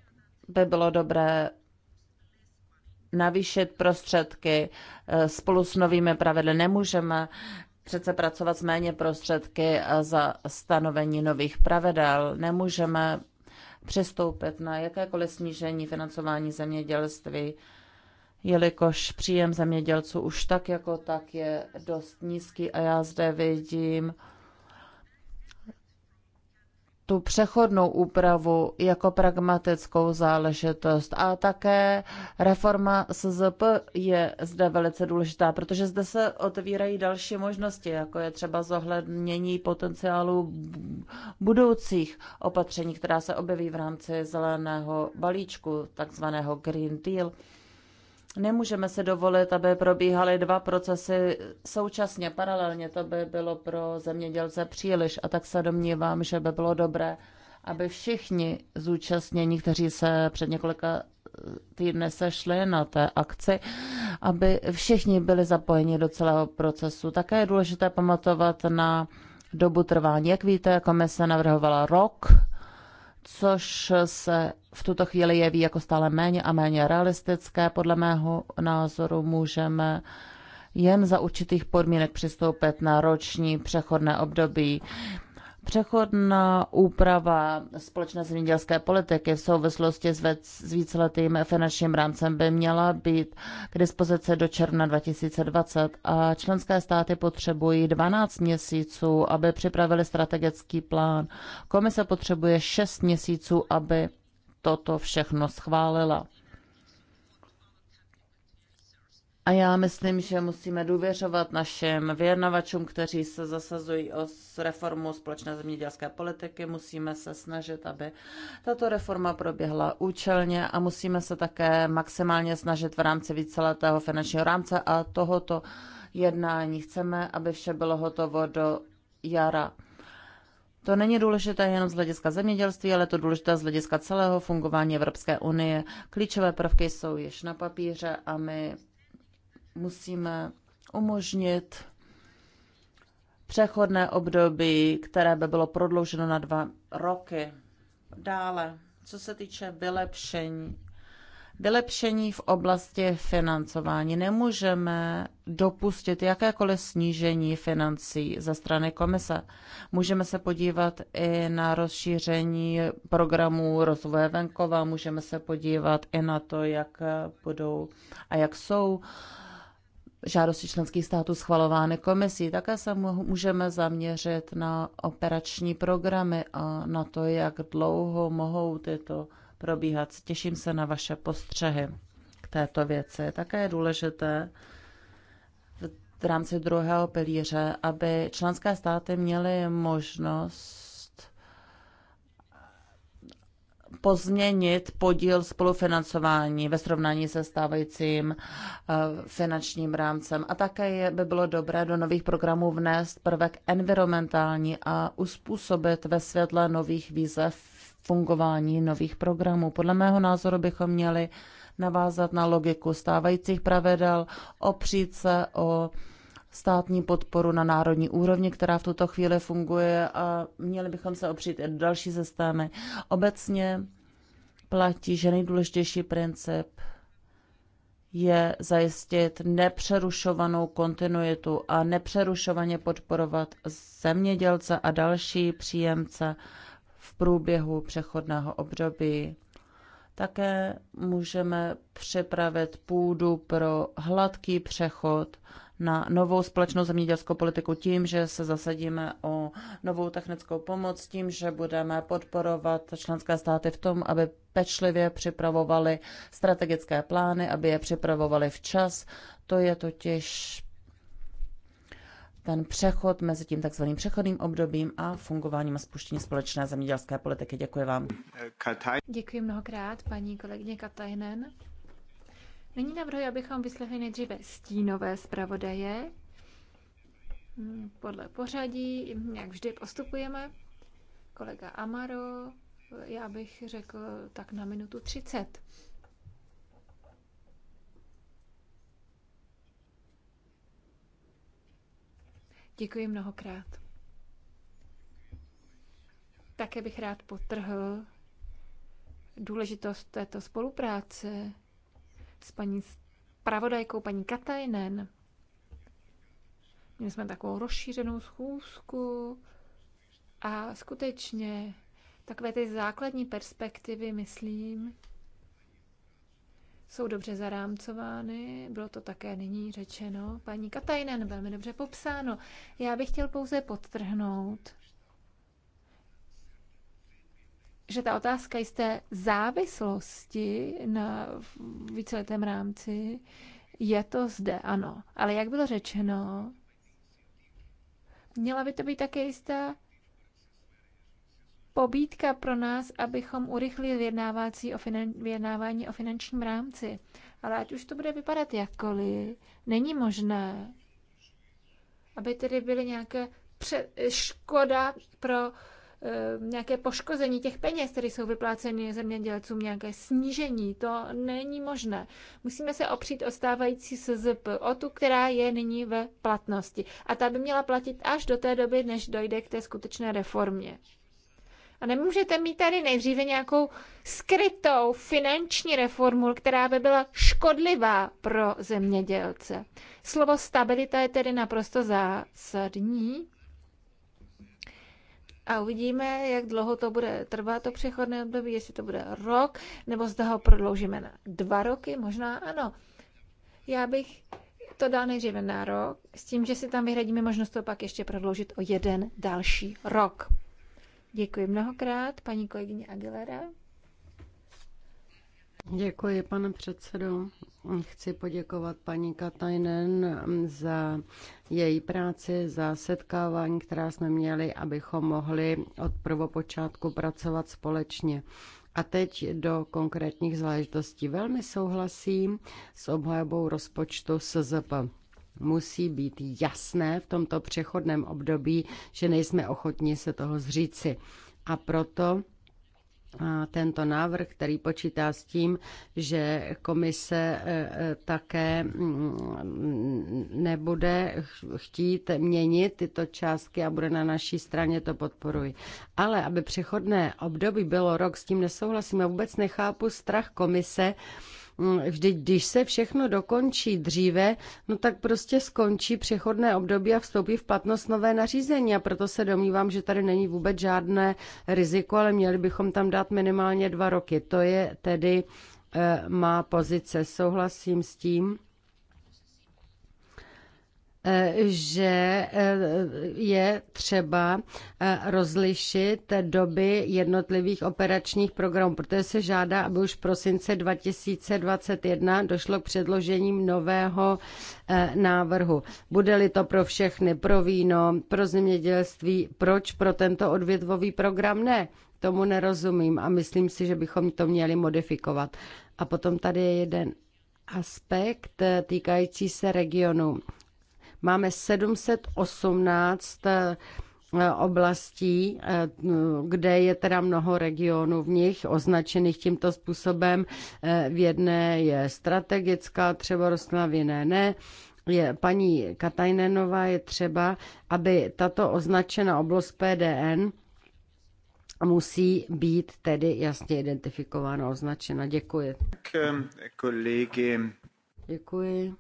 by bylo dobré navýšit prostředky eh, spolu s novými pravidly. Nemůžeme přece pracovat s méně prostředky a za stanovení nových pravidel. Nemůžeme přistoupit na jakékoliv snížení financování zemědělství, jelikož příjem zemědělců už tak jako tak je dost nízký a já zde vidím tu přechodnou úpravu jako pragmatickou záležitost. A také reforma SZP je zde velice důležitá, protože zde se otvírají další možnosti, jako je třeba zohlednění potenciálu budoucích opatření, která se objeví v rámci zeleného balíčku, takzvaného Green Deal. Nemůžeme si dovolit, aby probíhaly dva procesy současně, paralelně. To by bylo pro zemědělce příliš a tak se domnívám, že by bylo dobré, aby všichni zúčastnění, kteří se před několika eh, týdny sešli na té akci, aby všichni byli zapojeni do celého procesu. Také je důležité pamatovat na dobu trvání. Jak víte, komise navrhovala rok, což se v tuto chvíli jeví jako stále méně a méně realistické. Podle mého názoru můžeme jen za určitých podmínek přistoupit na roční přechodné období. Přechodná úprava společné zemědělské politiky v souvislosti s, víceletým finančním rámcem by měla být k dispozici do června 2020 a členské státy potřebují 12 měsíců, aby připravili strategický plán. Komise potřebuje 6 měsíců, aby toto všechno schválila. A já myslím, že musíme důvěřovat našim vyjednavačům, kteří se zasazují o reformu společné zemědělské politiky. Musíme se snažit, aby tato reforma proběhla účelně a musíme se také maximálně snažit v rámci víceletého finančního rámce a tohoto jednání. Chceme, aby vše bylo hotovo do jara. To není důležité jenom z hlediska zemědělství, ale to důležité z hlediska celého fungování Evropské unie. Klíčové prvky jsou již na papíře a my musíme umožnit přechodné období, které by bylo prodlouženo na dva roky. Dále, co se týče vylepšení vylepšení v oblasti financování. Nemůžeme dopustit jakékoliv snížení financí ze strany komise. Můžeme se podívat i na rozšíření programů rozvoje venkova, můžeme se podívat i na to, jak budou a jak jsou žádosti členských států schvalovány komisí. Také se můžeme zaměřit na operační programy a na to, jak dlouho mohou tyto probíhat. Těším se na vaše postřehy k této věci. Také je důležité v rámci druhého pilíře, aby členské státy měly možnost pozměnit podíl spolufinancování ve srovnání se stávajícím eh, finančním rámcem. A také by bylo dobré do nových programů vnést prvek environmentální a uspůsobit ve světle nových výzev fungování nových programů. Podle mého názoru bychom měli navázat na logiku stávajících pravidel, opřít se o státní podporu na národní úrovni, která v tuto chvíli funguje a měli bychom se opřít i do další systémy. Obecně platí, že nejdůležitější princip je zajistit nepřerušovanou kontinuitu a nepřerušovaně podporovat zemědělce a další příjemce v průběhu přechodného období. Také můžeme připravit půdu pro hladký přechod na novou společnou zemědělskou politiku tím, že se zasadíme o novou technickou pomoc, tím, že budeme podporovat členské státy v tom, aby pečlivě připravovali strategické plány, aby je připravovali včas. To je totiž ten přechod mezi tím takzvaným přechodným obdobím a fungováním a spuštění společné zemědělské politiky. Děkuji vám. Děkuji mnohokrát, paní kolegyně Katajnen. Nyní navrhuji, abychom vyslechli nejdříve stínové zpravodaje. Hmm, podle pořadí, jak vždy postupujeme, kolega Amaro, já bych řekl tak na minutu 30. Děkuji mnohokrát. Také bych rád potrhl důležitost této spolupráce s paní pravodajkou paní Katajnen. Měli jsme takovou rozšířenou schůzku a skutečně takové ty základní perspektivy, myslím, jsou dobře zarámcovány, bylo to také nyní řečeno. Paní Katajnen, velmi dobře popsáno. Já bych chtěl pouze podtrhnout, že ta otázka jisté závislosti na víceletém rámci je to zde, ano. Ale jak bylo řečeno, měla by to být také jistá pobídka pro nás, abychom urychlili vyjednávací o finan- vyjednávání o finančním rámci. Ale ať už to bude vypadat jakkoliv, není možné, aby tedy byly nějaké pře- škoda pro eh, nějaké poškození těch peněz, které jsou vypláceny zemědělcům, nějaké snížení, to není možné. Musíme se opřít o stávající SZP, o tu, která je nyní ve platnosti. A ta by měla platit až do té doby, než dojde k té skutečné reformě. A nemůžete mít tady nejdříve nějakou skrytou finanční reformu, která by byla škodlivá pro zemědělce. Slovo stabilita je tedy naprosto zásadní. A uvidíme, jak dlouho to bude trvat, to přechodné období, jestli to bude rok, nebo zda ho prodloužíme na dva roky, možná ano. Já bych to dal nejdříve na rok, s tím, že si tam vyhradíme možnost to pak ještě prodloužit o jeden další rok. Děkuji mnohokrát, paní kolegyně Aguilera. Děkuji, pane předsedo. Chci poděkovat paní Katajnen za její práci, za setkávání, která jsme měli, abychom mohli od prvopočátku pracovat společně. A teď do konkrétních záležitostí. Velmi souhlasím s obhajobou rozpočtu SZP musí být jasné v tomto přechodném období, že nejsme ochotni se toho zříci. A proto tento návrh, který počítá s tím, že komise e, e, také mm, nebude chtít měnit tyto částky a bude na naší straně, to podporuji. Ale aby přechodné období bylo rok, s tím nesouhlasím a vůbec nechápu strach komise, Mm, vždyť když se všechno dokončí dříve, no tak prostě skončí přechodné období a vstoupí v platnost nové nařízení a proto se domnívám, že tady není vůbec žádné riziko, ale měli bychom tam dát minimálně dva roky. To je tedy eh, má pozice. Souhlasím s tím, Eh, že eh, je třeba eh, rozlišit doby jednotlivých operačních programů, protože se žádá, aby už v prosince 2021 došlo k předložením nového návrhu. Bude-li to pro všechny, pro víno, pro zemědělství, proč pro tento odvětvový program ne? Tomu nerozumím a myslím si, že bychom to měli modifikovat. A potom tady je jeden aspekt týkající se regionu. Máme 718 eh, oblastí, eh, kde je teda mnoho regionů v nich označených tímto způsobem. Eh, v jedné je strategická, třeba rostla v jiné ne. Je, paní Katajnenová je třeba, aby tato označena oblast PDN musí být tedy jasně identifikována, označena. Děkuji. K, kolegy. Děkuji.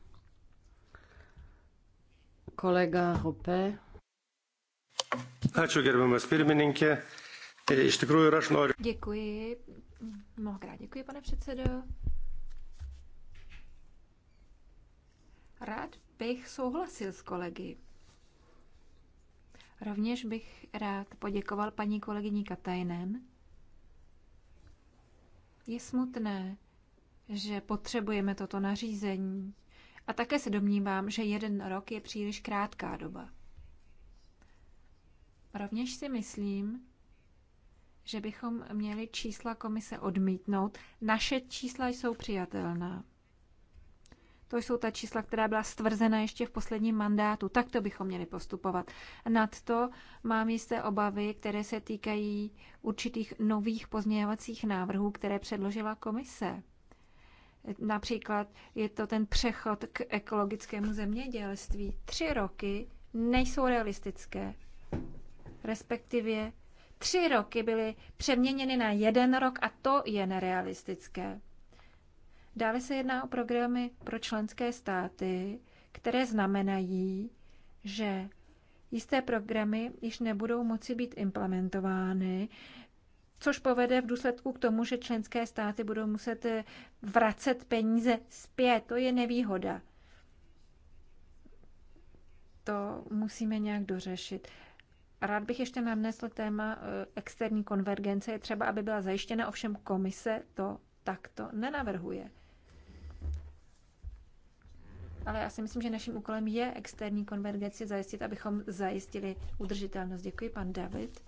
Kolega Rupe. Ačiū gerbiamas pirmininkė. E, iš tikrųjų aš noriu. Děkuji. Mnohokrát děkuji, pane předsedo. Rád bych souhlasil s kolegy. Rovněž bych rád poděkoval paní kolegyni Katajnen. Je smutné, že potřebujeme toto nařízení, a také se domnívám, že jeden rok je příliš krátká doba. Rovněž si myslím, že bychom měli čísla komise odmítnout. Naše čísla jsou přijatelná. To jsou ta čísla, která byla stvrzena ještě v posledním mandátu. Tak to bychom měli postupovat. Nad to mám jisté obavy, které se týkají určitých nových pozměňovacích návrhů, které předložila komise. Například je to ten přechod k ekologickému zemědělství. Tři roky nejsou realistické. Respektive tři roky byly přeměněny na jeden rok a to je nerealistické. Dále se jedná o programy pro členské státy, které znamenají, že jisté programy již nebudou moci být implementovány, což povede v důsledku k tomu, že členské státy budou muset eh, vracet peníze zpět. To je nevýhoda. To musíme nějak dořešit. Rád bych ještě nadnesl téma eh, externí konvergence. Je třeba, aby byla zajištěna, ovšem komise to takto nenavrhuje. Ale já si myslím, že naším úkolem je externí konvergenci zajistit, abychom zajistili udržitelnost. Děkuji, pan David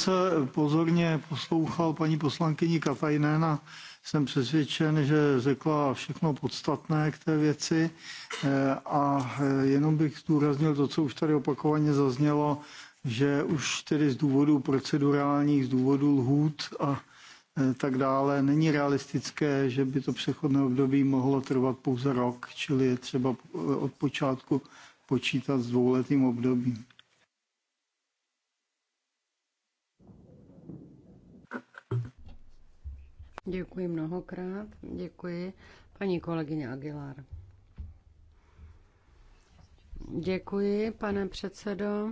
se pozorně poslouchal paní poslankyni Katajnén a jsem přesvědčen, že řekla všechno podstatné k té věci eh, a jenom bych zdůraznil to, co už tady opakovaně zaznělo, že už tedy z důvodů procedurálních, z důvodů lhůt a eh, tak dále není realistické, že by to přechodné období mohlo trvat pouze rok, čili je třeba eh, od počátku počítat s dvouletým obdobím. Děkuji mnohokrát. Děkuji paní kolegyně Aguilar. Děkuji, pane předsedo.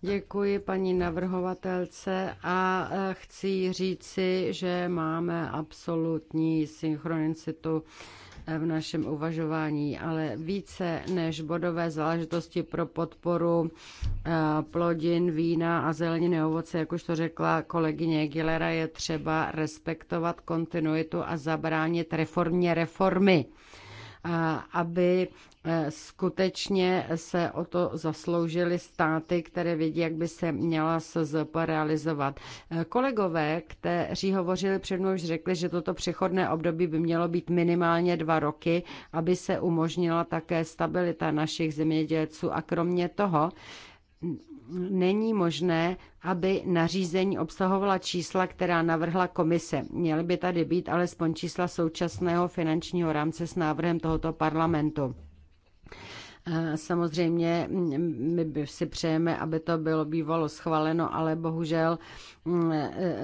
Děkuji paní navrhovatelce a e, chci říci, že máme absolutní synchronicitu v našem uvažování, ale více než bodové záležitosti pro podporu eh, plodin, vína a zeleniny ovoce, jak už to řekla kolegyně Gilera, je třeba respektovat kontinuitu a zabránit reformě reformy aby e, skutečně se o to zasloužily státy, které vidí, jak by se měla SZP realizovat. E, kolegové, kteří hovořili před mnou, už řekli, že toto přechodné období by mělo být minimálně dva roky, aby se umožnila také stabilita našich zemědělců a kromě toho není možné, aby nařízení obsahovala čísla, která navrhla komise. Měly by tady být alespoň čísla současného finančního rámce s návrhem tohoto parlamentu. Samozřejmě my si přejeme, aby to bylo bývalo schváleno, ale bohužel mm,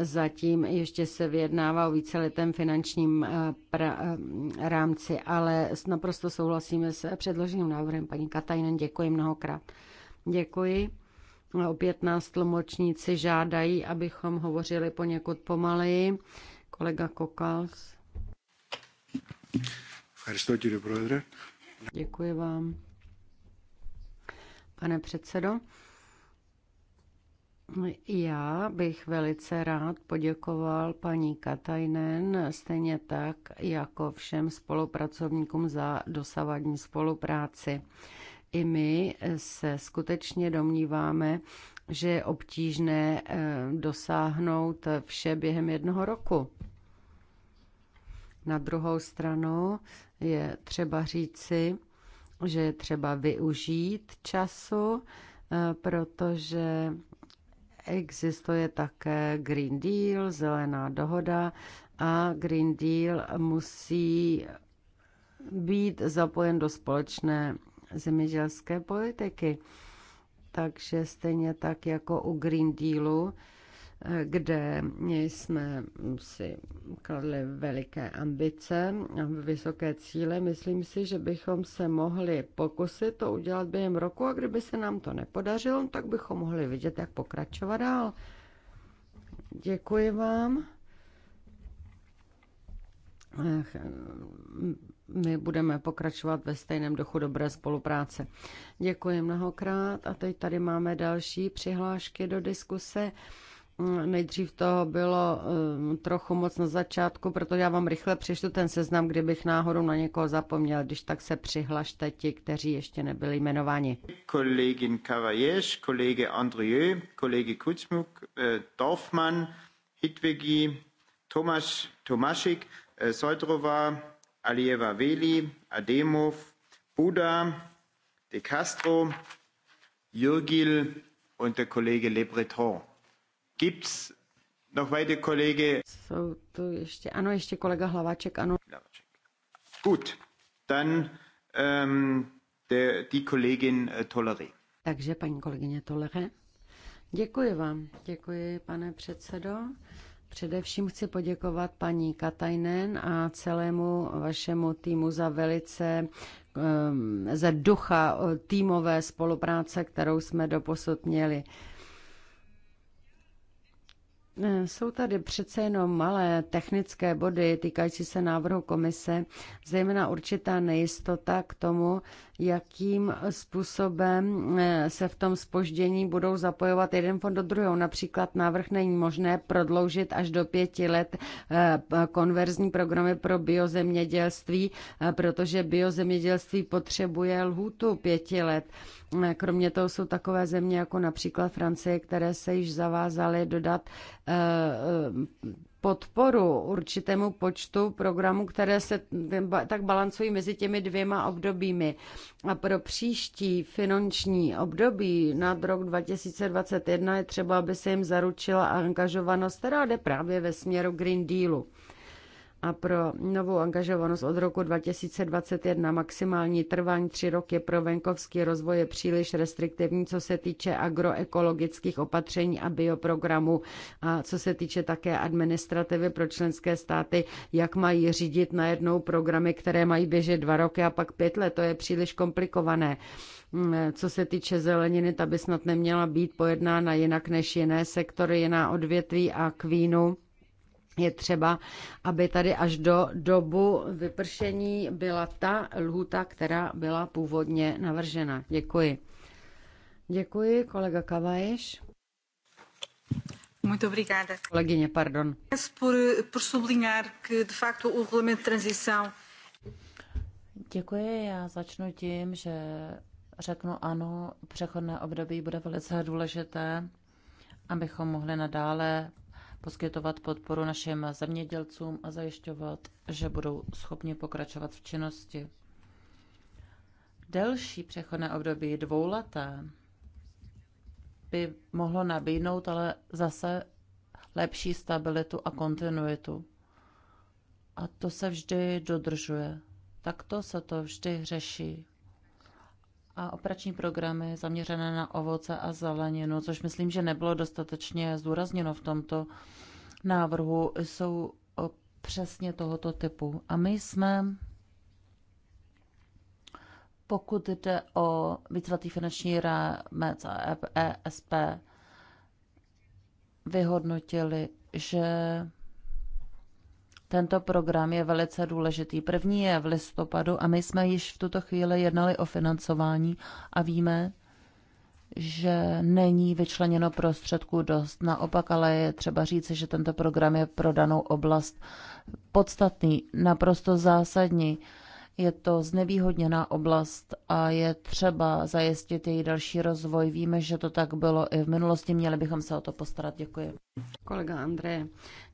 zatím ještě se vyjednává o víceletém finančním e, e, rámci, ale naprosto souhlasíme s předloženým návrhem paní Katajnen. Děkuji mnohokrát. Děkuji. No, opět nás tlumočníci žádají, abychom hovořili poněkud pomaleji. Kolega Kokals. Děkuji vám. Pane předsedo, já bych velice rád poděkoval paní Katajnen, stejně tak jako všem spolupracovníkům za dosavadní spolupráci i my se skutečně domníváme, že je obtížné eh, dosáhnout vše během jednoho roku. Na druhou stranu je třeba říci, že je třeba využít času, eh, protože existuje také Green Deal, zelená dohoda a Green Deal musí být zapojen do společné zemědělské politiky. Takže stejně tak jako u Green Dealu, kde jsme si kladli veliké ambice a vysoké cíle. Myslím si, že bychom se mohli pokusit to udělat během roku a kdyby se nám to nepodařilo, tak bychom mohli vidět, jak pokračovat dál. Děkuji vám my budeme pokračovat ve stejném duchu dobré spolupráce. Děkuji mnohokrát a teď tady máme další přihlášky do diskuse. Nejdřív toho bylo um, trochu moc na začátku, protože já vám rychle přečtu ten seznam, kdybych náhodou na někoho zapomněl. Když tak se přihlašte ti, kteří ještě nebyli jmenováni. Kolegin Kavajež, kolege Andrieu, kolege Kucmuk, eh, Dorfman, Hitvegi, Tomáš, Tomášik, eh, Sojdrova, Alieva Veli, Ademov, Buda, De Castro, Jürgil und der Kollege Le Breton. Gibt's noch weitere Kollegen? Jsou tu ještě, ano, ještě kolega Hlaváček, ano. Hlaváček. Gut, dann ähm, de, die Kollegin äh, Toleré. Takže paní kolegyně Toleré. Děkuji vám, děkuji pane předsedo. Především chci poděkovat paní Katajnen a celému vašemu týmu za velice ehm, ze ducha týmové spolupráce, kterou jsme doposud měli. E, jsou tady přece jenom malé technické body týkající se návrhu komise, zejména určitá nejistota k tomu, jakým způsobem eh, se v tom spoždění budou zapojovat jeden fond do druhého. Například návrh není možné prodloužit až do pěti let eh, konverzní programy pro biozemědělství, eh, protože biozemědělství potřebuje lhůtu pěti let. Kromě toho jsou takové země jako například Francie, které se již zavázaly dodat podporu určitému počtu programů, které se tak balancují mezi těmi dvěma obdobími. A pro příští finanční období nad rok 2021 je třeba, aby se jim zaručila angažovanost, která jde právě ve směru Green Dealu a pro novou angažovanost od roku 2021 maximální trvání tři roky pro venkovský rozvoj je příliš restriktivní, co se týče agroekologických opatření a bioprogramu a co se týče také administrativy pro členské státy, jak mají řídit najednou programy, které mají běžet dva roky a pak pět let. To je příliš komplikované mm, co se týče zeleniny, ta by snad neměla být pojednána jinak než jiné sektory, jiná odvětví a kvínu je třeba, aby tady až do dobu vypršení byla ta lhuta, která byla původně navržena. Děkuji. Děkuji, kolega Kavaješ. Muito obrigada. Kolegyně, pardon. Por, por sublinhar que, de facto, o regulamento de transição... Děkuji, já začnu tím, že řeknu ano, přechodné období bude velice důležité, abychom mohli nadále poskytovat podporu našim zemědělcům a zajišťovat, že budou schopni pokračovat v činnosti. Delší přechodné období dvouleté by mohlo nabídnout ale zase lepší stabilitu a kontinuitu. A to se vždy dodržuje. Takto se to vždy řeší a operační programy zaměřené na ovoce a zeleninu, což myslím, že nebylo dostatečně zdůrazněno v tomto návrhu, jsou přesně tohoto typu. A my jsme, pokud jde o víceletý finanční rámec a ESP, vyhodnotili, že tento program je velice důležitý. První je v listopadu a my jsme již v tuto chvíli jednali o financování a víme, že není vyčleněno prostředků dost. Naopak ale je třeba říci, že tento program je pro danou oblast podstatný, naprosto zásadní. Je to znevýhodněná oblast a je třeba zajistit její další rozvoj. Víme, že to tak bylo i v minulosti, měli bychom se o to postarat. Děkuji. Kolega André,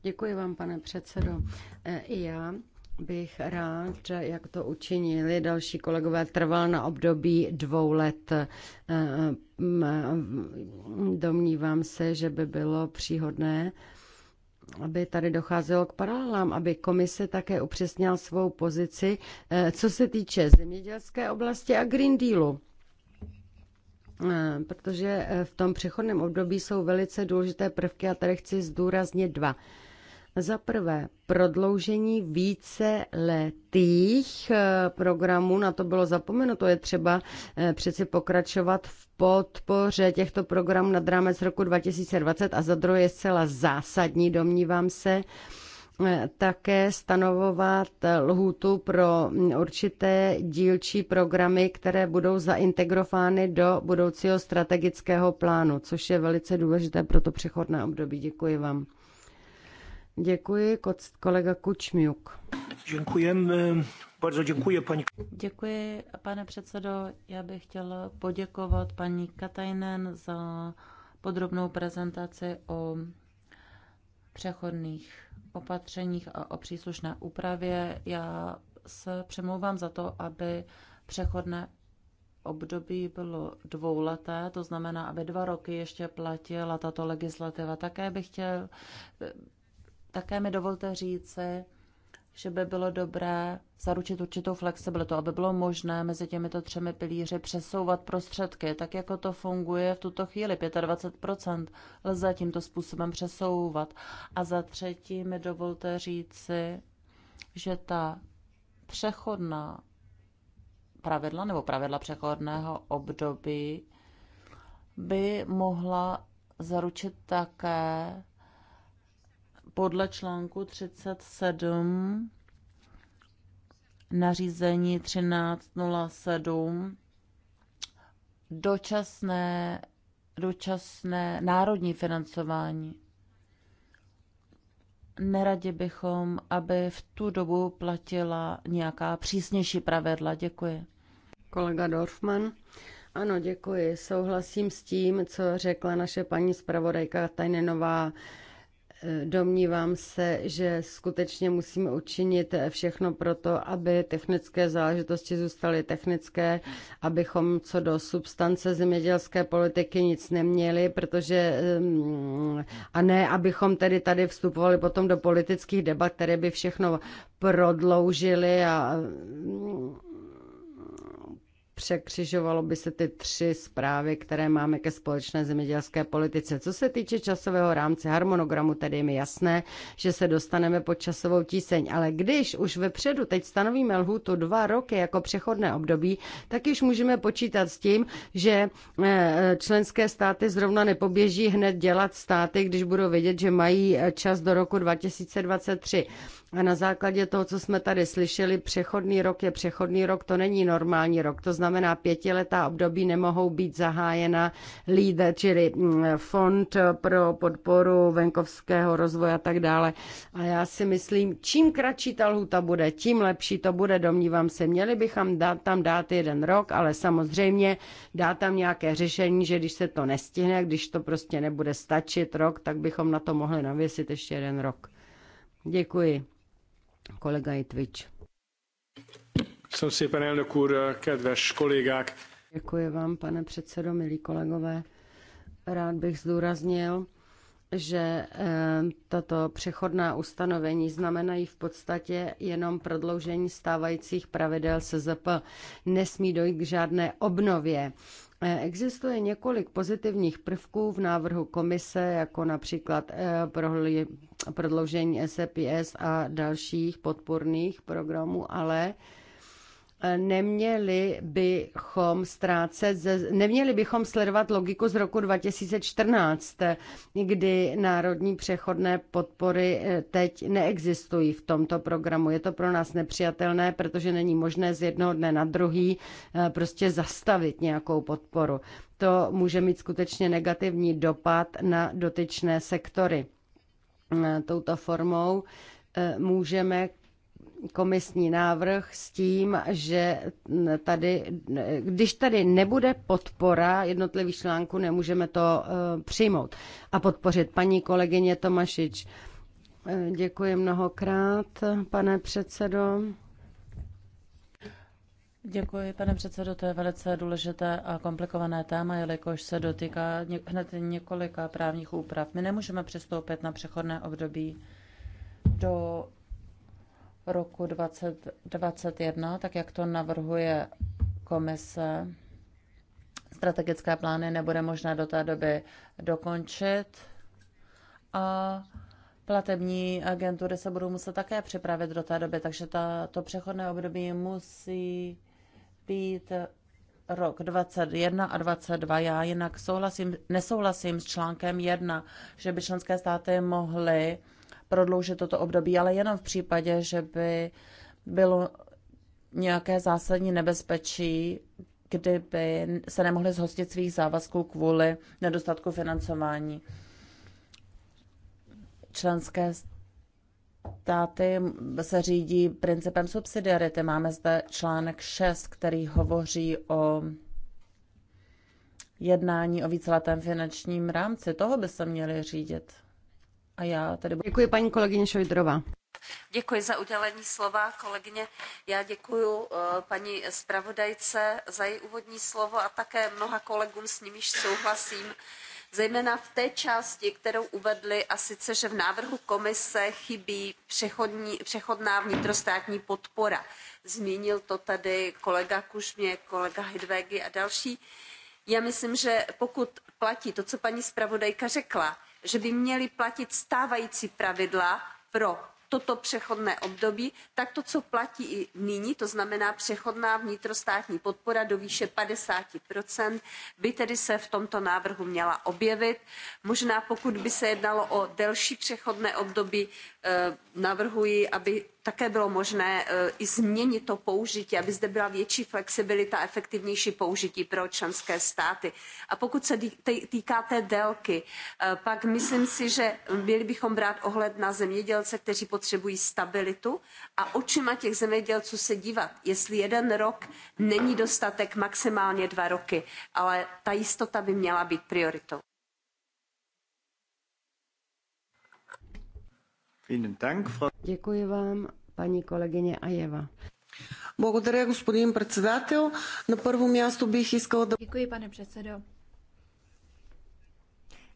Děkuji vám, pane předsedo. E, I já bych rád, že jak to učinili další kolegové, trval na období dvou let. E, domnívám se, že by bylo příhodné, aby tady docházelo k paralelám, aby komise také upřesnila svou pozici, e, co se týče zemědělské oblasti a Green Dealu protože v tom přechodném období jsou velice důležité prvky a tady chci zdůraznit dva. Za prvé, prodloužení více letých eh, programů, na to bylo zapomenuto, je třeba eh, přeci pokračovat v podpoře těchto programů nad rámec roku 2020 a za druhé je zcela zásadní, domnívám se, eh, také stanovovat lhůtu pro mm, určité dílčí programy, které budou zaintegrovány do budoucího strategického plánu, což je velice důležité pro to přechodné období. Děkuji vám. Děkuji, kolega Kučmiuk. Děkujeme. Eh, děkuji, paní. Děkuji, pane předsedo. Já bych chtěla poděkovat paní Katajnen za podrobnou prezentaci o přechodných opatřeních a o příslušné úpravě. Já se přemlouvám za to, aby přechodné období bylo dvouleté, to znamená, aby dva roky ještě platila tato legislativa. Také bych chtěl také mi dovolte říci, že by bylo dobré zaručit určitou flexibilitu, aby bylo možné mezi těmito třemi pilíři přesouvat prostředky, tak jako to funguje v tuto chvíli. 25% lze tímto způsobem přesouvat. A za třetí mi dovolte říci, že ta přechodná pravidla nebo pravidla přechodného období by mohla zaručit také podle článku 37 nařízení 1307 dočasné, dočasné národní financování. Neradě bychom, aby v tu dobu platila nějaká přísnější pravidla. Děkuji. Kolega Dorfman. Ano, děkuji. Souhlasím s tím, co řekla naše paní zpravodajka Tajnenová Domnívám se, že skutečně musíme učinit všechno pro to, aby technické záležitosti zůstaly technické, abychom co do substance zemědělské politiky nic neměli, protože mm, a ne, abychom tedy tady vstupovali potom do politických debat, které by všechno prodloužily a mm, překřižovalo by se ty tři zprávy, které máme ke společné zemědělské politice. Co se týče časového rámce harmonogramu, tedy je mi jasné, že se dostaneme pod časovou tíseň, ale když už vepředu teď stanovíme lhůtu dva roky jako přechodné období, tak již můžeme počítat s tím, že eh, členské státy zrovna nepoběží hned dělat státy, když budou vědět, že mají eh, čas do roku 2023. A na základě toho, co jsme tady slyšeli, přechodný rok je přechodný rok, to není normální rok. To znamená, pětiletá období nemohou být zahájena LIDE, čili mm, Fond pro podporu venkovského rozvoje a tak dále. A já si myslím, čím kratší ta lhuta bude, tím lepší to bude, domnívám se. Měli bychom dát, tam dát jeden rok, ale samozřejmě dát tam nějaké řešení, že když se to nestihne, když to prostě nebude stačit rok, tak bychom na to mohli navěsit ještě jeden rok. Děkuji. Kolega Itvič. si, pane Elnökur, kedves kolegák. Děkuji vám, pane předsedo, milí kolegové. Rád bych zdůraznil, že eh, tato přechodná ustanovení znamenají v podstatě jenom prodloužení stávajících pravidel SZP. Nesmí dojít k žádné obnově Existuje několik pozitivních prvků v návrhu komise, jako například eh, prodloužení SEPS a dalších podporných programů, ale neměli bychom ztrácet, neměli bychom sledovat logiku z roku 2014, kdy národní přechodné podpory eh, teď neexistují v tomto programu. Je to pro nás nepřijatelné, protože není možné z jednoho dne na druhý eh, prostě zastavit nějakou podporu. To může mít skutečně negativní dopad na dotyčné sektory. Eh, touto formou můžeme komisní návrh s tím, že tady, když tady nebude podpora jednotlivých článků, nemůžeme to eh, přijmout a podpořit. Paní kolegyně Tomašič, eh, děkuji mnohokrát, pane předsedo. Děkuji, pane předsedo. To je velice důležité a komplikované téma, jelikož se dotýká hned několika právních úprav. My nemůžeme přistoupit na přechodné období do roku 2021, tak jak to navrhuje komise, strategické plány nebude možné do té doby dokončit a platební agentury se budou muset také připravit do té doby, takže ta, to přechodné období musí být rok 21 a 22. Já jinak souhlasím, nesouhlasím s článkem 1, že by členské státy mohly prodloužit toto období, ale jenom v případě, že by bylo nějaké zásadní nebezpečí, kdyby se nemohli zhostit svých závazků kvůli nedostatku financování. Členské státy se řídí principem subsidiarity. Máme zde článek 6, který hovoří o jednání o víceletém finančním rámci. Toho by se měli řídit. A já tady... Děkuji paní kolegyně Šojdrova. Děkuji za udělení slova, kolegyně. Já děkuji uh, paní zpravodajce za její úvodní slovo a také mnoha kolegům, s nimiž souhlasím, zejména v té části, kterou uvedli, a sice, že v návrhu komise chybí přechodní, přechodná vnitrostátní podpora. Zmínil to tady kolega Kužmě, kolega Hidvégy a další. Já myslím, že pokud platí to, co paní zpravodajka řekla, že by měly platit stávající pravidla pro toto přechodné období tak to co platí i nyní to znamená přechodná vnitrostátní podpora do výše 50 by tedy se v tomto návrhu měla objevit. možná pokud by se jednalo o delší přechodné období eh, navrhuji aby také bylo možné e, i změnit to použití, aby zde byla větší flexibilita a efektivnější použití pro členské státy. A pokud se týká té délky, e, pak myslím si, že měli bychom brát ohled na zemědělce, kteří potřebují stabilitu a očima těch zemědělců se dívat, jestli jeden rok není dostatek, maximálně dva roky, ale ta jistota by měla být prioritou. Děkuji vám paní kolegyně Ajeva. господин председател. На първо място бих искала да... Děkuji, pane předsedo.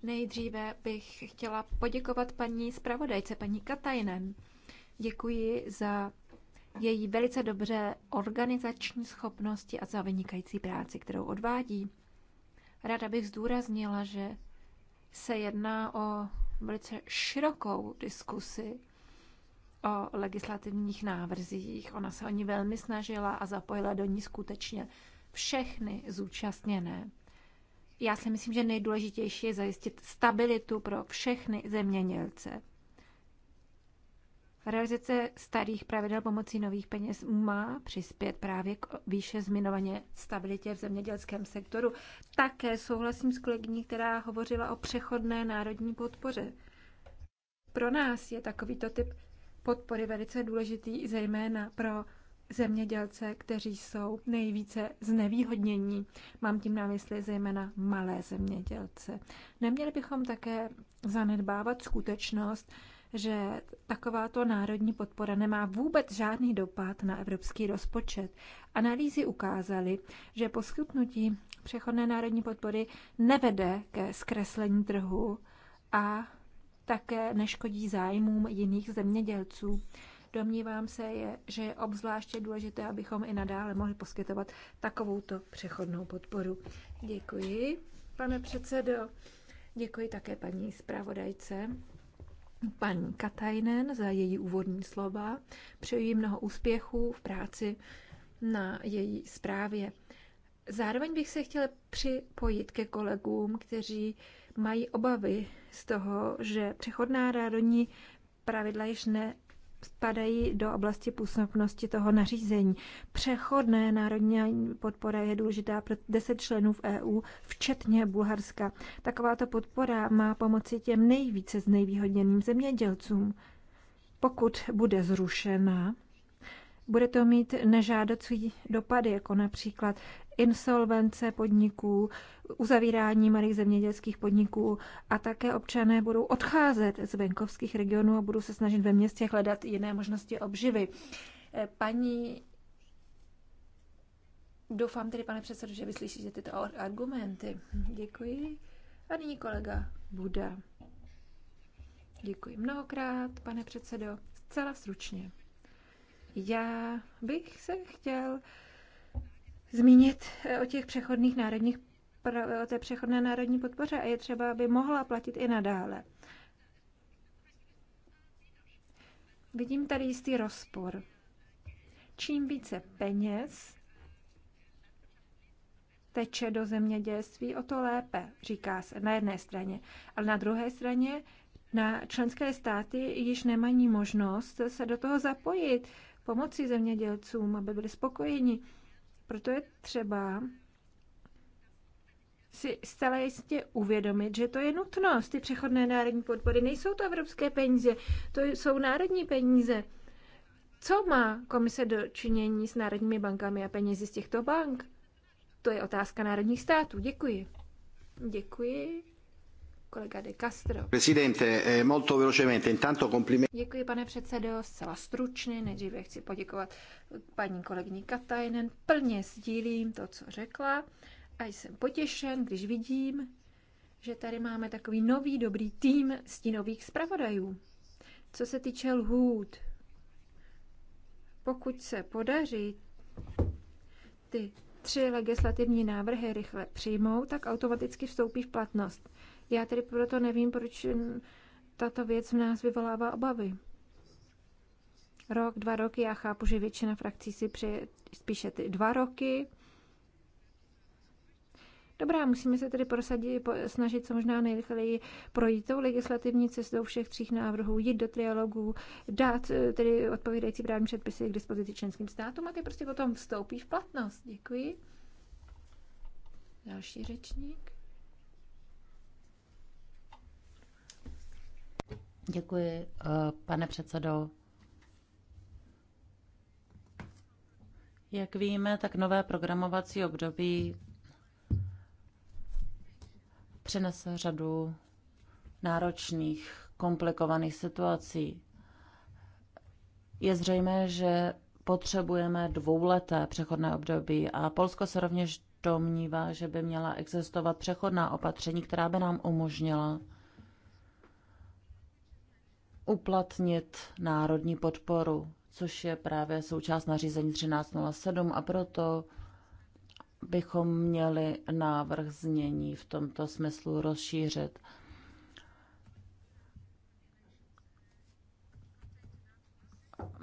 Nejdříve bych chtěla poděkovat paní zpravodajce, paní Katajnen. Děkuji za její velice dobře organizační schopnosti a za vynikající práci, kterou odvádí. Ráda bych zdůraznila, že se jedná o velice širokou diskusi, o legislativních návrzích. Ona se o ní velmi snažila a zapojila do ní skutečně všechny zúčastněné. Já si myslím, že nejdůležitější je zajistit stabilitu pro všechny zemědělce. Realizace starých pravidel pomocí nových peněz má přispět právě k výše zmiňovaně stabilitě v zemědělském sektoru. Také souhlasím s kolegyní, která hovořila o přechodné národní podpoře. Pro nás je takovýto typ podpory velice důležitý, zejména pro zemědělce, kteří jsou nejvíce znevýhodnění. Mám tím na mysli zejména malé zemědělce. Neměli bychom také zanedbávat skutečnost, že takováto národní podpora nemá vůbec žádný dopad na evropský rozpočet. Analýzy ukázaly, že poskytnutí přechodné národní podpory nevede ke zkreslení trhu a také neškodí zájmům jiných zemědělců. Domnívám se, je, že je obzvláště důležité, abychom i nadále mohli poskytovat takovouto přechodnou podporu. Děkuji, pane předsedo. Děkuji také paní zpravodajce, paní Katajnen, za její úvodní slova. Přeji mnoho úspěchů v práci na její zprávě. Zároveň bych se chtěla připojit ke kolegům, kteří mají obavy z toho, že přechodná národní pravidla již ne spadají do oblasti působnosti toho nařízení. Přechodné národní podpora je důležitá pro 10 členů v EU, včetně Bulharska. Takováto podpora má pomoci těm nejvíce znejvýhodněným zemědělcům. Pokud bude zrušena, bude to mít nežádoucí dopady, jako například insolvence podniků, uzavírání malých zemědělských podniků a také občané budou odcházet z venkovských regionů a budou se snažit ve městě hledat jiné možnosti obživy. Eh, paní Doufám tedy, pane předsedo, že vyslyšíte tyto argumenty. Děkuji. A nyní kolega Buda. Děkuji mnohokrát, pane předsedo. Zcela stručně. Já bych se chtěl zmínit eh, o těch přechodných národních, eh, o té přechodné národní podpoře a je třeba, aby mohla platit i nadále. Vidím tady jistý rozpor. Čím více peněz teče do zemědělství, o to lépe, říká se na jedné straně. Ale na druhé straně na členské státy již nemají možnost se do toho zapojit, pomoci zemědělcům, aby byli spokojeni. Proto je třeba si zcela jistě uvědomit, že to je nutnost. Ty přechodné národní podpory nejsou to evropské peníze, to jsou národní peníze. Co má komise do činění s národními bankami a penězi z těchto bank? To je otázka národních států. Děkuji. Děkuji kolega De Castro. Presidente, eh, molto velocemente, intanto complimenti. Děkuji, pane předsedo, zcela stručně. Nejdříve chci poděkovat paní kolegyni Katajnen. Plně sdílím to, co řekla a jsem potěšen, když vidím, že tady máme takový nový dobrý tým stínových zpravodajů. Co se týče lhůt, pokud se podaří ty tři legislativní návrhy rychle přijmou, tak automaticky vstoupí v platnost. Já tedy proto nevím, proč tato věc v nás vyvolává obavy. Rok, dva roky, já chápu, že většina frakcí si přeje spíše ty dva roky. Dobrá, musíme se tedy prosadit, snažit co možná nejrychleji projít tou legislativní cestou všech třích návrhů, jít do trialogů, dát eh, tedy odpovídající právní předpisy k dispozici členským státům a ty prostě potom vstoupí v platnost. Děkuji. Další řečník. Děkuji, eh, pane předsedo. Jak víme, tak nové programovací období přinese řadu náročných, komplikovaných situací. Je zřejmé, že potřebujeme dvouleté přechodné období a Polsko se rovněž domnívá, že by měla existovat přechodná opatření, která by nám umožnila uplatnit národní podporu, což je právě součást nařízení 1307 a proto bychom měli návrh znění v tomto smyslu rozšířit.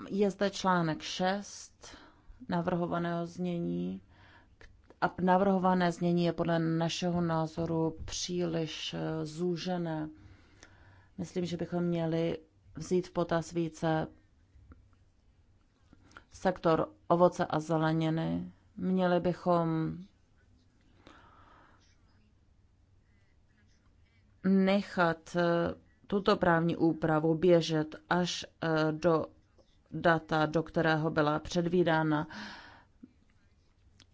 Je zde článek 6 navrhovaného znění a navrhované znění je podle našeho názoru příliš eh, zúžené. Myslím, že bychom měli vzít v potaz více sektor ovoce a zeleniny. Měli bychom nechat eh, tuto právní úpravu běžet až eh, do data, do kterého byla předvídána.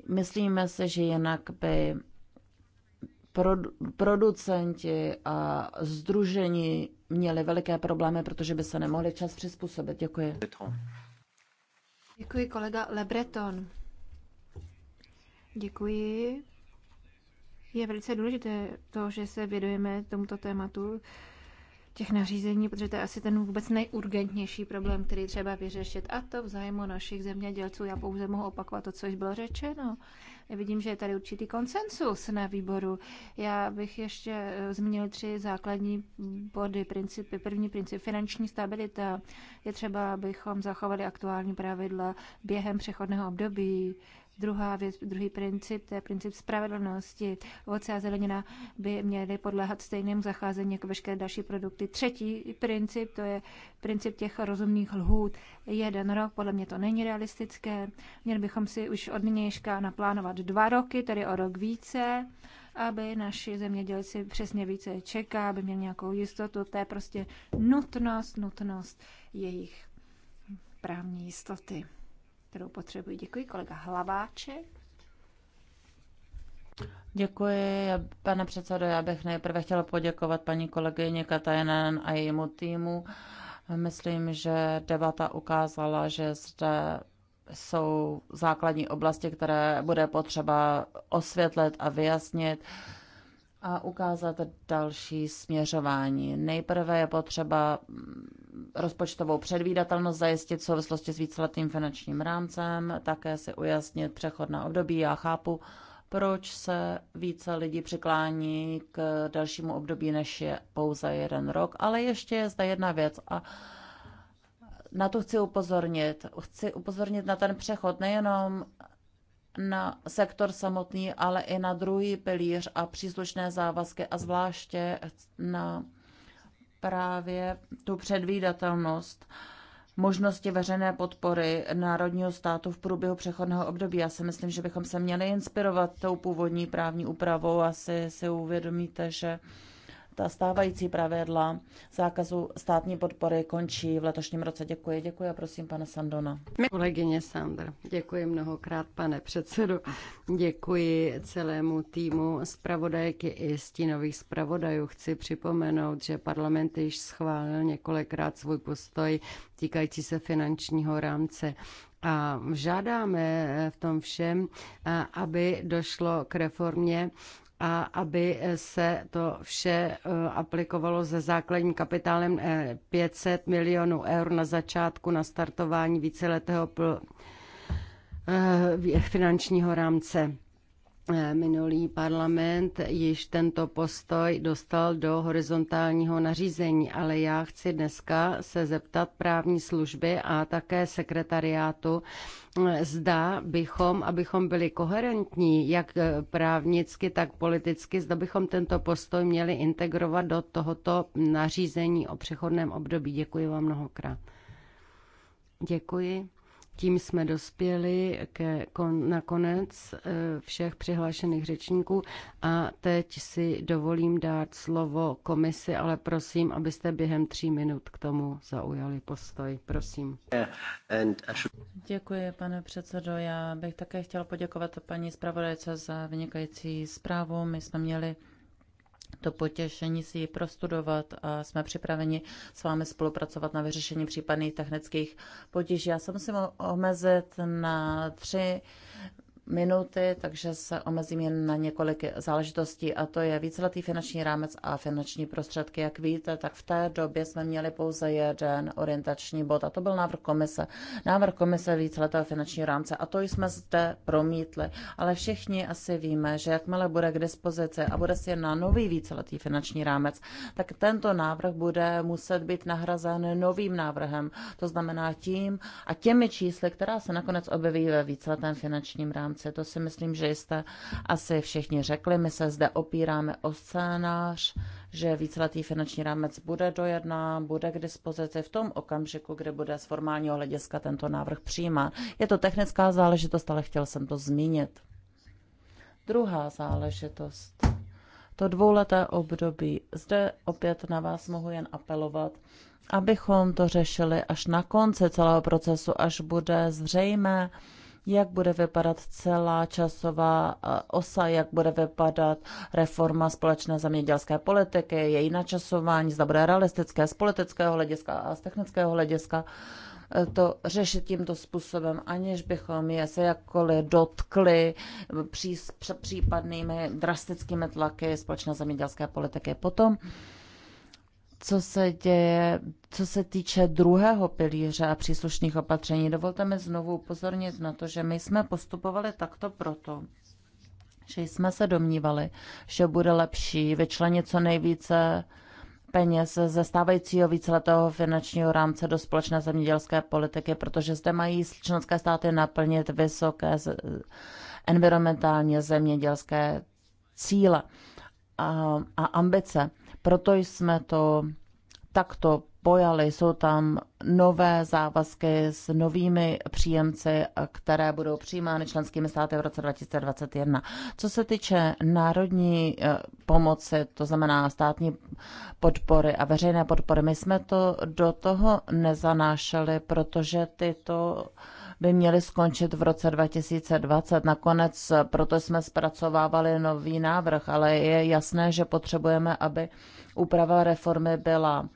Myslíme si, že jinak by producenti a združení měli veliké problémy, protože by se nemohli čas přizpůsobit. Děkuji. Děkuji, kolega Lebreton. Děkuji. Je velice důležité to, že se vědujeme tomuto tématu těch nařízení, protože to je asi ten vůbec nejurgentnější problém, který třeba vyřešit. A to v zájmu našich zemědělců. Já pouze mohu opakovat to, co již bylo řečeno. Já vidím, že je tady určitý konsensus na výboru. Já bych ještě eh, zmínil tři základní body, principy. První princip finanční stabilita. Je třeba, abychom zachovali aktuální pravidla během přechodného období Druhá věc, druhý princip, to je princip spravedlnosti. Ovoce a zelenina by měly podléhat stejnému zacházení jako veškeré další produkty. Třetí princip, to je princip těch rozumných lhůt. Jeden rok, podle mě to není realistické. Měli bychom si už od nynějška naplánovat dva roky, tedy o rok více aby naši zemědělci přesně více čeká, aby měli nějakou jistotu. To je prostě nutnost, nutnost jejich právní jistoty kterou potřebují. Děkuji kolega Hlaváček. Děkuji, pane předsedo. Já bych nejprve chtěla poděkovat paní kolegyně Katajnen a jejímu týmu. Myslím, že debata ukázala, že zde jsou základní oblasti, které bude potřeba osvětlit a vyjasnit a ukázat další směřování. Nejprve je potřeba mm, rozpočtovou předvídatelnost zajistit v souvislosti s víceletým finančním rámcem, také si ujasnit přechod na období. Já chápu, proč se více lidí přiklání k dalšímu období, než je pouze jeden rok, ale ještě je zde jedna věc a na to chci upozornit. Chci upozornit na ten přechod nejenom na sektor samotný, ale i na druhý pilíř a příslušné závazky a zvláště na právě tu předvídatelnost možnosti veřejné podpory národního státu v průběhu přechodného období. Já si myslím, že bychom se měli inspirovat tou původní právní úpravou. Asi si uvědomíte, že ta stávající pravidla zákazu státní podpory končí v letošním roce. Děkuji, děkuji a prosím pana Sandona. Kolegyně Sandr, děkuji mnohokrát, pane předsedo. Děkuji celému týmu zpravodajky i stínových zpravodajů. Chci připomenout, že parlament již schválil několikrát svůj postoj týkající se finančního rámce. A žádáme v tom všem, aby došlo k reformě a aby se to vše eh, aplikovalo se základním kapitálem 500 eh, milionů eur na začátku na startování víceletého eh, finančního rámce. Eh, minulý parlament již tento postoj dostal do horizontálního nařízení, ale já chci dneska se zeptat právní služby a také sekretariátu, eh, zda bychom, abychom byli koherentní, jak eh, právnicky, tak politicky, zda bychom tento postoj měli integrovat do tohoto nařízení o přechodném období. Děkuji vám mnohokrát. Děkuji. Tím jsme dospěli ke kon, na konec eh, všech přihlášených řečníků a teď si dovolím dát slovo komisi, ale prosím, abyste během tří minut k tomu zaujali postoj. Prosím. Děkuji, pane předsedo. Já bych také chtěla poděkovat paní zpravodajce za vynikající zprávu. My jsme měli to potěšení si ji prostudovat a jsme připraveni s vámi spolupracovat na vyřešení případných technických potíží. Já se musím omezit na tři minuty, takže se omezím jen na několik záležitostí a to je víceletý finanční rámec a finanční prostředky. Jak víte, tak v té době jsme měli pouze jeden orientační bod a to byl návrh komise. Návrh komise víceletého finanční rámce a to jsme zde promítli, ale všichni asi víme, že jakmile bude k dispozici a bude si na nový víceletý finanční rámec, tak tento návrh bude muset být nahrazen novým návrhem, to znamená tím a těmi čísly, která se nakonec objeví ve víceletém finančním rámci rámci. To si myslím, že jste asi všichni řekli. My se zde opíráme o scénář, že víceletý finanční rámec bude dojednán, bude k dispozici v tom okamžiku, kde bude z formálního hlediska tento návrh přijímán. Je to technická záležitost, ale chtěl jsem to zmínit. Druhá záležitost. To dvouleté období. Zde opět na vás mohu jen apelovat, abychom to řešili až na konci celého procesu, až bude zřejmé, jak bude vypadat celá časová eh, osa, jak bude vypadat reforma společné zemědělské politiky, její načasování, zda bude realistické z politického hlediska a z technického hlediska eh, to řešit tímto způsobem, aniž bychom je se jakkoliv dotkli eh, pří, případnými drastickými tlaky společné zemědělské politiky. Potom co se děje, co se týče druhého pilíře a příslušných opatření. Dovolte mi znovu upozornit na to, že my jsme postupovali takto proto, že jsme se domnívali, že bude lepší vyčlenit co nejvíce peněz ze stávajícího víceletého finančního rámce do společné zemědělské politiky, protože zde mají členské státy naplnit vysoké environmentálně zemědělské cíle a, a ambice. Proto jsme to takto pojali. Jsou tam nové závazky s novými příjemci, které budou přijímány členskými státy v roce 2021. Co se týče národní eh, pomoci, to znamená státní podpory a veřejné podpory, my jsme to do toho nezanášeli, protože tyto by měly skončit v roce 2020. Nakonec eh, proto jsme zpracovávali nový návrh, ale je jasné, že potřebujeme, aby úprava reformy byla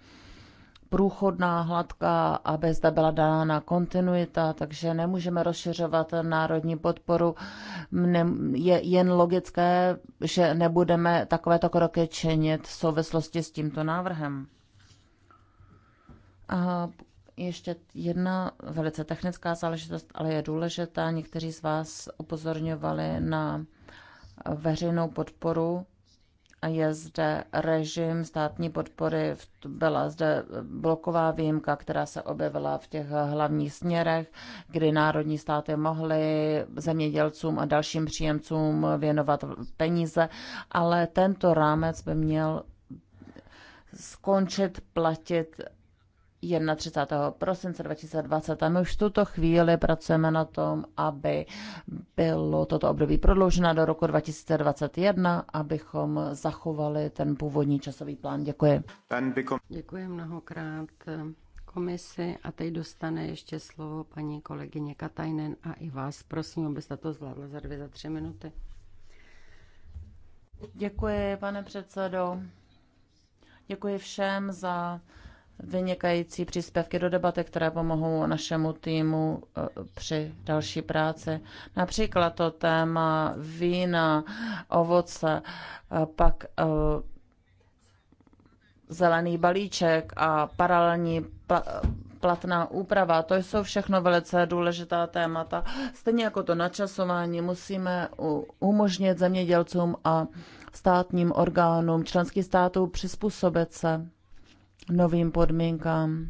průchodná, hladká, aby zde byla dána kontinuita, takže nemůžeme rozšiřovat národní podporu. Je jen logické, že nebudeme takovéto kroky činit v souvislosti s tímto návrhem. A ještě jedna velice technická záležitost, ale je důležitá. Někteří z vás upozorňovali na veřejnou podporu je zde režim státní podpory, byla zde bloková výjimka, která se objevila v těch hlavních směrech, kdy národní státy mohly zemědělcům a dalším příjemcům věnovat peníze, ale tento rámec by měl skončit platit 31. prosince 2020 a my už v tuto chvíli pracujeme na tom, aby bylo toto období prodlouženo do roku 2021, abychom zachovali ten původní časový plán. Děkuji. Děkuji mnohokrát eh, komisi a teď dostane ještě slovo paní kolegyně Katajnen a i vás. Prosím, abyste to zvládla za dvě, za tři minuty. Děkuji, pane předsedo. Děkuji všem za vynikající příspěvky do debaty, které pomohou našemu týmu eh, při další práci. Například to téma vína, ovoce, eh, pak eh, zelený balíček a paralelní platná úprava. To jsou všechno velice důležitá témata. Stejně jako to načasování musíme umožnit zemědělcům a státním orgánům členských států přizpůsobit se novým podmínkám.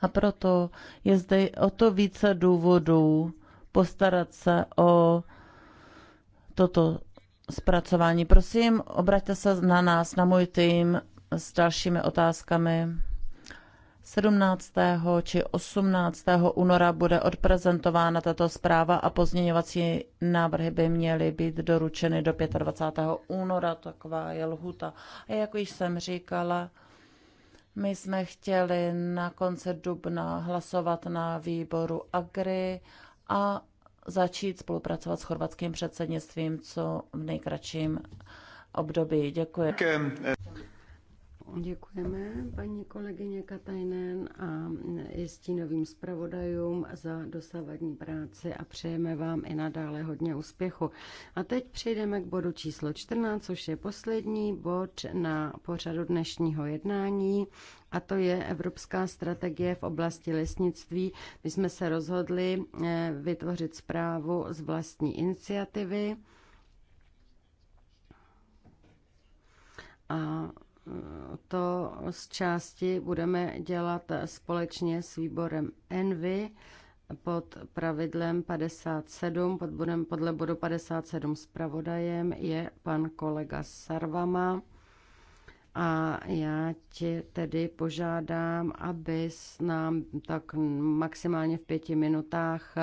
A proto je zde o to více důvodů postarat se o toto zpracování. Prosím, obraťte se na nás, na můj tým s dalšími otázkami. 17. či 18. února bude odprezentována tato zpráva a pozměňovací návrhy by měly být doručeny do 25. února, taková je lhuta. A jak už jsem říkala, my jsme chtěli na konce dubna hlasovat na výboru Agri a začít spolupracovat s chorvatským předsednictvím co v nejkratším období. Děkuji. Děkujeme paní kolegyně Katajnen a i novým zpravodajům za dosavadní práci a přejeme vám i nadále hodně úspěchu. A teď přejdeme k bodu číslo 14, což je poslední bod na pořadu dnešního jednání a to je Evropská strategie v oblasti lesnictví. My jsme se rozhodli eh, vytvořit zprávu z vlastní iniciativy a to z části budeme dělat společně s výborem Envy pod pravidlem 57, pod budem, podle bodu 57 s pravodajem je pan kolega Sarvama. A já ti tedy požádám, abys nám tak maximálně v pěti minutách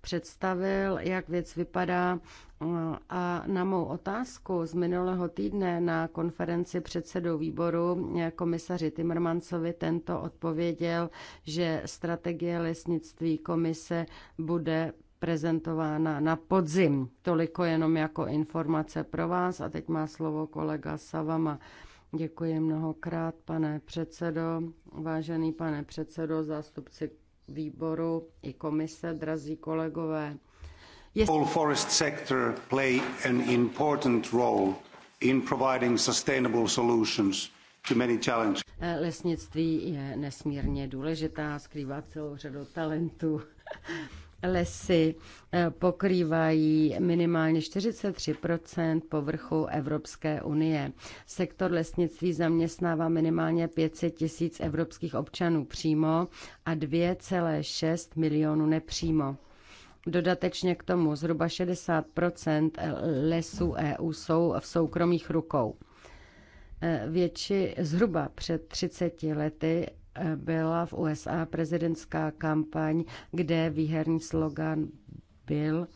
představil, jak věc vypadá eh, a na mou otázku z minulého týdne na konferenci předsedou výboru eh, komisaři Timmermansovi tento odpověděl, že strategie lesnictví komise bude prezentována na podzim. Toliko jenom jako informace pro vás. A teď má slovo kolega Savama. Děkuji mnohokrát, pane předsedo, vážený pane předsedo, zástupci výboru i komise, drazí kolegové. All forest sector play an important role in providing sustainable solutions to many challenges. Eh, lesnictví je nesmírně důležitá, skrývá celou řadu talentů Lesy eh, pokrývají minimálně 43 povrchu Evropské unie. Sektor lesnictví zaměstnává minimálně 500 tisíc evropských občanů přímo a 2,6 milionů nepřímo. Dodatečně k tomu zhruba 60 lesů EU jsou v soukromých rukou. Eh, větši zhruba před 30 lety byla v USA prezidentská kampaň, kde výherní slogan byl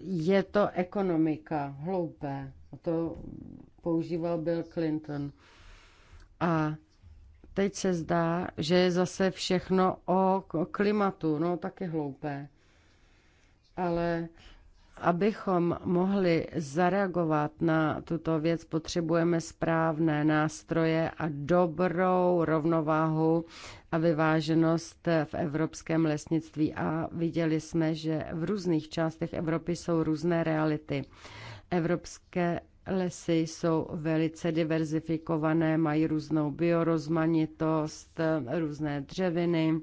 Je to ekonomika, hloupé. To používal Bill Clinton. A teď se zdá, že je zase všechno o klimatu. No, taky hloupé. Ale Abychom mohli zareagovat na tuto věc, potřebujeme správné nástroje a dobrou rovnováhu a vyváženost v evropském lesnictví. A viděli jsme, že v různých částech Evropy jsou různé reality. Evropské lesy jsou velice diverzifikované, mají různou biorozmanitost, různé dřeviny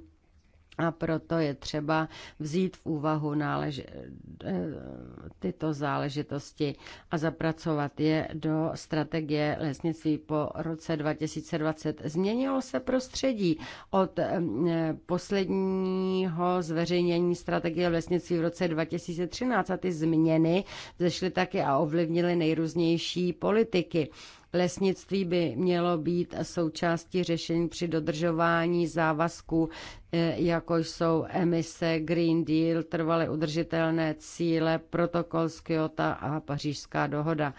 a proto je třeba vzít v úvahu nálež, eh, tyto záležitosti a zapracovat je do strategie lesnictví po roce 2020. Změnilo se prostředí od eh, posledního zveřejnění strategie lesnictví v roce 2013 a ty změny zešly taky a ovlivnily nejrůznější politiky. Lesnictví by mělo být součástí řešení při dodržování závazků, eh, jako jsou emise, Green Deal, trvale udržitelné cíle, protokol z Kyoto a pařížská dohoda.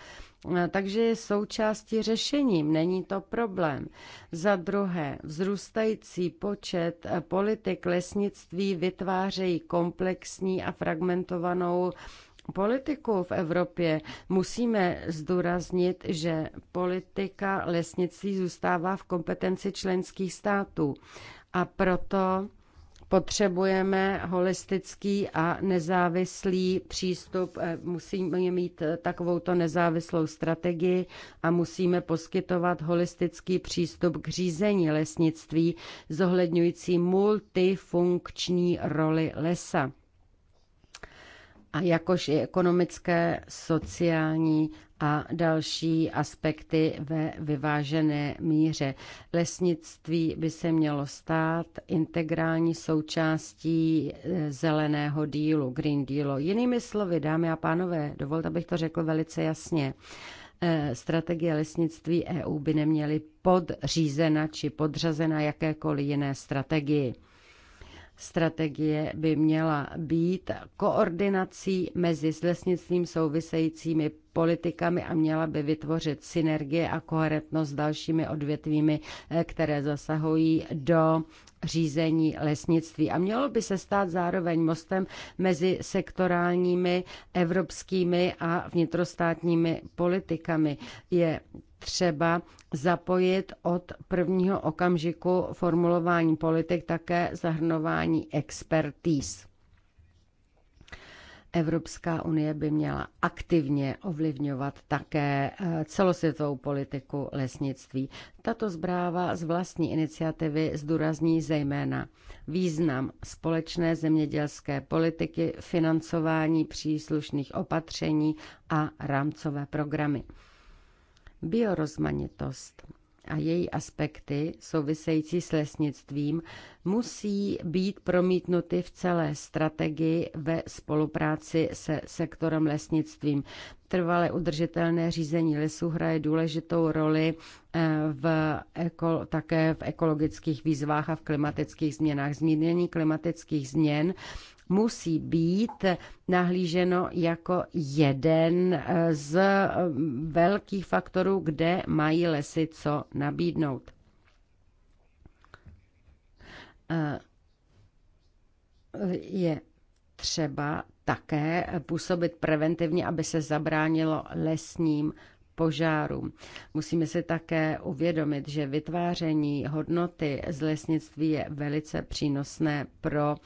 Eh, takže je součástí řešením, není to problém. Za druhé, vzrůstající počet eh, politik lesnictví vytvářejí komplexní a fragmentovanou politiku v Evropě, musíme zdůraznit, že politika lesnictví zůstává v kompetenci členských států a proto potřebujeme holistický a nezávislý přístup, eh, musíme mít takovouto nezávislou strategii a musíme poskytovat holistický přístup k řízení lesnictví, zohledňující multifunkční roli lesa a jakož i ekonomické, sociální a další aspekty ve vyvážené míře. Lesnictví by se mělo stát integrální součástí eh, zeleného dílu, Green Dealu. Jinými slovy, dámy a pánové, dovolte, abych to řekl velice jasně eh, strategie lesnictví EU by neměly podřízena či podřazena jakékoliv jiné strategii. Strategie by měla být koordinací mezi s lesnictvím souvisejícími politikami a měla by vytvořit synergie a koherentnost s dalšími odvětvími, eh, které zasahují do řízení lesnictví. A mělo by se stát zároveň mostem mezi sektorálními, evropskými a vnitrostátními politikami. Je třeba zapojit od prvního okamžiku formulování politik také zahrnování expertíz. Evropská unie by měla aktivně ovlivňovat také eh, celosvětovou politiku lesnictví. Tato zpráva z vlastní iniciativy zdůrazní zejména význam společné zemědělské politiky, financování příslušných opatření a rámcové programy. Biorozmanitost a její aspekty související s lesnictvím musí být promítnuty v celé strategii ve spolupráci se sektorem lesnictvím. Trvale udržitelné řízení lesů hraje důležitou roli eh, v eko, také v ekologických výzvách a v klimatických změnách. Zmínění klimatických změn musí být nahlíženo jako jeden eh, z eh, velkých faktorů, kde mají lesy co nabídnout. Eh, je třeba také působit preventivně, aby se zabránilo lesním požárům. Musíme si také uvědomit, že vytváření hodnoty z lesnictví je velice přínosné pro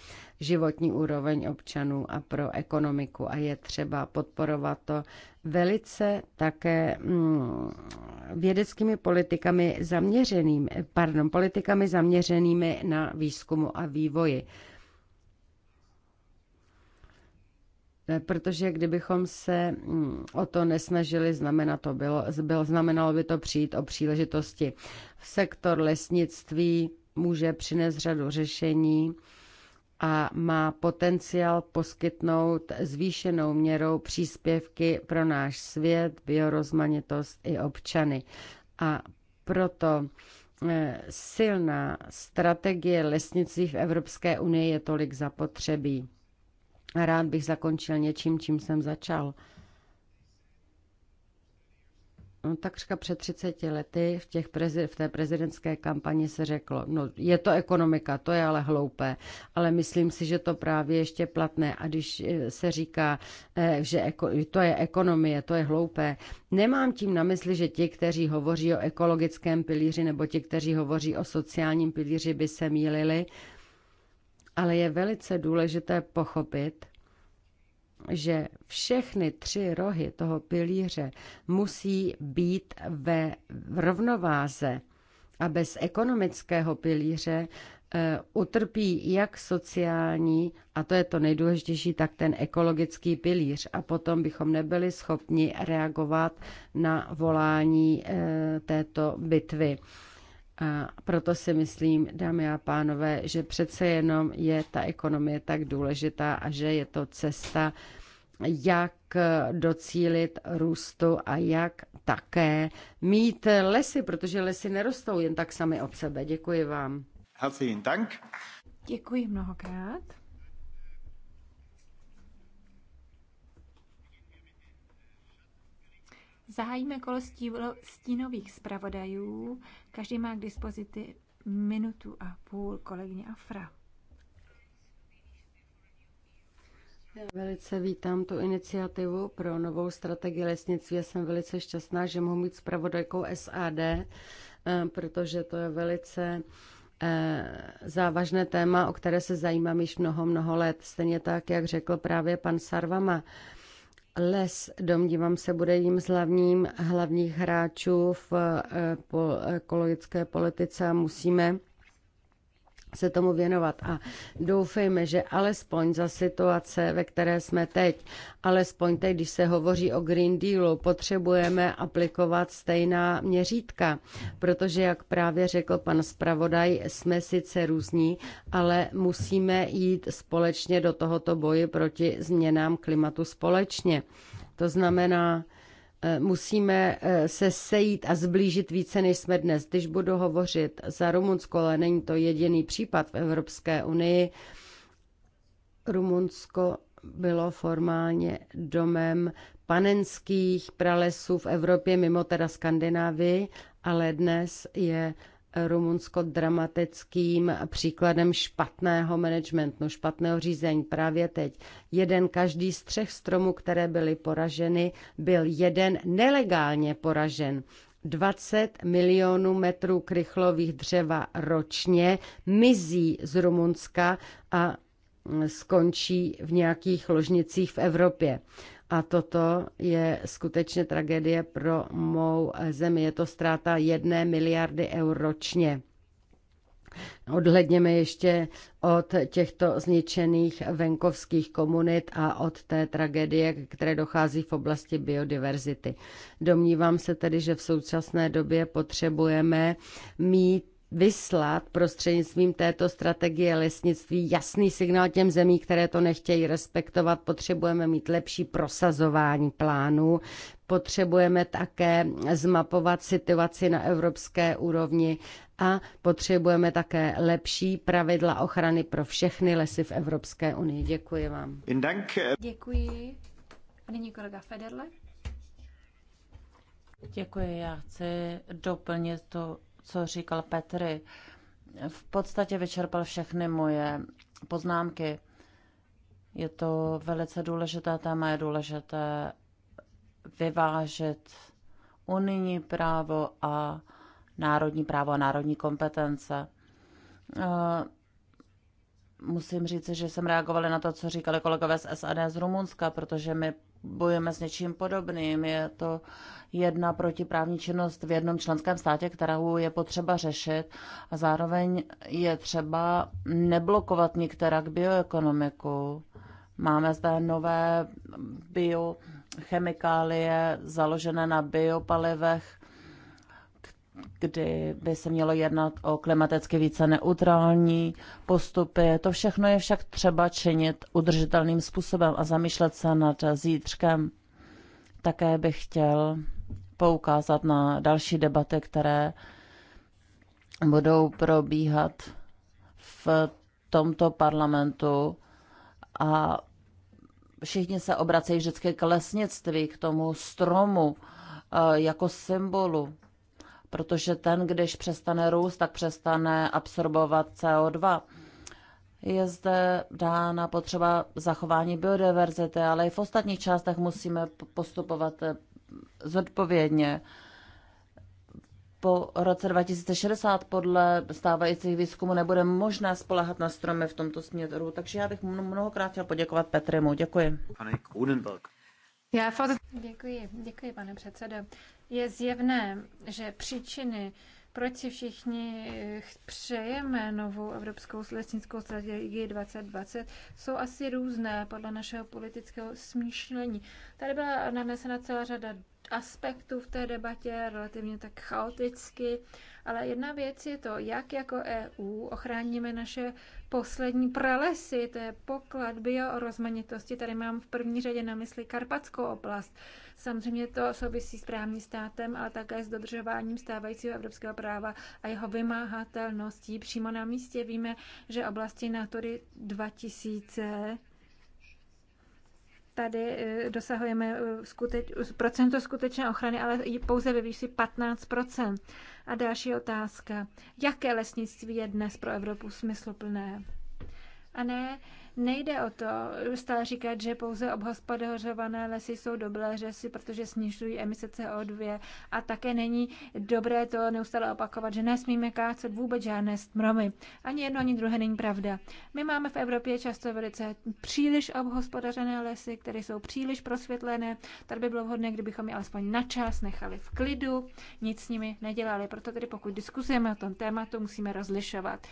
životní úroveň občanů a pro ekonomiku a je třeba podporovat to velice také mm, vědeckými politikami zaměřenými, pardon, politikami zaměřenými na výzkumu a vývoji. Eh, protože kdybychom se mm, o to nesnažili, znamená to bylo, bylo, znamenalo by to přijít o příležitosti. Sektor lesnictví může přinést řadu řešení, a má potenciál poskytnout zvýšenou měrou příspěvky pro náš svět, biorozmanitost i občany. A proto eh, silná strategie lesnictví v Evropské unii je tolik zapotřebí. Rád bych zakončil něčím, čím jsem začal. No takřka před 30 lety v, těch prezi, v té prezidentské kampani se řeklo, no je to ekonomika, to je ale hloupé, ale myslím si, že to právě ještě platné. A když eh, se říká, eh, že eko, to je ekonomie, to je hloupé, nemám tím na mysli, že ti, kteří hovoří o ekologickém pilíři nebo ti, kteří hovoří o sociálním pilíři, by se mýlili, ale je velice důležité pochopit, že všechny tři rohy toho pilíře musí být ve rovnováze a bez ekonomického pilíře eh, utrpí jak sociální, a to je to nejdůležitější, tak ten ekologický pilíř. A potom bychom nebyli schopni reagovat na volání eh, této bitvy. A proto si myslím, dámy a pánové, že přece jenom je ta ekonomie tak důležitá a že je to cesta, jak docílit růstu a jak také mít lesy, protože lesy nerostou jen tak sami od sebe. Děkuji vám. Herzlichen Dank. Děkuji mnohokrát. Zahájíme kolo stínových zpravodajů. Každý má k dispozici minutu a půl kolegyně Afra. Já velice vítám tu iniciativu pro novou strategii lesnictví. Já jsem velice šťastná, že mohu mít zpravodajkou SAD, eh, protože to je velice eh, závažné téma, o které se zajímám již mnoho, mnoho let. Stejně tak, jak řekl právě pan Sarvama. Les, domnívám se, bude jím z hlavním, hlavních hráčů v eh, ekologické politice a musíme se tomu věnovat a doufejme, že alespoň za situace, ve které jsme teď, alespoň teď, když se hovoří o Green Dealu, potřebujeme aplikovat stejná měřítka, protože, jak právě řekl pan zpravodaj, jsme sice různí, ale musíme jít společně do tohoto boje proti změnám klimatu společně. To znamená, Eh, musíme eh, se sejít a zblížit více, než jsme dnes. Když budu hovořit za Rumunsko, ale není to jediný případ v Evropské unii, Rumunsko bylo formálně domem panenských pralesů v Evropě, mimo teda Skandinávii, ale dnes je Rumunsko dramatickým příkladem špatného managementu, špatného řízení právě teď. Jeden každý z třech stromů, které byly poraženy, byl jeden nelegálně poražen. 20 milionů metrů krychlových dřeva ročně mizí z Rumunska a skončí v nějakých ložnicích v Evropě. A toto je skutečně tragédie pro mou zemi. Je to ztráta jedné miliardy eur ročně. Odhledněme ještě od těchto zničených venkovských komunit a od té tragédie, které dochází v oblasti biodiverzity. Domnívám se tedy, že v současné době potřebujeme mít vyslat prostřednictvím této strategie lesnictví jasný signál těm zemí, které to nechtějí respektovat. Potřebujeme mít lepší prosazování plánů, potřebujeme také zmapovat situaci na evropské úrovni a potřebujeme také lepší pravidla ochrany pro všechny lesy v Evropské unii. Děkuji vám. Děkuji. A nyní kolega Federle. Děkuji. Já chci doplnit to co říkal Petry. V podstatě vyčerpal všechny moje poznámky. Je to velice důležité téma, je důležité vyvážit unijní právo a národní právo a národní kompetence. Eh, musím říct, že jsem reagovala na to, co říkali kolegové z SAD z Rumunska, protože my bojujeme s něčím podobným. Je to jedna protiprávní činnost v jednom členském státě, kterou je potřeba řešit a zároveň je třeba neblokovat některak bioekonomiku. Máme zde nové biochemikálie založené na biopalivech, kdy by se mělo jednat o klimaticky více neutrální postupy. To všechno je však třeba činit udržitelným způsobem a zamýšlet se nad zítřkem. Také bych chtěl poukázat na další debaty, které budou probíhat v tomto parlamentu a všichni se obracejí vždycky k lesnictví, k tomu stromu eh, jako symbolu protože ten, když přestane růst, tak přestane absorbovat CO2. Je zde dána potřeba zachování biodiverzity, ale i v ostatních částech musíme postupovat eh, zodpovědně. Po roce 2060 podle stávajících výzkumů nebude možné spolehat na stromy v tomto směru, takže já bych mnohokrát chtěl poděkovat Petrimu. Děkuji. Pane Kronenberg. Já Děkuji, děkuji, pane předsedo je zjevné, že příčiny, proč si všichni eh, přejeme novou Evropskou lesnickou strategii 2020, jsou asi různé podle našeho politického smýšlení. Tady byla nanesena celá řada aspektů v té debatě, relativně tak chaoticky, ale jedna věc je to, jak jako EU ochráníme naše poslední pralesy, to je poklad biorozmanitosti. Tady mám v první řadě na mysli Karpatskou oblast Samozřejmě to souvisí s právním státem, ale také s dodržováním stávajícího evropského práva a jeho vymáhatelností. Přímo na místě víme, že oblasti Natury 2000 tady e, dosahujeme e, skuteč, procento skutečné ochrany, ale i pouze ve výši 15 A další otázka. Jaké lesnictví je dnes pro Evropu smysluplné? A ne, Nejde o to stále říkat, že pouze obhospodařované lesy jsou dobré lesy, protože snižují emise CO2 a také není dobré to neustále opakovat, že nesmíme kácet vůbec žádné stromy. Ani jedno, ani druhé není pravda. My máme v Evropě často velice příliš obhospodařené lesy, které jsou příliš prosvětlené. Tady by bylo vhodné, kdybychom je alespoň na čas nechali v klidu, nic s nimi nedělali. Proto tedy pokud diskutujeme o tom tématu, musíme rozlišovat.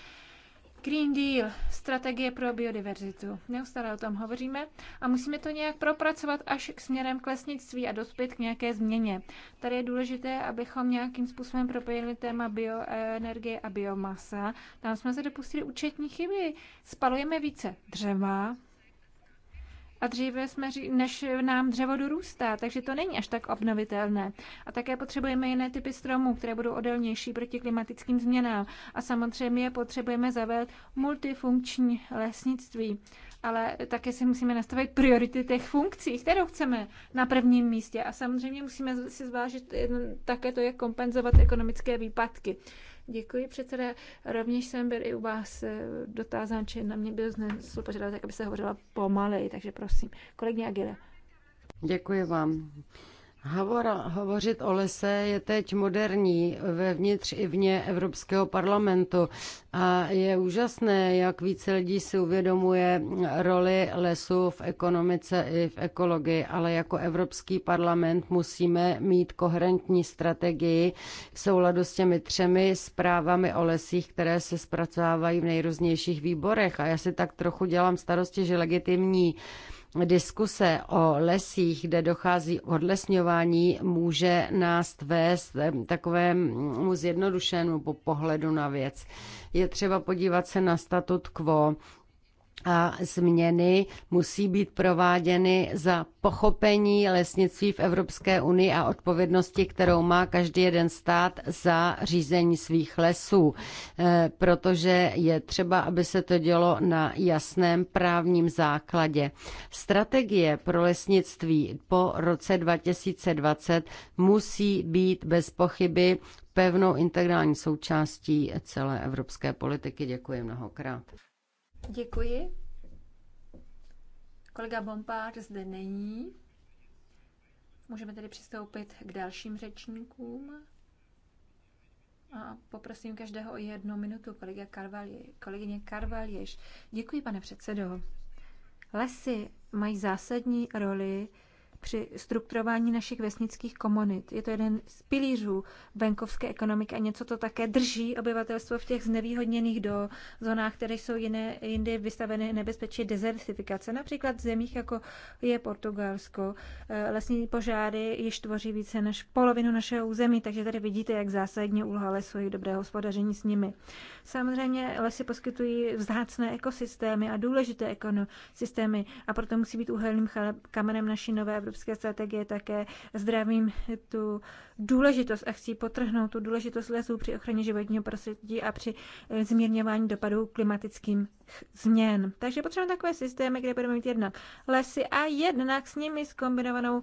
Green Deal, strategie pro biodiverzitu. Neustále o tom hovoříme a musíme to nějak propracovat až k směrem k lesnictví a dospět k nějaké změně. Tady je důležité, abychom nějakým způsobem propojili téma bioenergie a biomasa. Tam jsme se dopustili účetní chyby. Spalujeme více dřeva, a dříve jsme, než nám dřevo dorůstá, takže to není až tak obnovitelné. A také potřebujeme jiné typy stromů, které budou odolnější proti klimatickým změnám. A samozřejmě potřebujeme zavést multifunkční lesnictví. Ale také si musíme nastavit priority těch funkcí, kterou chceme na prvním místě. A samozřejmě musíme si zvážit také to, jak kompenzovat ekonomické výpadky. Děkuji, předseda. Rovněž jsem byl i u vás eh, dotázán, či na mě byl znesl požadavek, aby se hovořila pomalej, takže prosím. Kolegyně Agile. Děkuji vám. Havora, hovořit o lese je teď moderní vevnitř i vně Evropského parlamentu a je úžasné, jak více lidí si uvědomuje roli lesu v ekonomice i v ekologii, ale jako Evropský parlament musíme mít koherentní strategii v souladu s těmi třemi zprávami o lesích, které se zpracovávají v nejrůznějších výborech a já si tak trochu dělám starosti, že legitimní diskuse o lesích, kde dochází k odlesňování, může nás vést takovému zjednodušenému pohledu na věc. Je třeba podívat se na statut quo a změny musí být prováděny za pochopení lesnictví v Evropské unii a odpovědnosti, kterou má každý jeden stát za řízení svých lesů, e, protože je třeba, aby se to dělo na jasném právním základě. Strategie pro lesnictví po roce 2020 musí být bez pochyby pevnou integrální součástí celé evropské politiky. Děkuji mnohokrát. Děkuji. Kolega Bompár zde není. Můžeme tedy přistoupit k dalším řečníkům. A poprosím každého o jednu minutu, kolega Karvalie, kolegyně Karvaliež. Děkuji, pane předsedo. Lesy mají zásadní roli při strukturování našich vesnických komunit. Je to jeden z pilířů venkovské ekonomiky a něco to také drží obyvatelstvo v těch znevýhodněných do zónách, které jsou jiné, jindy vystaveny nebezpečí dezertifikace. Například v zemích, jako je Portugalsko, eh, lesní požáry již tvoří více než polovinu našeho území, takže tady vidíte, jak zásadně úloha lesů je dobré hospodaření s nimi. Samozřejmě lesy poskytují vzácné ekosystémy a důležité ekosystémy a proto musí být uhelným kamenem naší nové evropské strategie také zdravím tu důležitost akcí, potrhnout tu důležitost lesů při ochraně životního prostředí a při eh, zmírňování dopadů klimatickým změn. Takže potřebujeme takové systémy, kde budeme mít jednak lesy a jednak s nimi skombinovanou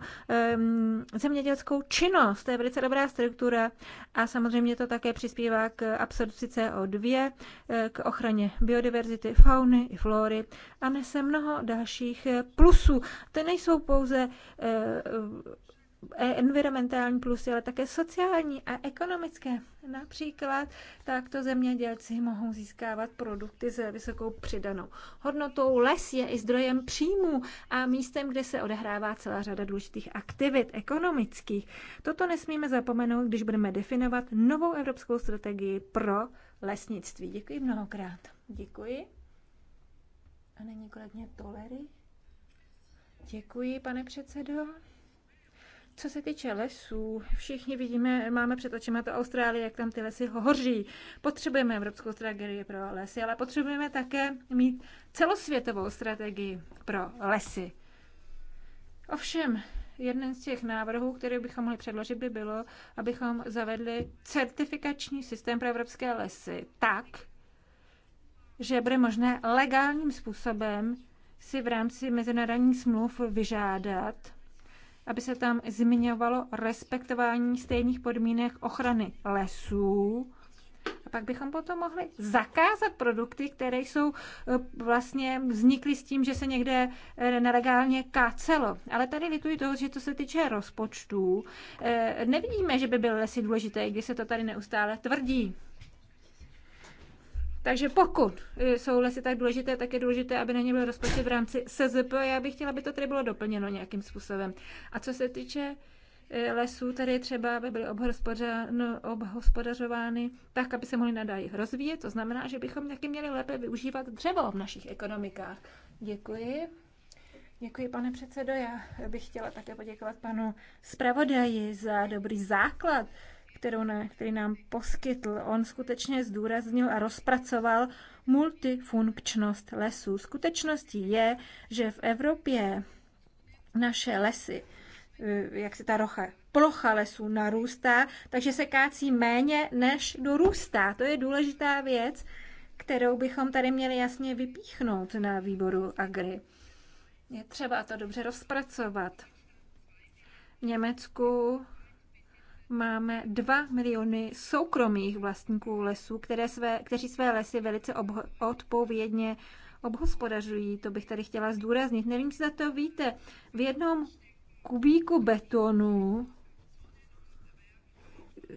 um, zemědělskou činnost. To je velice dobrá struktura a samozřejmě to také přispívá k absorpci CO2, eh, k ochraně biodiverzity, fauny i flory a nese mnoho dalších eh, plusů. To nejsou pouze uh, E, environmentální plusy, ale také sociální a ekonomické. Například takto zemědělci mohou získávat produkty s vysokou přidanou hodnotou. Les je i zdrojem příjmů a místem, kde se odehrává celá řada důležitých aktivit ekonomických. Toto nesmíme zapomenout, když budeme definovat novou evropskou strategii pro lesnictví. Děkuji mnohokrát. Děkuji. A není kolegně Tolery? Děkuji, pane předsedo. Co se týče lesů, všichni vidíme, máme před očima to Austrálie, jak tam ty lesy hoří. Potřebujeme evropskou strategii pro lesy, ale potřebujeme také mít celosvětovou strategii pro lesy. Ovšem, jeden z těch návrhů, který bychom mohli předložit, by bylo, abychom zavedli certifikační systém pro evropské lesy tak, že bude možné legálním způsobem si v rámci mezinárodních smluv vyžádat aby se tam zmiňovalo respektování stejných podmínek ochrany lesů. A pak bychom potom mohli zakázat produkty, které jsou eh, vlastně vznikly s tím, že se někde eh, nelegálně kácelo. Ale tady lituji toho, že to se týče rozpočtů. Eh, nevidíme, že by byly lesy důležité, když se to tady neustále tvrdí. Takže pokud eh, jsou lesy tak důležité, tak je důležité, aby na ně byl rozpočet v rámci SZP. Já bych chtěla, aby to tedy bylo doplněno nějakým způsobem. A co se týče eh, lesů, tady třeba aby byly obhospodařovány tak, aby se mohly nadále rozvíjet. To znamená, že bychom taky měli lépe využívat dřevo v našich ekonomikách. Děkuji. Děkuji, pane předsedo. Já bych chtěla také poděkovat panu zpravodaji za dobrý základ kterou, ne, který nám poskytl. On skutečně zdůraznil a rozpracoval multifunkčnost lesů. Skutečností je, že v Evropě naše lesy, eh, jak se ta rocha, plocha lesů narůstá, takže se kácí méně, než dorůstá. To je důležitá věc, kterou bychom tady měli jasně vypíchnout na výboru Agri. Je třeba to dobře rozpracovat. V Německu máme 2 miliony soukromých vlastníků lesů, které své, kteří své lesy velice obho, odpovědně obhospodařují. To bych tady chtěla zdůraznit. Nevím, zda to víte. V jednom kubíku betonu,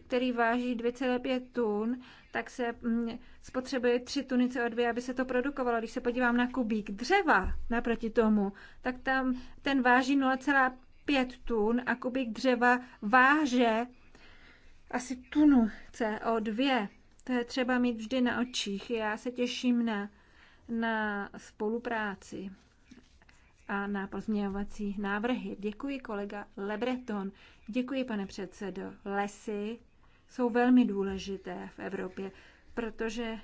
který váží 2,5 tun, tak se mm, spotřebuje 3 tuny CO2, aby se to produkovalo. Když se podívám na kubík dřeva naproti tomu, tak tam ten váží 0,5 tun a kubík dřeva váže asi tunu CO2. To je třeba mít vždy na očích. Já se těším na, na spolupráci a na pozměňovací návrhy. Děkuji kolega Lebreton, děkuji pane předsedo. Lesy jsou velmi důležité v Evropě, protože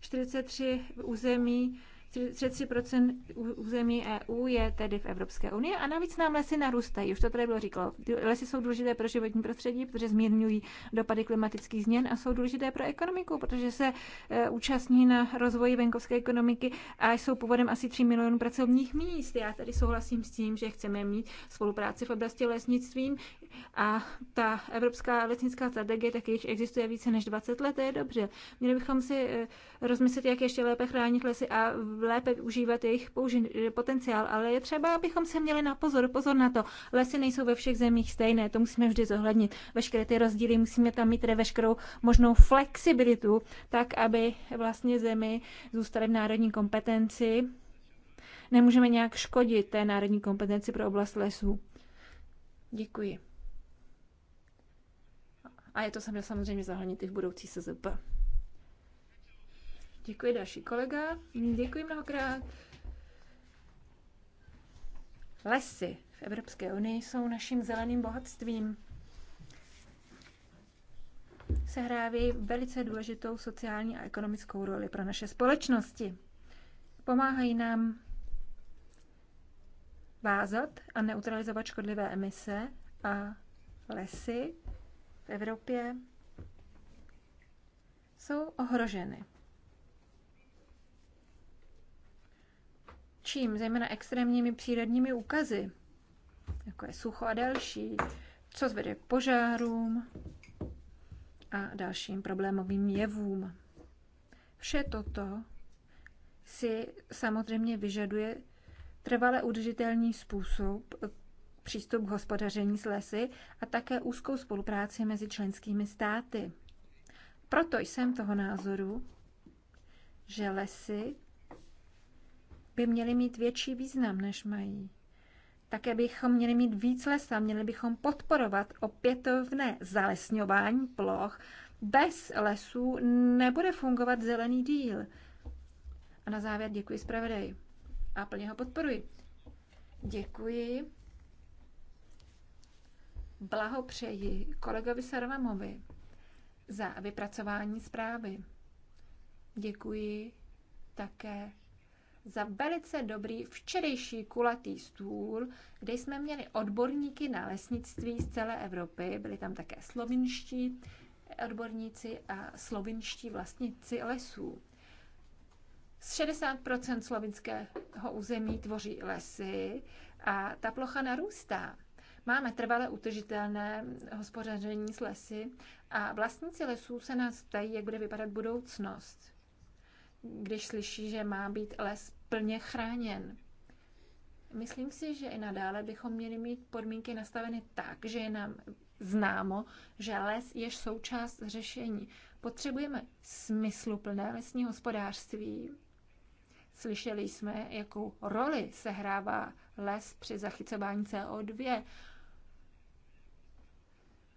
43 území 33% území EU je tedy v Evropské unii a navíc nám lesy narůstají. Už to tady bylo říkalo. Lesy jsou důležité pro životní prostředí, protože zmírňují dopady klimatických změn a jsou důležité pro ekonomiku, protože se e, účastní na rozvoji venkovské ekonomiky a jsou původem asi 3 milionů pracovních míst. Já tady souhlasím s tím, že chceme mít spolupráci v oblasti lesnictví, a ta evropská lesnická strategie taky již existuje více než 20 let, to je dobře. Měli bychom si eh, rozmyslet, jak ještě lépe chránit lesy a lépe užívat jejich eh, potenciál, ale je třeba, abychom se měli na pozor, pozor na to. Lesy nejsou ve všech zemích stejné, to musíme vždy zohlednit. Veškeré ty rozdíly musíme tam mít tedy veškerou možnou flexibilitu, tak, aby vlastně zemi zůstaly v národní kompetenci. Nemůžeme nějak škodit té národní kompetenci pro oblast lesů. Děkuji a je to samozřejmě zahrnit i v budoucí SZP. Děkuji další kolega. Děkuji mnohokrát. Lesy v Evropské unii jsou naším zeleným bohatstvím. Sehrávají velice důležitou sociální a ekonomickou roli pro naše společnosti. Pomáhají nám vázat a neutralizovat škodlivé emise a lesy v Evropě jsou ohroženy. Čím? Zejména extrémními přírodními úkazy, jako je sucho a další, co zvede k požárům a dalším problémovým jevům. Vše toto si samozřejmě vyžaduje trvale udržitelný způsob přístup k hospodaření s lesy a také úzkou spolupráci mezi členskými státy. Proto jsem toho názoru, že lesy by měly mít větší význam, než mají. Také bychom měli mít víc lesa, měli bychom podporovat opětovné zalesňování ploch. Bez lesů nebude fungovat zelený díl. A na závěr děkuji zpravodaji a plně ho podporuji. Děkuji blahopřeji kolegovi Sarvamovi za vypracování zprávy. Děkuji také za velice dobrý včerejší kulatý stůl, kde jsme měli odborníky na lesnictví z celé Evropy. Byli tam také slovinští odborníci a slovinští vlastníci lesů. Z 60 slovinského území tvoří lesy a ta plocha narůstá. Máme trvale utržitelné hospodaření s lesy a vlastníci lesů se nás ptají, jak bude vypadat budoucnost, když slyší, že má být les plně chráněn. Myslím si, že i nadále bychom měli mít podmínky nastaveny tak, že je nám známo, že les je součást řešení. Potřebujeme smysluplné lesní hospodářství. Slyšeli jsme, jakou roli sehrává les při zachycování CO2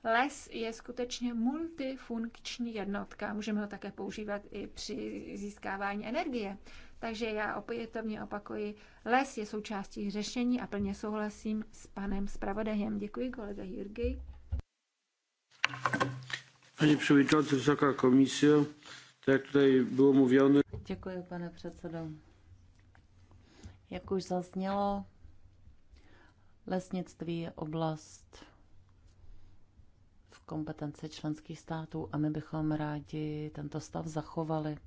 Les je skutečně multifunkční jednotka. Můžeme ho také používat i při získávání energie. Takže já opětovně opakuji, les je součástí řešení a plně souhlasím s panem zpravodajem. Děkuji, kolega Jurgi. Pani předsedající, Vysoká komise, tak jak tady bylo mluvěno. Děkuji, pane předsedo. Jak už zaznělo, lesnictví je oblast kompetenci členských států a my bychom rádi tento stav zachovali.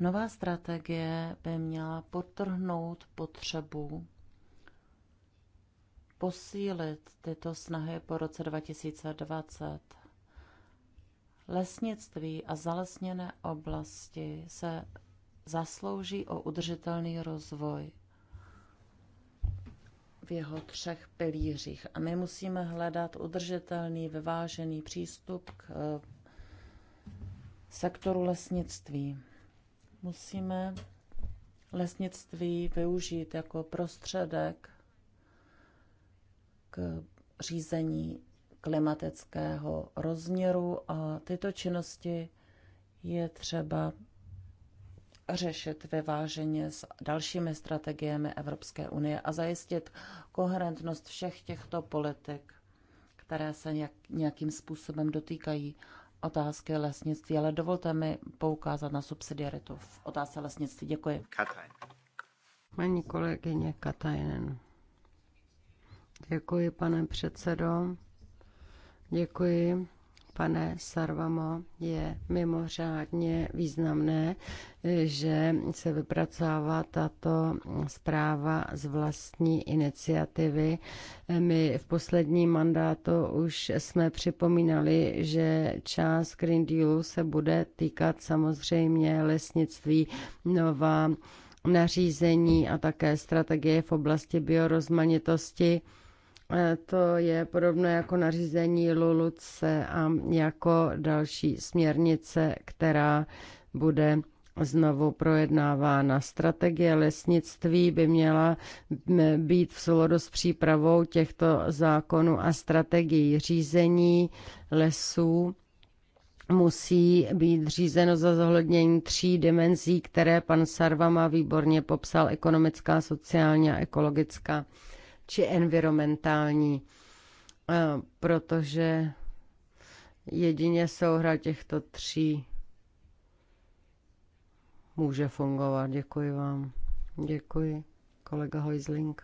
Nová strategie by měla potrhnout potřebu posílit tyto snahy po roce 2020. Lesnictví a zalesněné oblasti se zaslouží o udržitelný rozvoj v jeho třech pilířích. A my musíme hledat udržitelný, vyvážený přístup k eh, sektoru lesnictví. Musíme lesnictví využít jako prostředek k řízení klimatického rozměru a tyto činnosti je třeba řešit vyváženě s dalšími strategiemi Evropské unie a zajistit koherentnost všech těchto politik, které se nějakým způsobem dotýkají otázky lesnictví. Ale dovolte mi poukázat na subsidiaritu v otázce lesnictví. Děkuji. Paní kolegyně Katajnen. Děkuji, pane předsedo. Děkuji pane Sarvamo, je mimořádně významné, eh, že se vypracává tato zpráva z vlastní iniciativy. Eh, my v posledním mandátu už jsme připomínali, že část Green Dealu se bude týkat samozřejmě lesnictví nová nařízení a také strategie v oblasti biorozmanitosti. E, to je podobné jako nařízení Luluce a jako další směrnice, která bude znovu projednávána. Strategie lesnictví by měla být v souladu s přípravou těchto zákonů a strategií řízení lesů musí být řízeno za zohlednění tří dimenzí, které pan Sarvama výborně popsal, ekonomická, sociální a ekologická či environmentální, eh, protože jedině souhra těchto tří může fungovat. Děkuji vám. Děkuji, kolega Hojzling.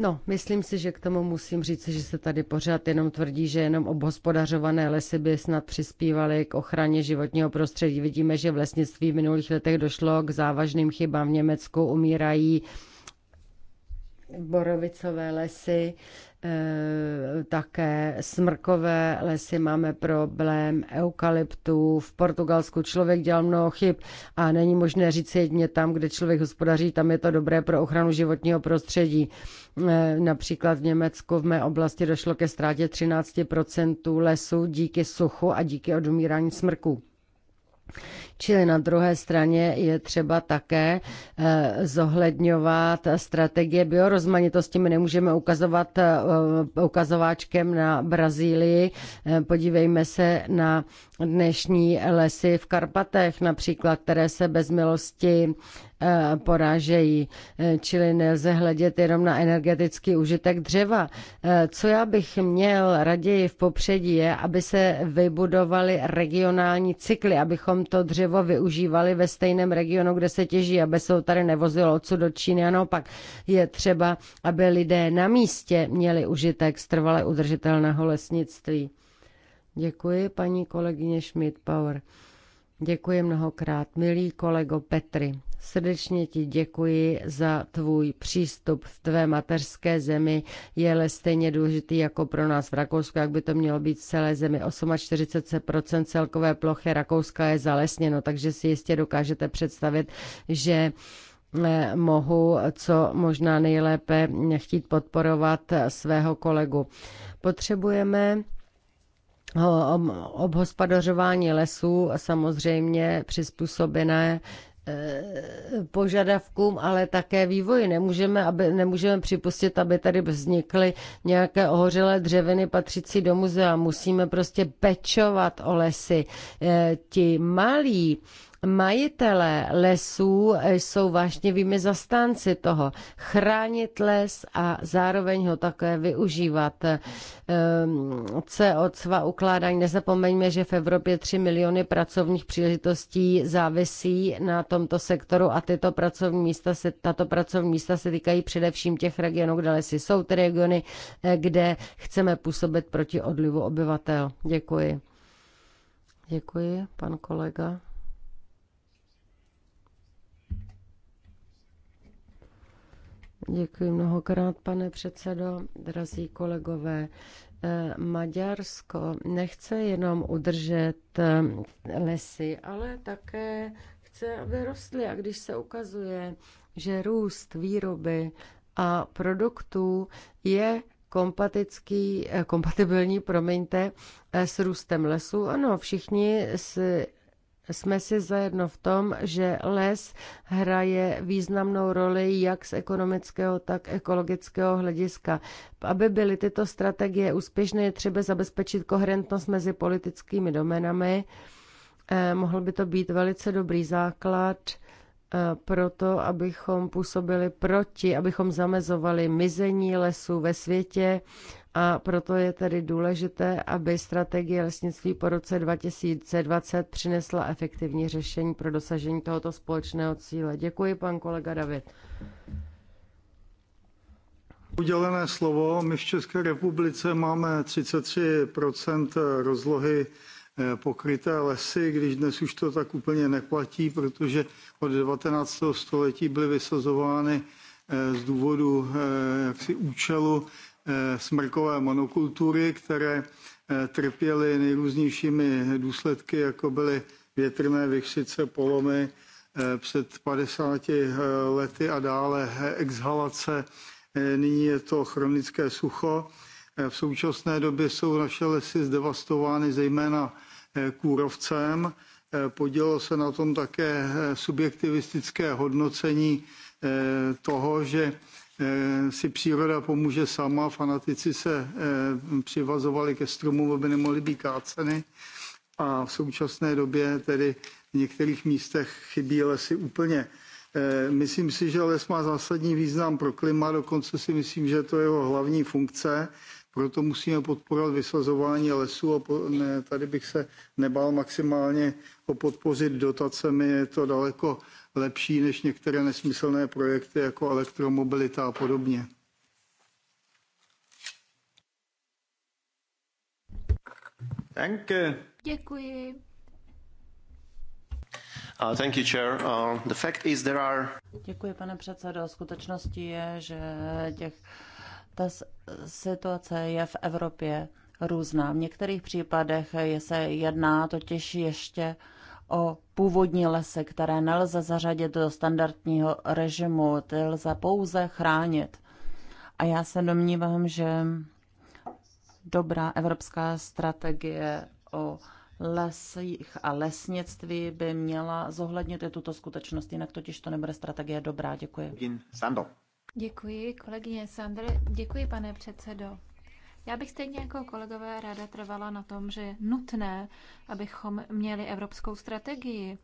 No, myslím si, že k tomu musím říct, že se tady pořád jenom tvrdí, že jenom obhospodařované lesy by snad přispívaly k ochraně životního prostředí. Vidíme, že v lesnictví v minulých letech došlo k závažným chybám. V Německu umírají borovicové lesy, eh, také smrkové lesy, máme problém eukalyptů. V Portugalsku člověk dělal mnoho chyb a není možné říct jedně tam, kde člověk hospodaří, tam je to dobré pro ochranu životního prostředí. Eh, například v Německu v mé oblasti došlo ke ztrátě 13% lesů díky suchu a díky odumírání smrků. Čili na druhé straně je třeba také eh, zohledňovat strategie biorozmanitosti. My nemůžeme ukazovat eh, ukazováčkem na Brazílii. Eh, podívejme se na dnešní lesy v Karpatech například, které se bez milosti porážejí, čili nelze hledět jenom na energetický užitek dřeva. Co já bych měl raději v popředí je, aby se vybudovaly regionální cykly, abychom to dřevo palivo využívali ve stejném regionu, kde se těží, aby se ho tady nevozilo odsud do Číny. A naopak je třeba, aby lidé na místě měli užitek z trvale udržitelného lesnictví. Děkuji, paní kolegyně Schmidt-Power. Děkuji mnohokrát, milý kolego Petri. Srdečně ti děkuji za tvůj přístup v tvé mateřské zemi. Je stejně důležitý jako pro nás v Rakousku, jak by to mělo být v celé zemi. 48% celkové plochy Rakouska je zalesněno, takže si jistě dokážete představit, že eh, mohu co možná nejlépe chtít podporovat svého kolegu. Potřebujeme obhospodařování lesů samozřejmě přizpůsobené e, požadavkům, ale také vývoji. Nemůžeme, aby, nemůžeme připustit, aby tady vznikly nějaké ohořelé dřeviny patřící do muzea. Musíme prostě pečovat o lesy. E, ti malí Majitelé lesů jsou vými zastánci toho. Chránit les a zároveň ho také využívat. Ehm, CO2 ukládání. Nezapomeňme, že v Evropě 3 miliony pracovních příležitostí závisí na tomto sektoru a tyto pracovní místa se, tato pracovní místa se týkají především těch regionů, kde lesy jsou, ty regiony, eh, kde chceme působit proti odlivu obyvatel. Děkuji. Děkuji, pan kolega. Děkuji mnohokrát, pane předsedo, drazí kolegové. Eh, Maďarsko nechce jenom udržet eh, lesy, ale také chce, aby rostly. A když se ukazuje, že růst výroby a produktů je kompatický, eh, kompatibilní, promiňte, s růstem lesů. Ano, všichni si jsme si zajedno v tom, že les hraje významnou roli jak z ekonomického, tak ekologického hlediska. Aby byly tyto strategie úspěšné, je třeba zabezpečit koherentnost mezi politickými domenami. Eh, mohl by to být velice dobrý základ eh, proto, abychom působili proti, abychom zamezovali mizení lesů ve světě a proto je tedy důležité, aby strategie lesnictví po roce 2020 přinesla efektivní řešení pro dosažení tohoto společného cíle. Děkuji, pan kolega David. Udělené slovo. My v České republice máme 33 rozlohy eh, pokryté lesy, když dnes už to tak úplně neplatí, protože od 19. století byly vysazovány eh, z důvodu eh, jaksi účelu Eh, smrkové monokultury, které eh, trpěly nejrůznějšími důsledky, jako byly větrné vychřice, polomy eh, před 50 lety a dále exhalace. Nyní je to chronické sucho. V současné době jsou naše lesy zdevastovány zejména kůrovcem. Podělo se na tom také subjektivistické hodnocení toho, že Eh, si příroda pomůže sama. Fanatici se eh, přivazovali ke stromům, aby nemohli být káceny. A v současné době tedy v některých místech chybí lesy úplně. Eh, myslím si, že les má zásadní význam pro klima, dokonce si myslím, že to je jeho hlavní funkce, proto musíme podporovat vysazování lesů a tady bych se nebál maximálně ho podpořit dotacemi, je to daleko lepší než některé nesmyslné projekty jako elektromobilita a podobně. Danke. Děkuji. Uh, thank you, Chair. Uh, the fact is there are... Děkuji, pane předsedo. Skutečností je, že těch, ta situace je v Evropě různá. V některých případech je se jedná totiž ještě uh, o původní lesy, které nelze zařadit do standardního režimu, ty lze pouze chránit. A já se domnívám, že dobrá evropská strategie o lesích a lesnictví by měla zohlednit i tuto skutečnost, jinak totiž to nebude strategie dobrá. Děkuji. Děkuji, kolegyně Sandr. Děkuji, pane předsedo. Já bych stejně jako kolegové ráda trvala na tom, že je nutné, abychom měli evropskou strategii.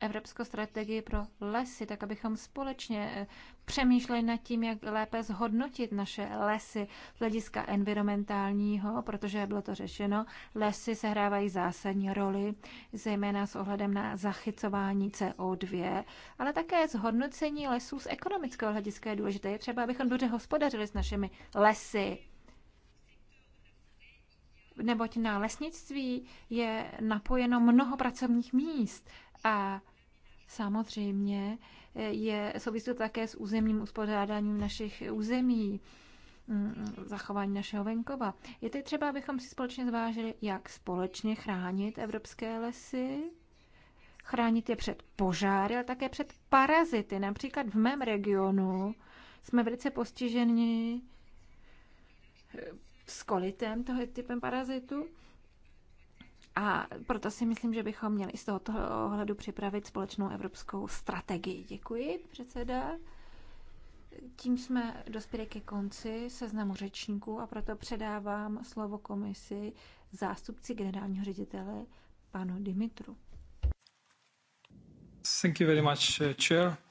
Evropskou strategii pro lesy, tak abychom společně eh, přemýšleli nad tím, jak lépe zhodnotit naše lesy z hlediska environmentálního, protože bylo to řešeno, lesy sehrávají zásadní roli, zejména s ohledem na zachycování CO2, ale také zhodnocení lesů z ekonomického hlediska je důležité. Je třeba, abychom dobře hospodařili s našimi lesy neboť na lesnictví je napojeno mnoho pracovních míst a samozřejmě eh, je souvisí to také s územním uspořádáním našich území, mm, zachování našeho venkova. Je tedy třeba, abychom si společně zvážili, jak společně chránit evropské lesy, chránit je před požáry, ale také před parazity. Například v mém regionu jsme velice postiženi eh, s kolitem, toho typem parazitu. A proto si myslím, že bychom měli z tohoto ohledu připravit společnou evropskou strategii. Děkuji, předseda. Tím jsme dospěli ke konci seznamu řečníků a proto předávám slovo komisi zástupci generálního ředitele panu Dimitru. Thank you very much, eh, chair.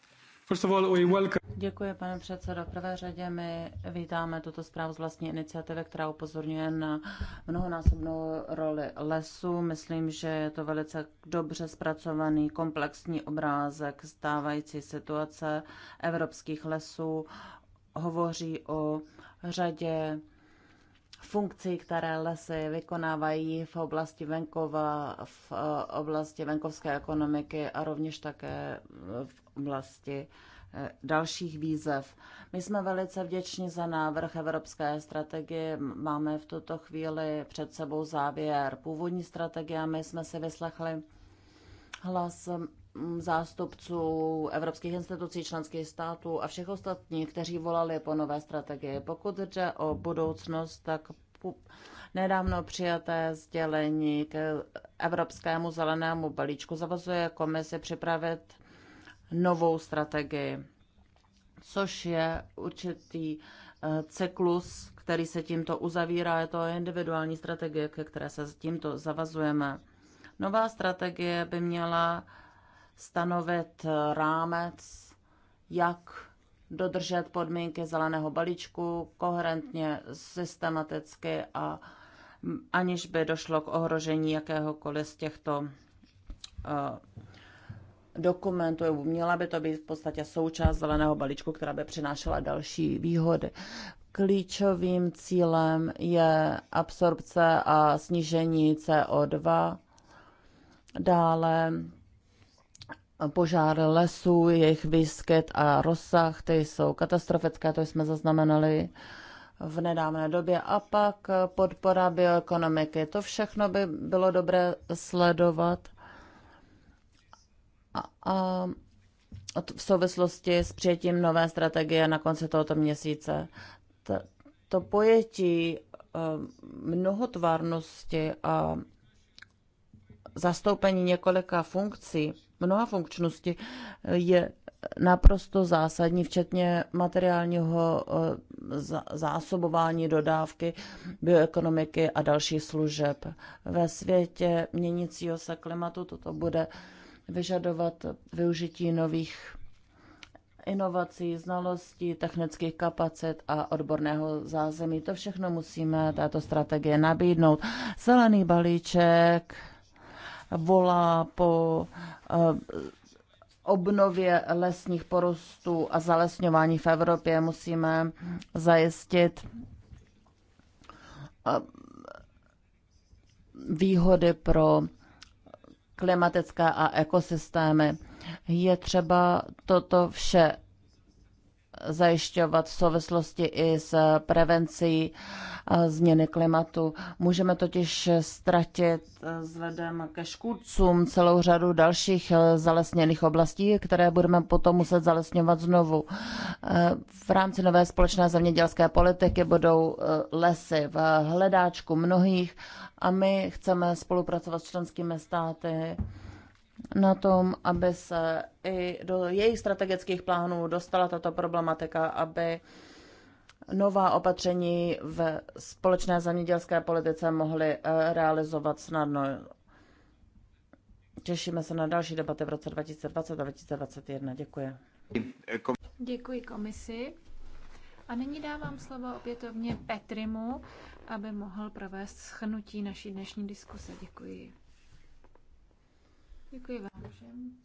Děkuji, pane předsedo. V prvé řadě my vítáme tuto zprávu z vlastní iniciativy, která upozorňuje na mnohonásobnou roli lesu. Myslím, že je to velice dobře zpracovaný komplexní obrázek stávající situace evropských lesů. Hovoří o řadě funkcí, které lesy vykonávají v oblasti venkova, v eh, oblasti venkovské ekonomiky a rovněž také v oblasti eh, dalších výzev. My jsme velice vděční za návrh Evropské strategie. Máme v tuto chvíli před sebou závěr původní strategie a my jsme si vyslechli hlas Mm, zástupců evropských institucí, členských států a všech ostatních, kteří volali po nové strategii. Pokud jde o budoucnost, tak nedávno přijaté sdělení k Evropskému zelenému balíčku zavazuje komisi připravit novou strategii, což je určitý eh, cyklus, který se tímto uzavírá. Je to individuální strategie, ke které se tímto zavazujeme. Nová strategie by měla stanovit eh, rámec, jak dodržet podmínky zeleného balíčku koherentně, systematicky a aniž by došlo k ohrožení jakéhokoliv z těchto eh, dokumentů. Měla by to být v podstatě součást zeleného balíčku, která by přinášela další výhody. Klíčovým cílem je absorpce a snížení CO2. Dále požár lesů, jejich výskyt a rozsah, ty jsou katastrofické, to jsme zaznamenali v nedávné době. A pak podpora bioekonomiky. To všechno by bylo dobré sledovat. A, a v souvislosti s přijetím nové strategie na konci tohoto měsíce. To, to pojetí eh, mnohotvárnosti a zastoupení několika funkcí mnoha funkčnosti eh, je naprosto zásadní, včetně materiálního eh, zásobování dodávky bioekonomiky a dalších služeb. Ve světě měnícího se klimatu toto bude vyžadovat využití nových inovací, znalostí, technických kapacit a odborného zázemí. To všechno musíme tato strategie nabídnout. Zelený balíček, volá po eh, obnově lesních porostů a zalesňování v Evropě. Musíme zajistit eh, výhody pro klimatické a ekosystémy. Je třeba toto vše zajišťovat v souvislosti i s prevencí změny klimatu. Můžeme totiž ztratit vzhledem ke škůdcům celou řadu dalších e, zalesněných oblastí, které budeme potom muset zalesňovat znovu. E, v rámci nové společné zemědělské politiky budou e, lesy v hledáčku mnohých a my chceme spolupracovat s členskými státy na tom, aby se i do jejich strategických plánů dostala tato problematika, aby nová opatření v společné zemědělské politice mohly eh, realizovat snadno. Těšíme se na další debaty v roce 2020 a 2021. Děkuji. Děkuji komisi. A nyní dávám slovo opětovně Petrimu, aby mohl provést schnutí naší dnešní diskuse. Děkuji. Děkuji vám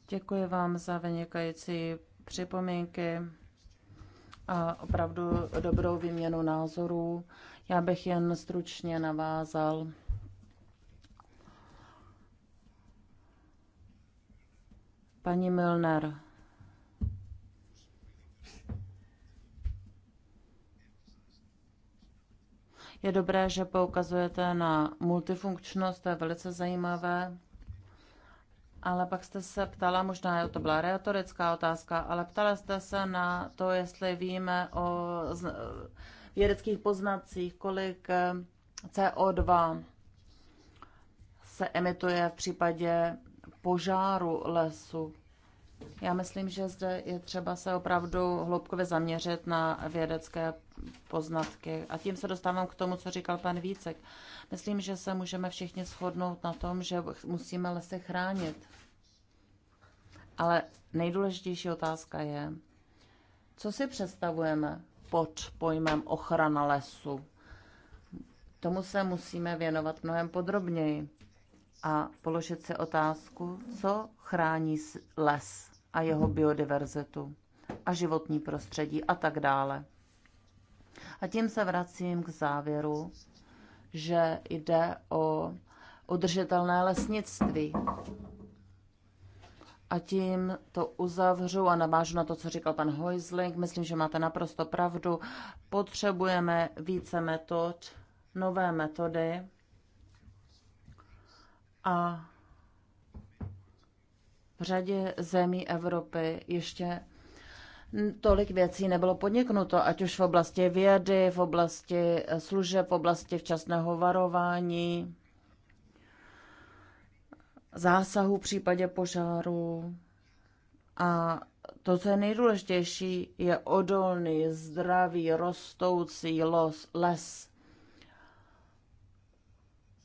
Děkuji vám za vynikající připomínky a opravdu dobrou výměnu názorů. Já bych jen stručně navázal paní Milner. Je dobré, že poukazujete na multifunkčnost, to je velice zajímavé ale pak jste se ptala, možná to byla retorická otázka, ale ptala jste se na to, jestli víme o vědeckých poznacích, kolik eh, CO2 se emituje v případě požáru lesu. Já myslím, že zde je třeba se opravdu hloubkově zaměřit na vědecké poznatky. A tím se dostávám k tomu, co říkal pan Vícek. Myslím, že se můžeme všichni shodnout na tom, že musíme lesy chránit. Ale nejdůležitější otázka je, co si představujeme pod pojmem ochrana lesu. Tomu se musíme věnovat mnohem podrobněji a položit si otázku, co chrání les a jeho biodiverzitu a životní prostředí a tak dále. A tím se vracím k závěru, že jde o udržitelné lesnictví. A tím to uzavřu a navážu na to, co říkal pan Hoisling. Myslím, že máte naprosto pravdu. Potřebujeme více metod, nové metody a v řadě zemí Evropy ještě tolik věcí nebylo podniknuto, ať už v oblasti vědy, v oblasti eh, služeb, v oblasti včasného varování, zásahu v případě požáru. A to, co je nejdůležitější, je odolný, zdravý, rostoucí los, les.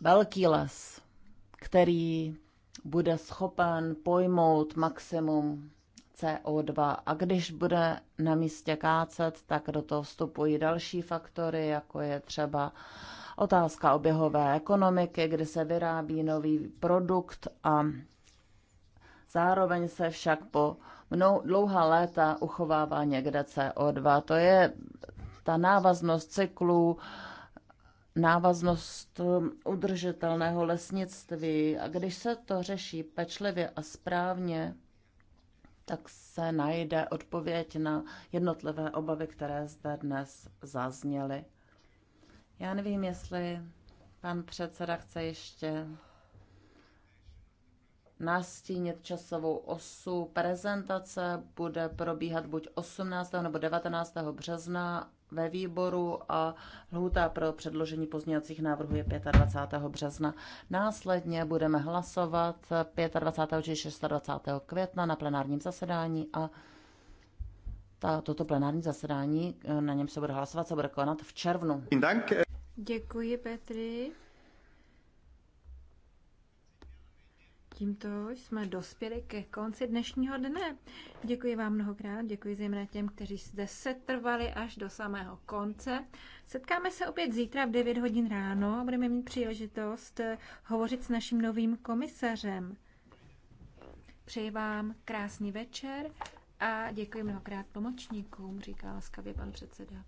Velký les, který bude schopen pojmout maximum CO2. A když bude na místě kácet, tak do toho vstupují další faktory, jako je třeba otázka oběhové ekonomiky, kdy se vyrábí nový produkt a zároveň se však po mnou dlouhá léta uchovává někde CO2. To je ta návaznost cyklů, návaznost um, udržitelného lesnictví. A když se to řeší pečlivě a správně, tak se najde odpověď na jednotlivé obavy, které zde dnes zazněly. Já nevím, jestli pan předseda chce ještě nastínit časovou osu. Prezentace bude probíhat buď 18. nebo 19. března ve výboru a lhůta pro předložení pozměňovacích návrhů je 25. března. Následně budeme hlasovat 25. či 26. května na plenárním zasedání a ta, toto plenární zasedání, na něm se bude hlasovat, se bude konat v červnu. Děkuji, Petri. Tímto jsme dospěli ke konci dnešního dne. Děkuji vám mnohokrát, děkuji zejména těm, kteří zde trvali až do samého konce. Setkáme se opět zítra v 9 hodin ráno a budeme mít příležitost hovořit s naším novým komisařem. Přeji vám krásný večer a děkuji mnohokrát pomočníkům, říká laskavě pan předseda.